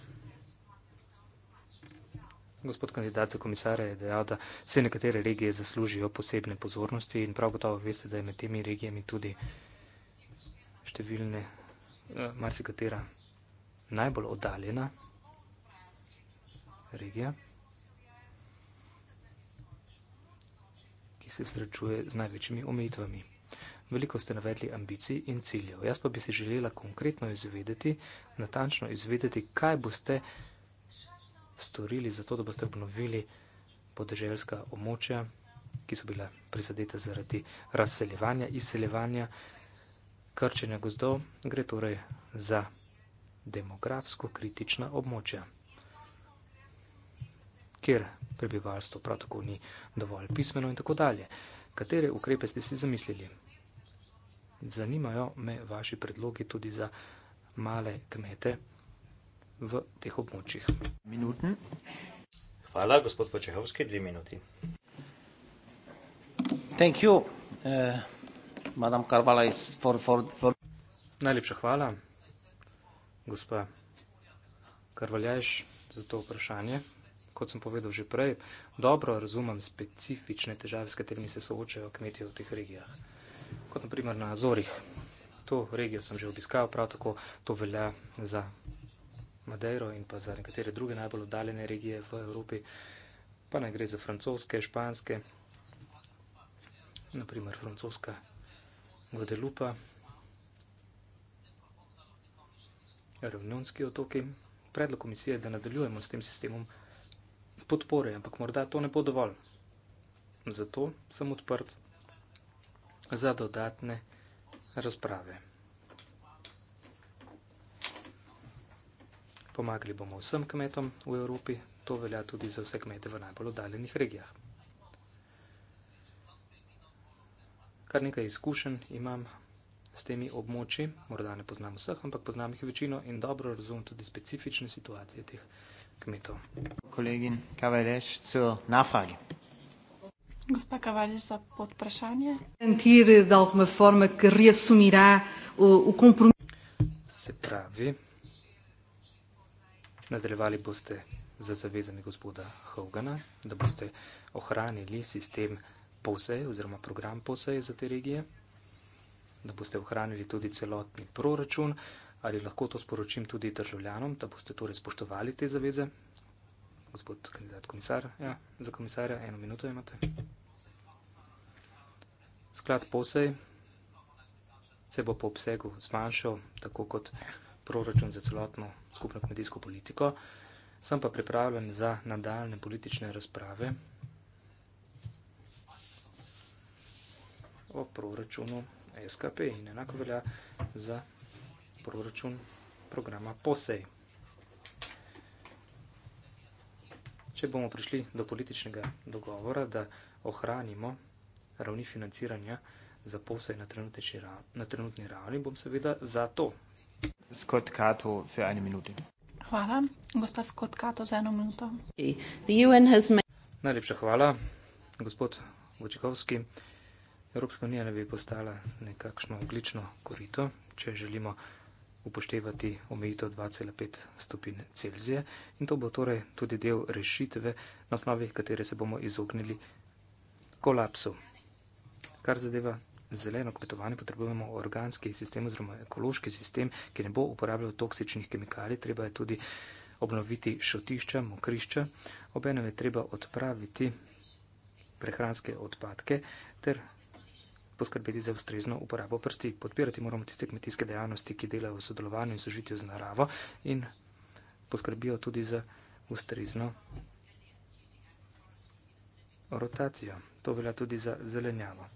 Gospod kandidat za komisare je dejal, da se nekatere regije zaslužijo posebne pozornosti in prav gotovo veste, da je med temi regijami tudi številne, eh, marsikatera najbolj oddaljena regija, ki se srečuje z največjimi omejitvami. Veliko ste navedli ambicij in ciljev. Jaz pa bi se želela konkretno izvedeti, natančno izvedeti, kaj boste vsega, storili za to, da boste obnovili podeželska območja, ki so bila prizadeta zaradi razseljevanja, izseljevanja, krčenja gozdov, gre torej za demografsko kritična območja, kjer prebivalstvo prav tako ni dovolj pismeno in tako dalje. Katere ukrepe ste si zamislili? Zanimajo me vaši predlogi tudi za male kmete v teh območjih. Minuten. Hvala, gospod Vačehovski, dve minuti. Thank you, uh, madam Karvala, for, for, for... Najlepša hvala, gospa Karvaljajš, za to vprašanje. Kot sem povedal že prej, dobro razumem specifične težave, s katerimi se soočajo kmetje v teh regijah. Kot naprimer na Azorih. To regijo sem že obiskal, prav tako to velja za Madeiro in pa za nekatere druge najbolj oddaljene regije v Evropi, pa naj gre za francoske, španske, naprimer francoska Guadelupa, Revnjonski otoki. Predlog komisije je, da nadaljujemo s tem sistemom podpore, ampak morda to ne bo dovolj. Zato sem odprt za dodatne razprave. Pomagali bomo vsem kmetom v Evropi, to velja tudi za vse kmete v najbolj oddaljenih regijah. Kar nekaj izkušenj imam s temi območji, morda ne poznam vseh, ampak poznam jih večino in dobro razumem tudi specifične situacije teh kmetov. Kolegin Kavajdeš, co na fagi? Gospa Kavajdeš, za podprašanje. Se pravi, Nadaljevali boste za zavezami gospoda Hogana, da boste ohranili sistem posej oziroma program posej za te regije, da boste ohranili tudi celotni proračun, ali lahko to sporočim tudi državljanom, da boste torej spoštovali te zaveze. Gospod kandidat komisar, ja, za komisarja, eno minuto imate. Sklad posej se bo po obsegu zmanjšal, tako kot proračun za celotno skupno kmetijsko politiko, sem pa pripravljen za nadaljne politične razprave o proračunu SKP in enako velja za proračun programa POSEJ. Če bomo prišli do političnega dogovora, da ohranimo ravni financiranja za POSEJ na, na trenutni ravni, bom seveda za to. Scott Cato für eine Minute. Hvala. Gospa Scott Cato za eno minuto. The UN has made... Najlepša hvala, gospod Vočikovski. Evropska unija ne bi postala nekakšno oglično korito, če želimo upoštevati omejito 2,5 stopinje Celzije. In to bo torej tudi del rešitve, na osnovi katere se bomo izognili kolapsu. Kar zadeva zeleno kmetovanje potrebujemo organski sistem oziroma ekološki sistem, ki ne bo uporabljal toksičnih kemikalij, treba je tudi obnoviti šotišča, mokrišča, obenem je treba odpraviti prehranske odpadke ter poskrbeti za ustrezno uporabo prsti. Podpirati moramo tiste kmetijske dejavnosti, ki delajo v sodelovanju in sožitju z naravo in poskrbijo tudi za ustrezno rotacijo. To velja tudi za zelenjavo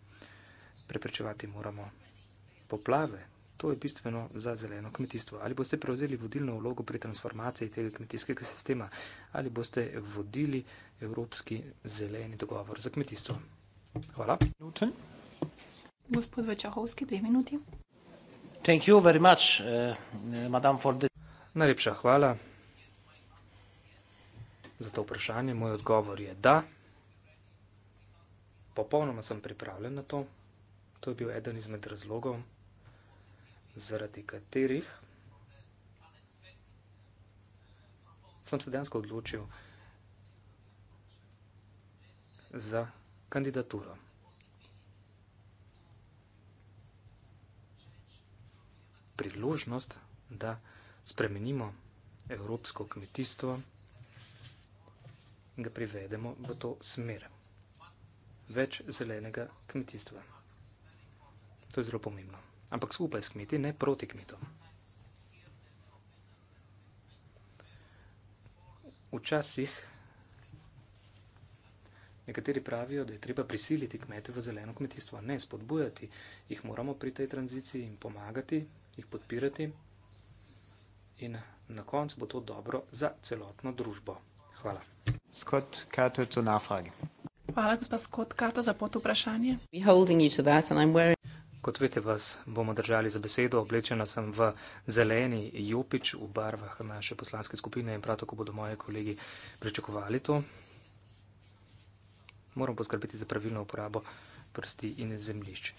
preprečevati moramo poplave. To je bistveno za zeleno kmetijstvo. Ali boste prevzeli vodilno vlogo pri transformaciji tega kmetijskega sistema, ali boste vodili Evropski zeleni dogovor za kmetijstvo. Hvala. Minuten. Gospod Večahovski, dve minuti. Thank you very much, uh, madam, for the... Najlepša hvala za to vprašanje. Moj odgovor je da. Popolnoma sem pripravljen na to. To je bil eden izmed razlogov, zaradi katerih sem se dejansko odločil za kandidaturo. Priložnost, da spremenimo evropsko kmetijstvo in ga privedemo v to smer. Več zelenega kmetijstva. To je zelo pomembno. Ampak skupaj s kmeti, ne proti kmetom. Včasih nekateri pravijo, da je treba prisiliti kmete v zeleno kmetijstvo, ne spodbujati. Jih moramo pri tej tranziciji in pomagati, jih podpirati. In na koncu bo to dobro za celotno družbo. Hvala. Scott Carter, to nafrage. Hvala, gospod Scott Carter, za pot vprašanje. Kot veste, vas bomo držali za besedo. Oblečena sem v zeleni jopič v barvah naše poslanske skupine in prav tako bodo moji kolegi pričakovali to. Moram poskrbeti za pravilno uporabo prsti in zemljišč.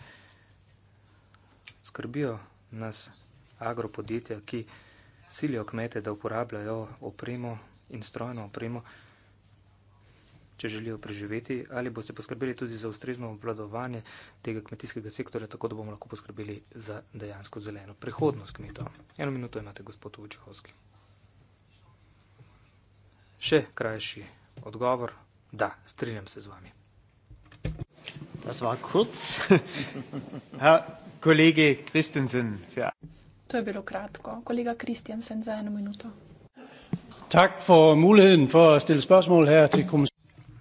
Skrbijo nas agropodjetja, ki silijo kmete, da uporabljajo opremo in strojno opremo če želijo preživeti, ali boste poskrbeli tudi za ustrezno obvladovanje tega kmetijskega sektorja, tako da bomo lahko poskrbeli za dejansko zeleno prihodnost kmetov. Eno minuto imate, gospod Vučehovski. Še krajši odgovor. Da, strinjam se z vami. <laughs> Kolegi Kristjansen. Ja. To je bilo kratko. Kolega Kristjansen za eno minuto. Tak for muligheden for at stille spørgsmål her til kommissionen.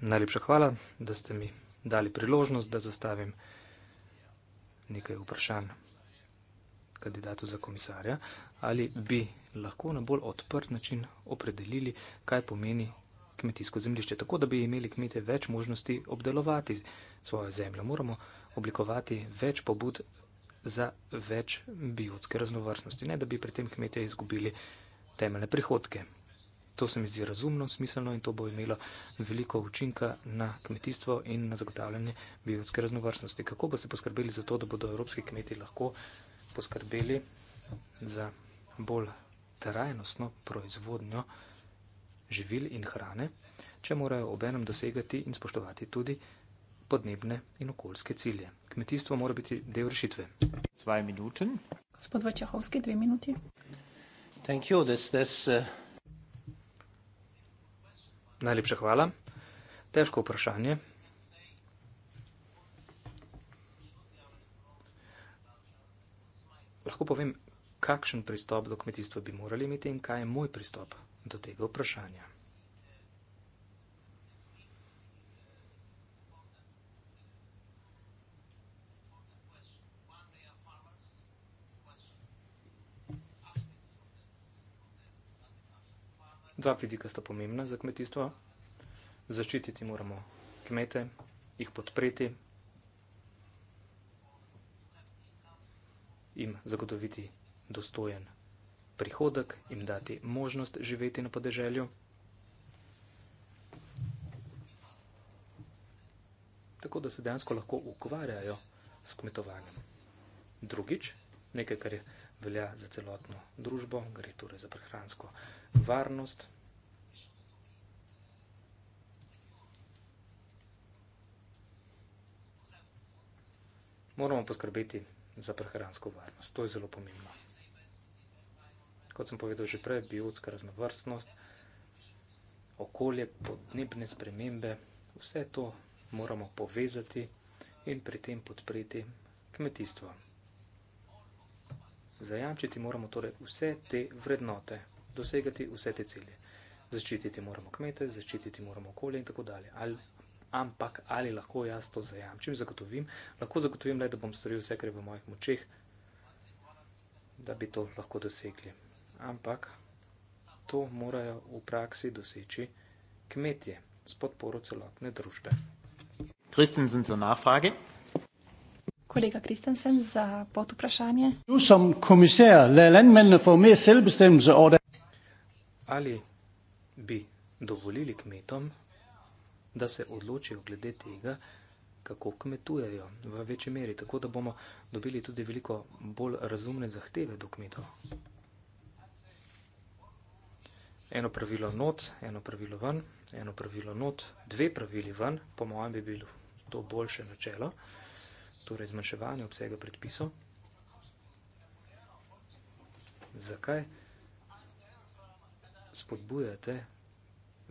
Najlepša hvala, da ste mi dali priložnost, da zastavim nekaj vprašanj kandidatu za komisarja. Ali bi lahko na bolj odprt način opredelili, kaj pomeni kmetijsko zemljišče, tako da bi imeli kmete več možnosti obdelovati svojo zemljo. Moramo oblikovati več pobud za več biotske raznovrstnosti, ne da bi pri tem kmete izgubili temeljne prihodke. To se mi zdi razumno, smiselno in to bo imelo veliko učinka na kmetijstvo in na zagotavljanje biotske raznovrstnosti. Kako boste poskrbeli za to, da bodo evropski kmeti lahko poskrbeli za bolj trajnostno proizvodnjo živil in hrane, če morajo obenem dosegati in spoštovati tudi podnebne in okoljske cilje. Kmetijstvo mora biti del rešitve. Gospod Vačahovski, dve minuti. Thank you. This, this, uh... Najlepša hvala. Težko vprašanje. Lahko povem, kakšen pristop do kmetijstva bi morali imeti in kaj je moj pristop do tega vprašanja. dva vidika sta pomembna za kmetijstvo. Zaščititi moramo kmete, jih podpreti, jim zagotoviti dostojen prihodek, jim dati možnost živeti na podeželju. Tako da se dejansko lahko ukvarjajo s kmetovanjem. Drugič, nekaj, kar je velja za celotno družbo, gre torej za prehransko varnost. Moramo poskrbeti za prehransko varnost, to je zelo pomembno. Kot sem povedal že prej, biotska raznovrstnost, okolje, podnebne spremembe, vse to moramo povezati in pri tem podpreti kmetijstvo zajamčiti moramo torej vse te vrednote, dosegati vse te cilje. Zaščititi moramo kmete, zaščititi moramo okolje in tako dalje. Ali, ampak ali lahko jaz to zajamčim, zagotovim? Lahko zagotovim le, da bom storil vse, kar je v mojih močeh, da bi to lahko dosegli. Ampak to morajo v praksi doseči kmetje s podporo celotne družbe. Christensen zur Nachfrage. Kollega Christensen za pot vprašanje. Tu sem komisar, le landmennene for mere selvbestemmelse. Ali bi dovolili kmetom, da se odločijo glede tega, kako kmetujejo v večji meri, tako da bomo dobili tudi veliko bolj razumne zahteve do kmetov. Eno pravilo not, eno pravilo ven, eno pravilo not, dve pravili ven, po mojem bi bilo to boljše načelo torej zmanjševanje obsega predpisov. Zakaj spodbujate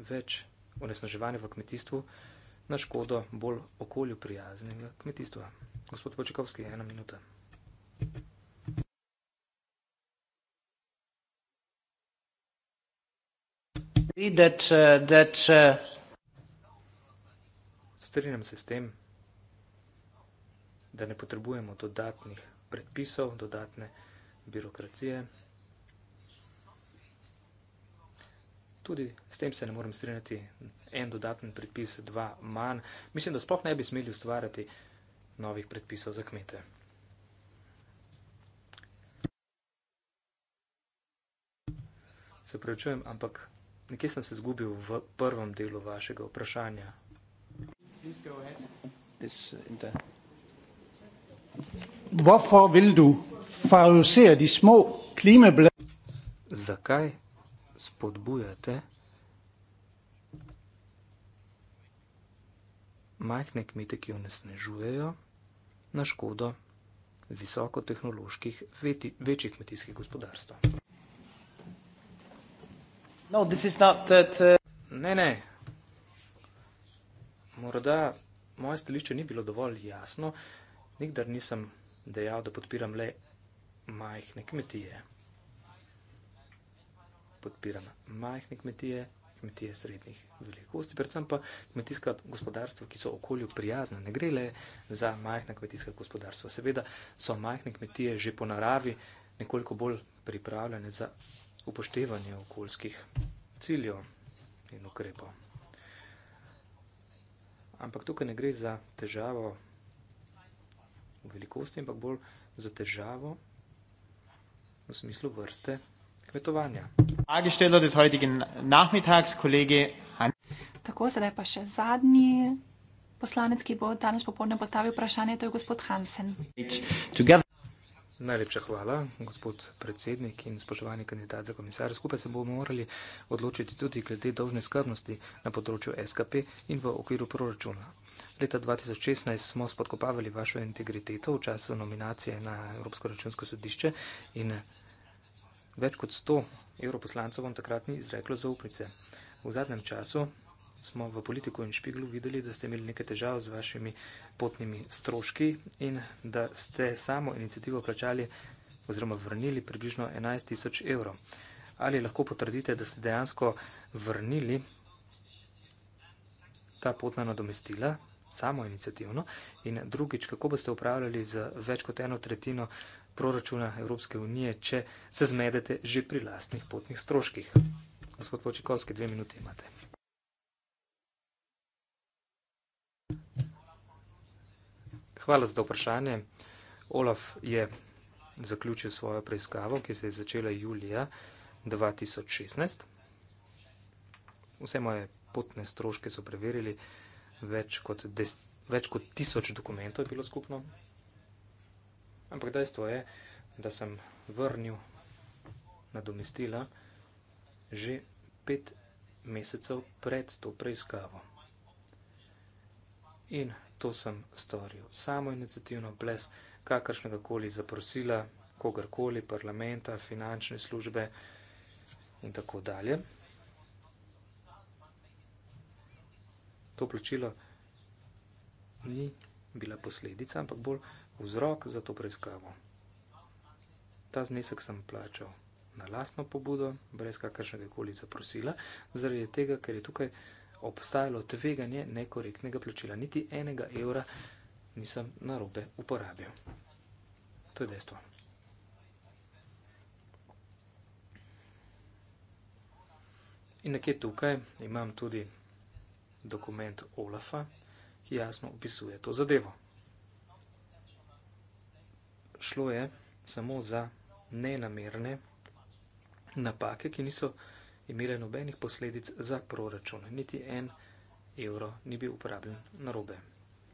več onesnaževanja v kmetijstvu na škodo bolj okolju prijaznega kmetijstva? Gospod Vočekovski, ena minuta. Uh, uh, Strinjam se s tem, da ne potrebujemo dodatnih predpisov, dodatne birokracije. Tudi s tem se ne morem strinjati, en dodatni predpis, dva manj. Mislim, da sploh ne bi smeli ustvarjati novih predpisov za kmete. Se pravičujem, ampak nekje sem se zgubil v prvem delu vašega vprašanja. Please go ahead. It's uh, in the... Hvorfor vil du favorisere de små klimablade? Zakaj spodbujate majhne kmete, ki jo nesnežujejo na škodo visokotehnoloških veti, večjih kmetijskih gospodarstv? No, this is not that, uh... Ne, ne. Morda moje stališče ni bilo dovolj jasno. Nikdar nisem dejal, da podpiram le majhne kmetije. Podpiram majhne kmetije, kmetije srednjih velikosti, predvsem pa kmetijska gospodarstva, ki so okolju prijazna. Ne gre le za majhna kmetijska gospodarstva. Seveda so majhne kmetije že po naravi nekoliko bolj pripravljene za upoštevanje okoljskih ciljev in ukrepov. Ampak tukaj ne gre za težavo v velikosti, ampak bolj za težavo v smislu vrste kmetovanja. Tako, sedaj pa še zadnji poslanec, ki bo danes popolne postavil vprašanje, to je gospod Hansen. Together. Najlepša hvala, gospod predsednik in spoštovani kandidat za komisar. Skupaj se bomo morali odločiti tudi glede dolžne skrbnosti na področju SKP in v okviru proračuna. Leta 2016 smo spodkopavali vašo integriteto v času nominacije na Evropsko računsko sodišče in več kot 100 evroposlancev vam takrat ni izreklo zaupnice. V zadnjem času smo v politiku in špiglu videli, da ste imeli nekaj težav z vašimi potnimi stroški in da ste samo inicijativo plačali oziroma vrnili približno 11 tisoč evrov. Ali lahko potrdite, da ste dejansko vrnili ta potna nadomestila samo inicijativno in drugič, kako boste upravljali z več kot eno tretjino proračuna Evropske unije, če se zmedete že pri lastnih potnih stroških? Gospod Počikovski, dve minuti imate. Hvala za to vprašanje. Olaf je zaključil svojo preiskavo, ki se je začela julija 2016. Vse moje potne stroške so preverili, več kot, des, več kot tisoč dokumentov je bilo skupno. Ampak dejstvo je, da sem vrnil nadomestila že pet mesecev pred to preiskavo. In to sem storil samo inicijativno, brez kakršnega koli zaprosila, kogarkoli, parlamenta, finančne službe in tako dalje. To plačilo ni bila posledica, ampak bolj vzrok za to preiskavo. Ta znesek sem plačal na lastno pobudo, brez kakršnega koli zaprosila, zaradi tega, ker je tukaj obstajalo tveganje nekorektnega plačila. Niti enega evra nisem na robe uporabil. To je dejstvo. In nekje tukaj imam tudi dokument Olafa, ki jasno opisuje to zadevo. Šlo je samo za nenamerne napake, ki niso imele nobenih posledic za proračun. Niti en evro ni bil uporabljen na robe.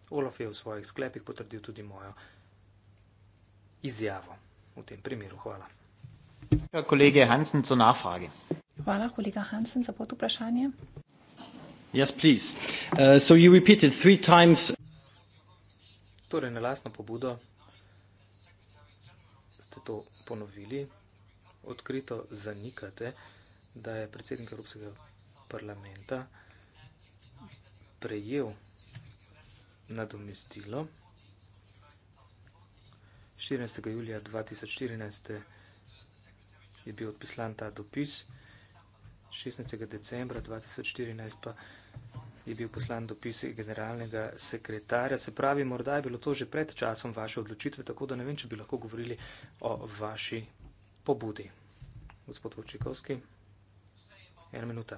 Olof je v svojih sklepih potrdil tudi mojo izjavo v tem primeru. Hvala. Ja, kolege Hansen, so nafrage. Hvala, kolega Hansen, za pot vprašanje. Yes, please. Uh, so you repeated three times. Torej, na lastno pobudo ste to ponovili, odkrito zanikate. Uh, da je predsednik Evropskega parlamenta prejel nadomestilo 14. julija 2014 je bil odpislan ta dopis 16. decembra 2014 pa je bil poslan dopis generalnega sekretarja. Se pravi, morda je bilo to že pred časom vaše odločitve, tako da ne vem, če bi lahko govorili o vaši pobudi. Gospod Vočikovski ena minuta.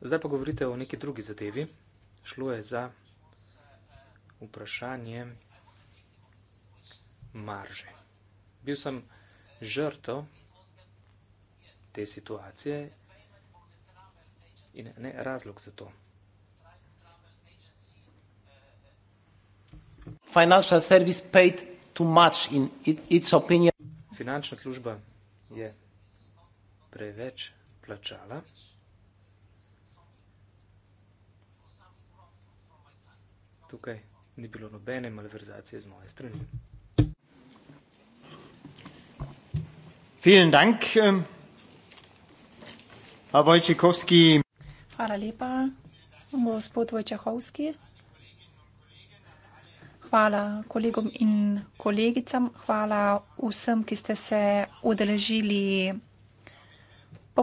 Zdaj pa govorite o neki drugi zadevi. Šlo je za vprašanje marže. Bil sem žrto te situacije in ne razlog za to. Finančna služba je preveč plačala. Tukaj ni bilo nobene malverzacije z moje strani. Vielen Dank, Herr ähm, Wojciechowski. Hvala lepa, gospod Wojciechowski. Hvala kolegom in kolegicam, hvala vsem, ki ste se udeležili vsega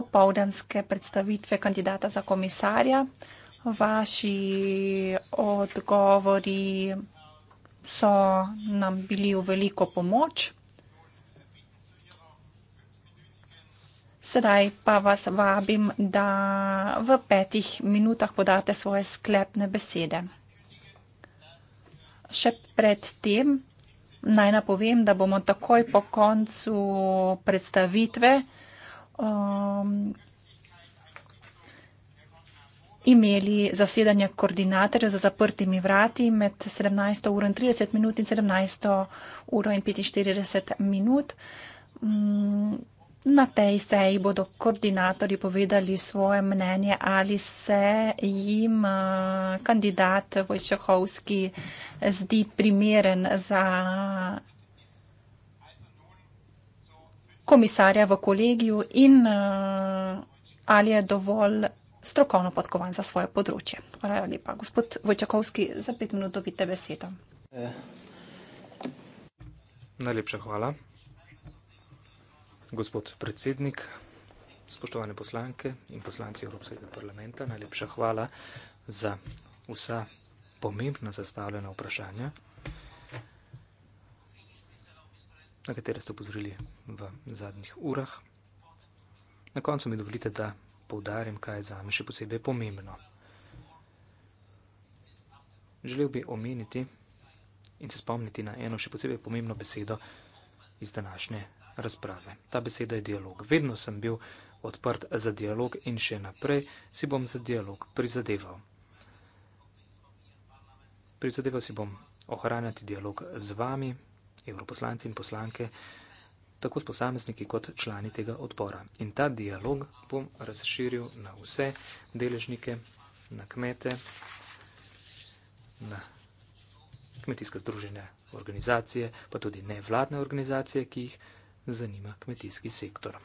popovdanske predstavitve kandidata za komisarja. Vaši odgovori so nam bili v veliko pomoč. Sedaj pa vas vabim, da v petih minutah podate svoje sklepne besede. Še pred tem naj napovem, da bomo takoj po koncu predstavitve vsega, um, imeli zasedanje koordinatorjev za zaprtimi vrati med 17. uro in 30 minut in 17. uro in 45 minut. Mm, na tej seji bodo koordinatorji povedali svoje mnenje, ali se jim uh, kandidat Vojčehovski zdi primeren za komisarja v kolegiju in uh, ali je dovolj strokovno podkovan za svoje področje. Hvala lepa. Gospod Vojčakovski, za pet minut dobite besedo. Najlepša hvala. Gospod predsednik, spoštovane poslanke in poslanci Evropskega parlamenta, najlepša hvala za vsa pomembna zastavljena vprašanja. na katere ste upozorili v zadnjih urah. Na koncu mi dovolite, da poudarim, kaj je zame še posebej pomembno. Želel bi omeniti in se spomniti na eno še posebej pomembno besedo iz današnje razprave. Ta beseda je dialog. Vedno sem bil odprt za dialog in še naprej si bom za dialog prizadeval. Prizadeval si bom ohranjati dialog z vami, evroposlanci in poslanke, tako s posamezniki kot člani tega odbora. In ta dialog bom razširil na vse deležnike, na kmete, na kmetijske združenja organizacije, pa tudi nevladne organizacije, ki jih zanima kmetijski sektor.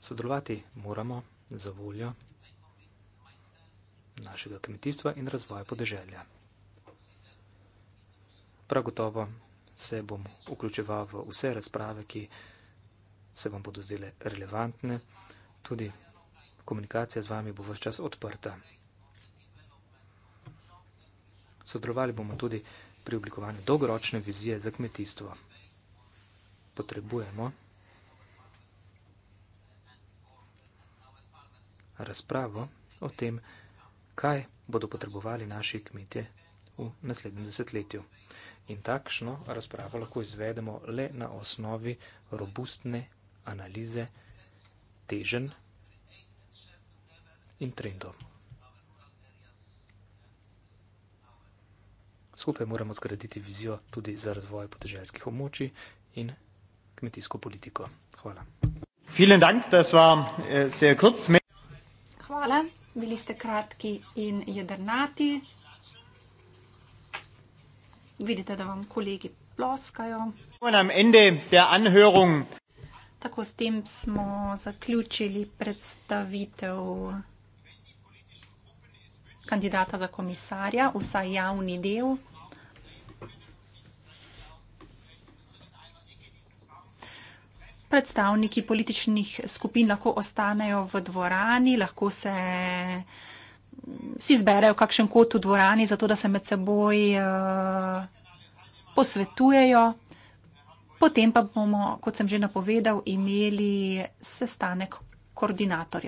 Sodelovati moramo za voljo našega kmetijstva in razvoja podeželja. Prav gotovo se bom vključeval v vse razprave, ki se vam bodo zdele relevantne. Tudi komunikacija z vami bo vse čas odprta. Sodelovali bomo tudi pri oblikovanju dolgoročne vizije za kmetijstvo. Potrebujemo razpravo o tem, kaj bodo potrebovali naši kmetje v naslednjem desetletju. In takšno razpravo lahko izvedemo le na osnovi robustne analize teženj in trendov. Skupaj moramo zgraditi vizijo tudi za razvoj podeželskih območij in kmetijsko politiko. Hvala. Äh, Hvala, bili ste kratki in jedrnati. Vidite, da vam kolegi ploskajo. Tako s tem smo zaključili predstavitev kandidata za komisarja, vsaj javni del. Predstavniki političnih skupin lahko ostanejo v dvorani, lahko se vsega si izberejo kakšen kot v dvorani, zato da se med seboj eh, posvetujejo. Potem pa bomo, kot sem že napovedal, imeli sestanek koordinatorja.